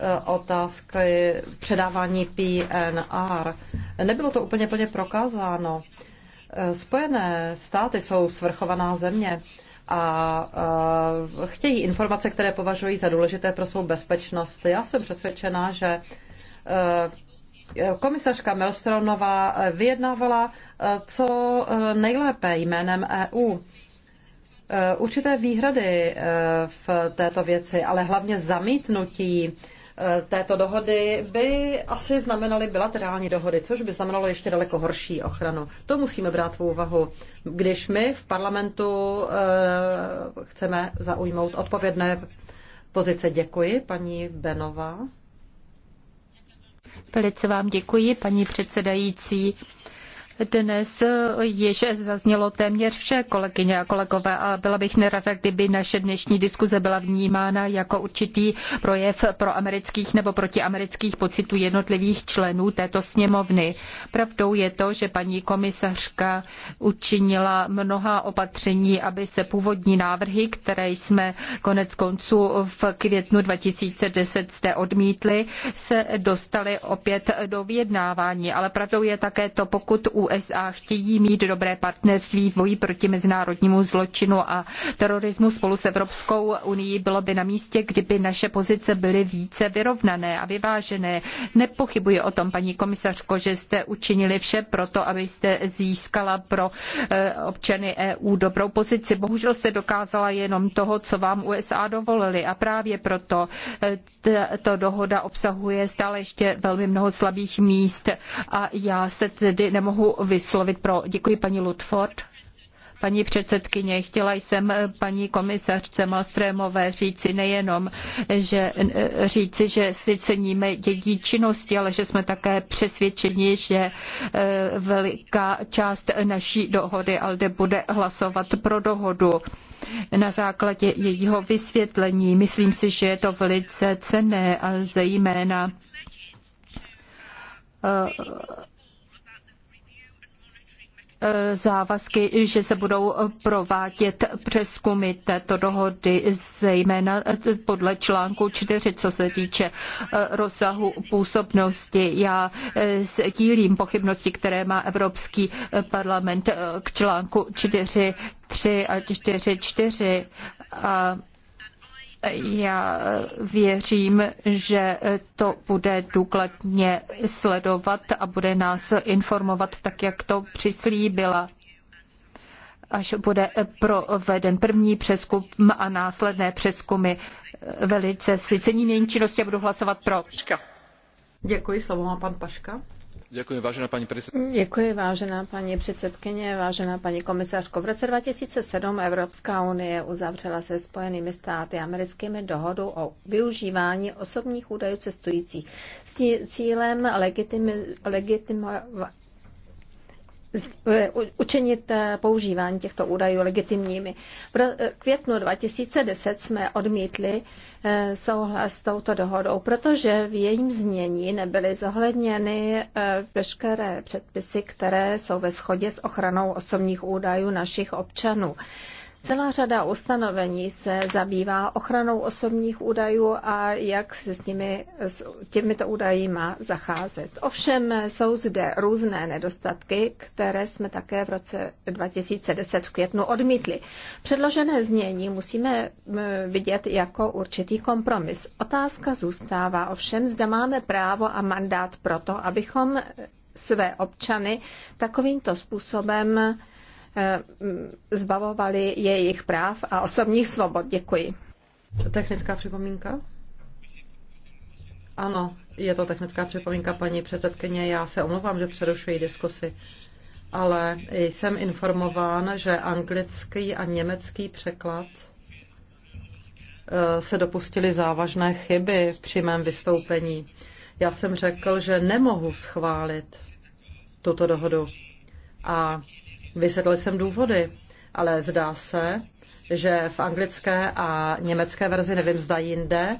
Eh, otázky předávání PNR. Nebylo to úplně plně prokázáno. Eh, Spojené státy jsou svrchovaná země a eh, chtějí informace, které považují za důležité pro svou bezpečnost. Já jsem přesvědčená, že komisařka Melstronová vyjednávala co nejlépe jménem EU. Určité výhrady v této věci, ale hlavně zamítnutí Eh, této dohody by asi znamenaly bilaterální dohody, což by znamenalo ještě daleko horší ochranu. To musíme brát v úvahu, když my v parlamentu eh, chceme zaujmout odpovědné pozice. Děkuji, paní Benová. Velice vám děkuji, paní předsedající. Dnes již zaznělo téměř vše, kolegyně a kolegové, a byla bych nerada, kdyby naše dnešní diskuze byla vnímána jako určitý projev pro amerických nebo protiamerických pocitů jednotlivých členů této sněmovny. Pravdou je to, že paní komisařka učinila mnoha opatření, aby se původní návrhy, které jsme konec konců v květnu 2010 zde odmítli, se dostaly opět do vyjednávání. Ale pravdou je také to, pokud u USA chtějí mít dobré partnerství v boji proti mezinárodnímu zločinu a terorismu spolu s Evropskou unii. Bylo by na místě, kdyby naše pozice byly více vyrovnané a vyvážené. Nepochybuji o tom, paní komisařko, že jste učinili vše pro to, abyste získala pro eh, občany EU dobrou pozici. Bohužel se dokázala jenom toho, co vám USA dovolili a právě proto eh, tato dohoda obsahuje stále ještě velmi mnoho slabých míst a já se tedy nemohu vyslovit pro. Děkuji paní Ludford. Paní předsedkyně, chtěla jsem paní komisařce Malstrémové říci nejenom, že říci, že si ceníme její činnosti, ale že jsme také přesvědčeni, že e, veliká část naší dohody ALDE bude hlasovat pro dohodu na základě jejího vysvětlení. Myslím si, že je to velice cenné a zejména e, závazky, že se budou provádět přeskumy této dohody, zejména podle článku 4, co se týče eh, rozsahu působnosti. Já eh, sdílím pochybnosti, které má Evropský eh, parlament k článku 4, 3 a 4, 4 a já věřím, že to bude důkladně sledovat a bude nás informovat tak, jak to přislíbila až bude proveden první přeskum a následné přeskumy. Velice si cením její činnosti a budu hlasovat pro. Děkuji, slovo má pan Paška. Děkuji, vážená paní předsedkyně. Děkuji, vážená paní předsedkyně, vážená paní komisařko. V roce 2007 Evropská unie uzavřela se Spojenými státy americkými dohodu o využívání osobních údajů cestujících s cílem legitimizovat Eh, učinit eh, používání těchto údajů legitimními. V eh, květnu 2010 jsme odmítli souhlas s touto dohodou, protože v jejím znění nebyly zohledněny veškeré předpisy, které jsou ve shodě s ochranou osobních údajů našich občanů. Celá řada ustanovení se zabývá ochranou osobních údajů a jak se s, nimi, s těmito údaji má zacházet. Ovšem jsou zde různé nedostatky, které jsme také v roce 2010 v květnu odmítli. Předložené znění musíme vidět jako určitý kompromis. Otázka zůstává ovšem, zda máme právo a mandát pro to, abychom své občany takovýmto způsobem Eh, zbavovali jejich práv a osobních svobod. Děkuji. Technická připomínka? Ano, je to technická připomínka, paní předsedkyně. Já se omlouvám, že přerušuji diskusy, ale jsem informován, že anglický a německý překlad eh, se dopustili závažné chyby při mém vystoupení. Já jsem řekl, že nemohu schválit tuto dohodu. A Vysvětlil jsem důvody, ale zdá se, že v anglické a německé verzi, nevím, zda jinde,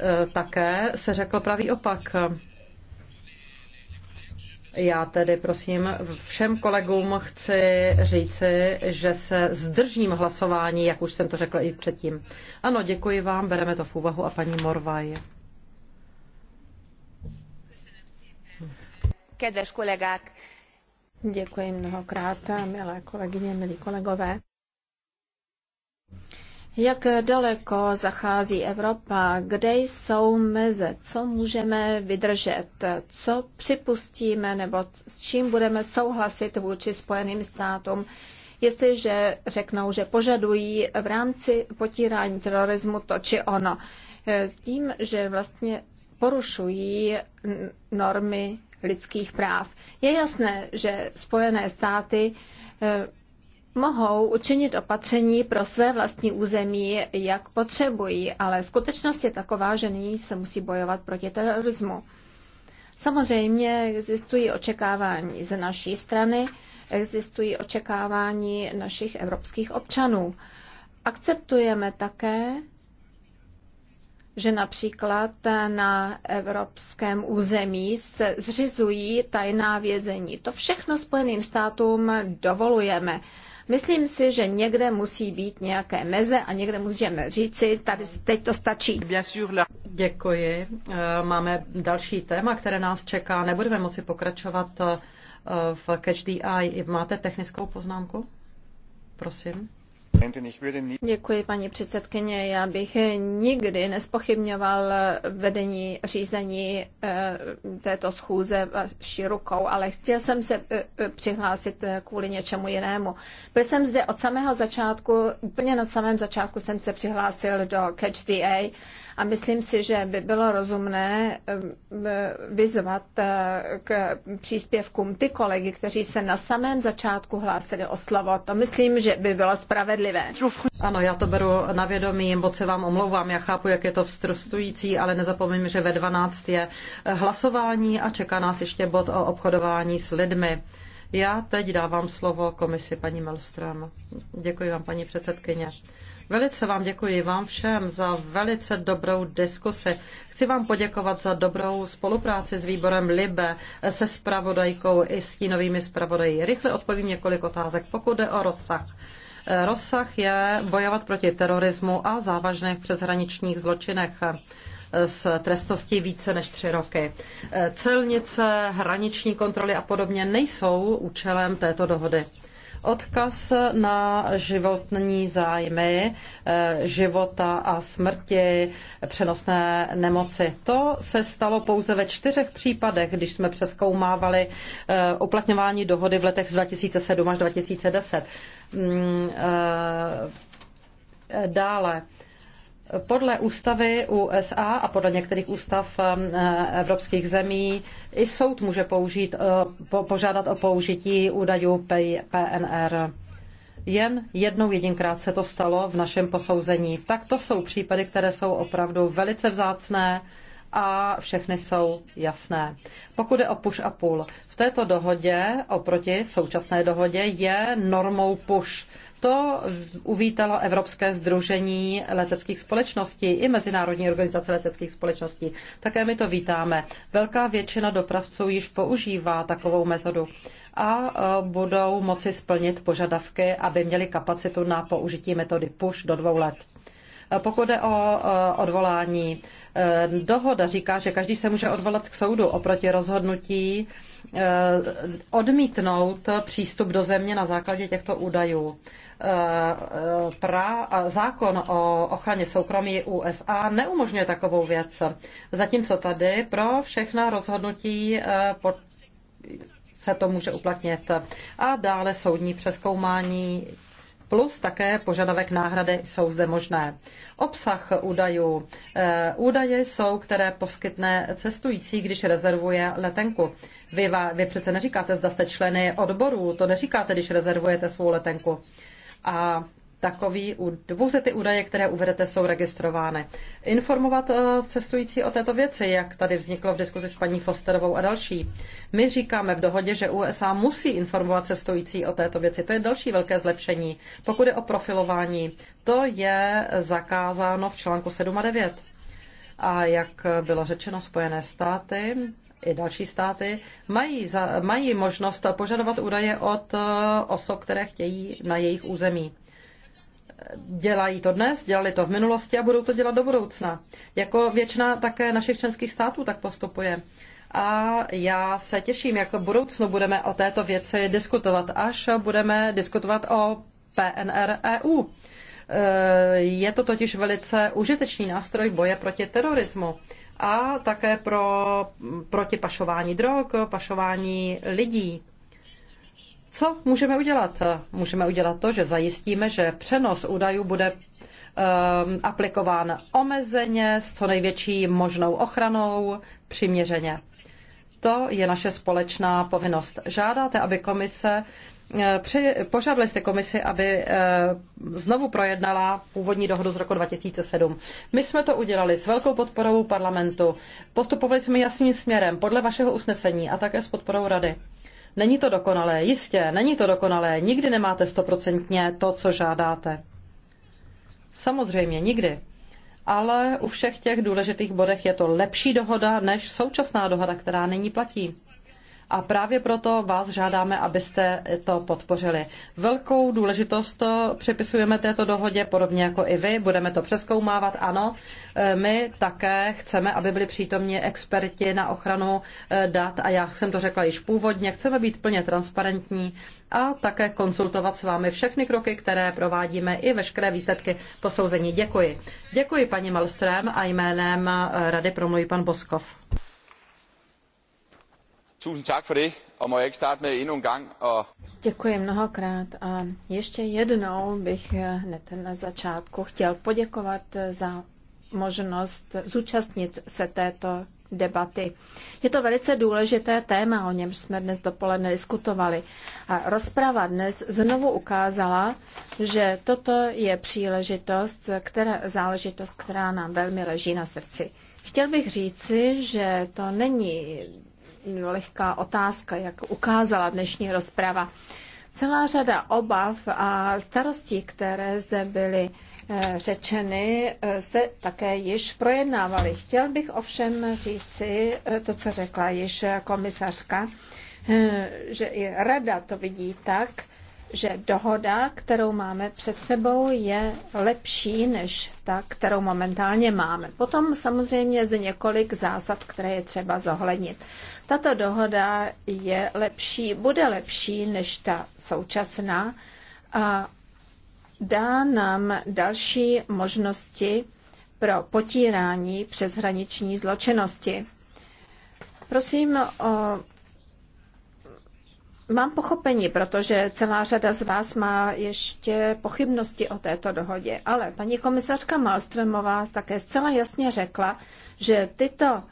eh, také se řekl pravý opak. Já tedy prosím všem kolegům chci říci, že se zdržím hlasování, jak už jsem to řekla i předtím. Ano, děkuji vám, bereme to v úvahu a paní Morvaj. Kedves kolegák, Děkuji mnohokrát, milé kolegyně, milí kolegové. Jak daleko zachází Evropa? Kde jsou meze? Co můžeme vydržet? Co připustíme nebo s čím budeme souhlasit vůči Spojeným státům? Jestliže řeknou, že požadují v rámci potírání terorismu to či ono, s tím, že vlastně porušují normy lidských práv. Je jasné, že Spojené státy eh, mohou učinit opatření pro své vlastní území, jak potřebují, ale skutečnost je taková, že nyní se musí bojovat proti terorismu. Samozřejmě existují očekávání ze naší strany, existují očekávání našich evropských občanů. Akceptujeme také že například na evropském území se zřizují tajná vězení. To všechno Spojeným státům dovolujeme. Myslím si, že někde musí být nějaké meze a někde můžeme říci, tady teď to stačí. Děkuji. Eh, máme další téma, které nás čeká. Nebudeme moci pokračovat eh, v Catch the Eye. Máte technickou poznámku? Prosím. Děkuji, paní předsedkyně. Já bych nikdy nespochybňoval vedení řízení eh, této schůze vaší rukou, ale chtěl jsem se eh, eh, přihlásit kvůli něčemu jinému. Byl jsem zde od samého začátku, úplně na samém začátku jsem se přihlásil do Catch the Eye a myslím si, že by bylo rozumné um, um, vyzvat uh, k příspěvkům ty kolegy, kteří se na samém začátku hlásili o slovo. To myslím, že by bylo spravedlivé. Ano, já to beru na vědomí, moc se vám omlouvám. Já chápu, jak je to vstrustující, ale nezapomeňme, že ve 12 je hlasování a čeká nás ještě bod o obchodování s lidmi. Já teď dávám slovo komisi paní Malström. Děkuji vám, paní předsedkyně. Velice vám děkuji vám všem za velice dobrou diskusi. Chci vám poděkovat za dobrou spolupráci s výborem Libe, se spravodajkou i tínovými spravodají. Rychle odpovím několik otázek, pokud jde o rozsah. Rozsah je bojovat proti terorismu a závažných přeshraničních zločinech s trestností více než tři roky. Celnice, hraniční kontroly a podobně nejsou účelem této dohody. Odkaz na životní zájmy, eh, života a smrti, přenosné nemoci. To se stalo pouze ve čtyřech případech, když jsme přeskoumávali eh, uplatňování dohody v letech 2007 až 2010. Mm, eh, dále podle ústavy USA a podle některých ústav eh, evropských zemí i soud může použít, eh, požádat o použití údajů PNR. Jen jednou jedinkrát se to stalo v našem posouzení. Tak to jsou případy, které jsou opravdu velice vzácné a všechny jsou jasné. Pokud je o push a pull, v této dohodě oproti současné dohodě je normou push. To uvítalo Evropské združení leteckých společností i Mezinárodní organizace leteckých společností. Také my to vítáme. Velká většina dopravců již používá takovou metodu a e, budou moci splnit požadavky, aby měli kapacitu na použití metody PUSH do dvou let. E, pokud jde o e, odvolání, dohoda říká, že každý se může odvolat k soudu oproti rozhodnutí Eh, odmítnout přístup do země na základě těchto údajů. Eh, eh, pra, zákon o ochraně soukromí USA neumožňuje takovou věc. Zatímco tady pro všechna rozhodnutí pod se to může uplatnit. A dále soudní přeskoumání plus také požadavek náhrady jsou zde možné. Obsah údajů. Eh, údaje jsou, které poskytne cestující, když rezervuje letenku. Vy, vy přece neříkáte, zda jste členy odborů, to neříkáte, když rezervujete svou letenku. A takový, dvouze ty údaje, které uvedete, jsou registrovány. Informovat eh, cestující o této věci, jak tady vzniklo v diskuzi s paní Fosterovou a další. My říkáme v dohodě, že USA musí informovat cestující o této věci. To je další velké zlepšení. Pokud je o profilování, to je zakázáno v článku 7 a 9. A jak bylo řečeno, Spojené státy i další státy mají, za, mají možnost požadovat údaje od eh, osob, které chtějí na jejich území. Dělají to dnes, dělali to v minulosti a budou to dělat do budoucna. Jako většina také našich členských států tak postupuje. A já se těším, jak v budoucnu budeme o této věci diskutovat, až budeme diskutovat o PNR EU. E, je to totiž velice užitečný nástroj boje proti terorismu a také pro, proti pašování drog, pašování lidí. Co můžeme udělat? Můžeme udělat to, že zajistíme, že přenos údajů bude ehm, aplikován omezeně, s co největší možnou ochranou, přiměřeně. To je naše společná povinnost. Žádáte, aby komise eh, Požádali jste komisi, aby eh, znovu projednala původní dohodu z roku 2007. My jsme to udělali s velkou podporou parlamentu. Postupovali jsme jasným směrem podle vašeho usnesení a také s podporou rady. Není to dokonalé, jistě, není to dokonalé, nikdy nemáte stoprocentně to, co žádáte. Samozřejmě, nikdy. Ale u všech těch důležitých bodech je to lepší dohoda než současná dohoda, která není platí. A právě proto vás žádáme, abyste to podpořili. Velkou důležitost to přepisujeme této dohodě, podobně jako i vy. Budeme to přeskoumávat, ano. E, my také chceme, aby byli přítomní experti na ochranu e, dat a já jsem to řekla již původně. Chceme být plně transparentní a také konsultovat s vámi všechny kroky, které provádíme i veškeré výsledky posouzení. Děkuji. Děkuji paní Malström a jménem e, Rady promluví pan Boskov. Tusind tak for det, og må jeg ikke starte med endnu en gang og... Děkuji mnohokrát a ještě jednou bych eh, hned na začátku chtěl poděkovat eh, za možnost zúčastnit se této debaty. Je to velice důležité téma, o němž jsme dnes dopoledne diskutovali. A rozprava dnes znovu ukázala, že toto je příležitost, která, záležitost, která nám velmi leží na srdci. Chtěl bych říci, že to není lehká otázka, jak ukázala dnešní rozprava. Celá řada obav a starostí, které zde byly eh, řečeny, eh, se také již projednávaly. Chtěl bych ovšem říci eh, to, co řekla již komisařka, že i rada to vidí tak, že dohoda, kterou máme před sebou, je lepší než ta, kterou momentálně máme. Potom samozřejmě zde několik zásad, které je třeba zohlednit. Tato dohoda je lepší, bude lepší než ta současná a dá nám další možnosti pro potírání přeshraniční zločinnosti. Prosím o Mám pochopení, protože celá řada z vás má ještě pochybnosti o této dohodě, ale paní komisařka Malstromová také zcela jasně řekla, že tyto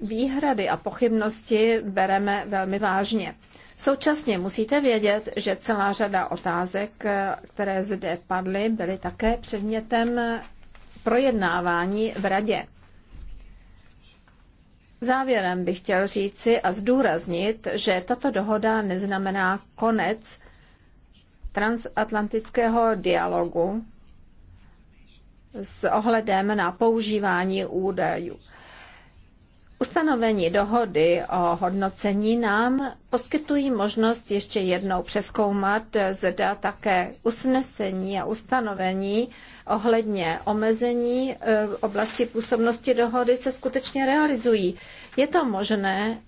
výhrady a pochybnosti bereme velmi vážně. Současně musíte vědět, že celá řada otázek, které zde padly, byly také předmětem projednávání v radě. Závěrem bych chtěl říci a zdůraznit, že tato dohoda neznamená konec transatlantického dialogu s ohledem na používání údajů. Ustanovení dohody o hodnocení nám poskytují možnost ještě jednou přeskoumat zda také usnesení a ustanovení ohledně omezení eh, oblasti působnosti dohody se skutečně realizují. Je to možné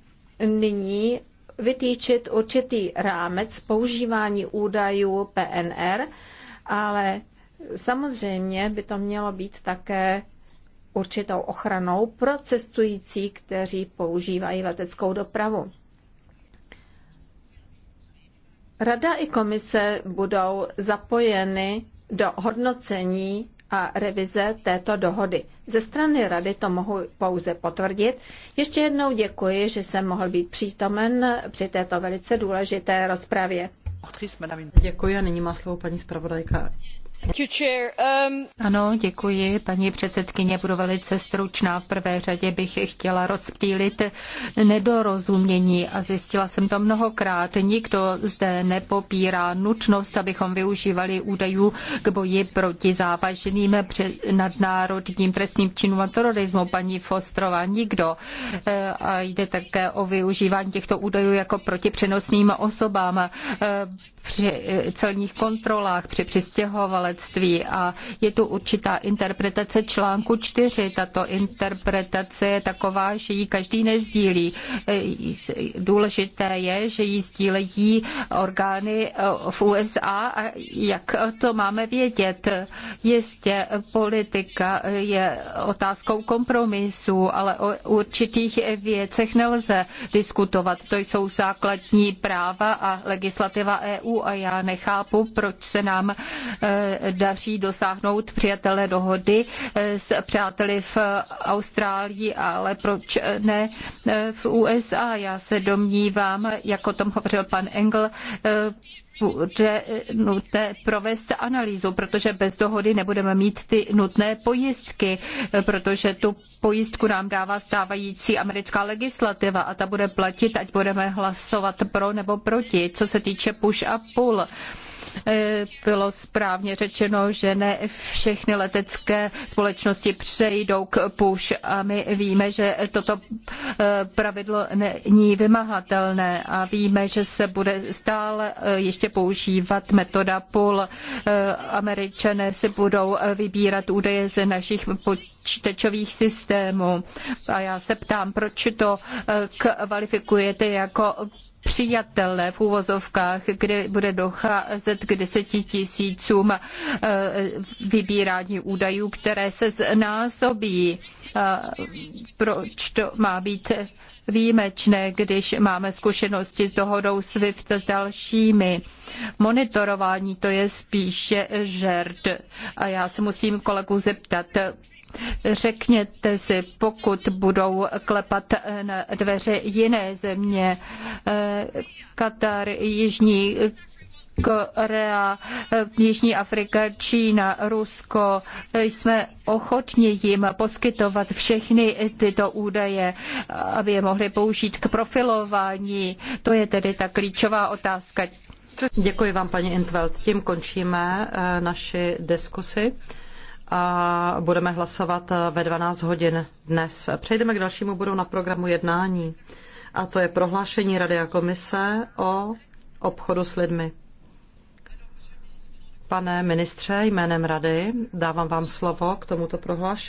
nyní vytýčit určitý rámec používání údajů PNR, ale samozřejmě by to mělo být také určitou ochranou pro cestující, kteří používají leteckou dopravu. Rada i komise budou zapojeny do hodnocení a revize této dohody. Ze strany rady to mohu pouze potvrdit. Ještě jednou děkuji, že jsem mohl být přítomen při této velice důležité rozpravě. Děkuji a nyní má slovo paní zpravodajka Um, ano, děkuji, paní předsedkyně, budu velice stručná. V prvé řadě bych chtěla rozptýlit nedorozumění a zjistila jsem to mnohokrát. Nikdo zde nepopírá nutnost, abychom využívali údajů k boji proti závažným nadnárodním trestním činům a terorismu. Paní Fostrova, nikdo. Eh, a jde také o využívání těchto údajů jako proti přenosným osobám. Eh, při celních kontrolách, při přistěhovalectví a je tu určitá interpretace článku 4. Tato interpretace je taková, že ji každý nezdílí. Důležité je, že ji sdílejí orgány eh, v USA a jak to máme vědět. Jistě politika je otázkou kompromisu, ale o určitých věcech nelze diskutovat. To jsou základní práva a legislativa EU a já nechápu, proč se nám eh, daří dosáhnout přijatelé dohody eh, s přáteli v Austrálii, ale proč ne eh, v USA. Já se domnívám, jak o tom hovořil pan Engel, bude nutné provést analýzu, protože bez dohody nebudeme mít ty nutné pojistky, protože tu pojistku nám dává stávající americká legislativa a ta bude platit, ať budeme hlasovat pro nebo proti. Co se týče push a pull, Eh, bylo správně řečeno, že ne všechny letecké společnosti přejdou k push a my víme, že toto eh, pravidlo není vymahatelné a víme, že se bude stále eh, ještě používat metoda pull. Američané si budou vybírat údaje ze našich počítačů počítačových systémů. A já se ptám, proč to eh, kvalifikujete jako přijatelné v úvozovkách, kdy bude docházet k deseti tisícům eh, vybírání údajů, které se znásobí. proč to má být výjimečné, když máme zkušenosti s dohodou SWIFT s dalšími. Monitorování to je spíše žert. A já se musím kolegu zeptat, Řekněte si, pokud budou klepat na dveře jiné země, Katar, Jižní Korea, Jižní Afrika, Čína, Rusko. Jsme ochotni jim poskytovat všechny tyto údaje, aby je mohli použít k profilování. To je tedy ta klíčová otázka. Děkuji vám, paní Intveld. Tím končíme eh, naši diskusi a budeme hlasovat ve 12 hodin dnes. Přejdeme k dalšímu bodu na programu jednání a to je prohlášení Rady a komise o obchodu s lidmi. Pane ministře, jménem Rady dávám vám slovo k tomuto prohlášení.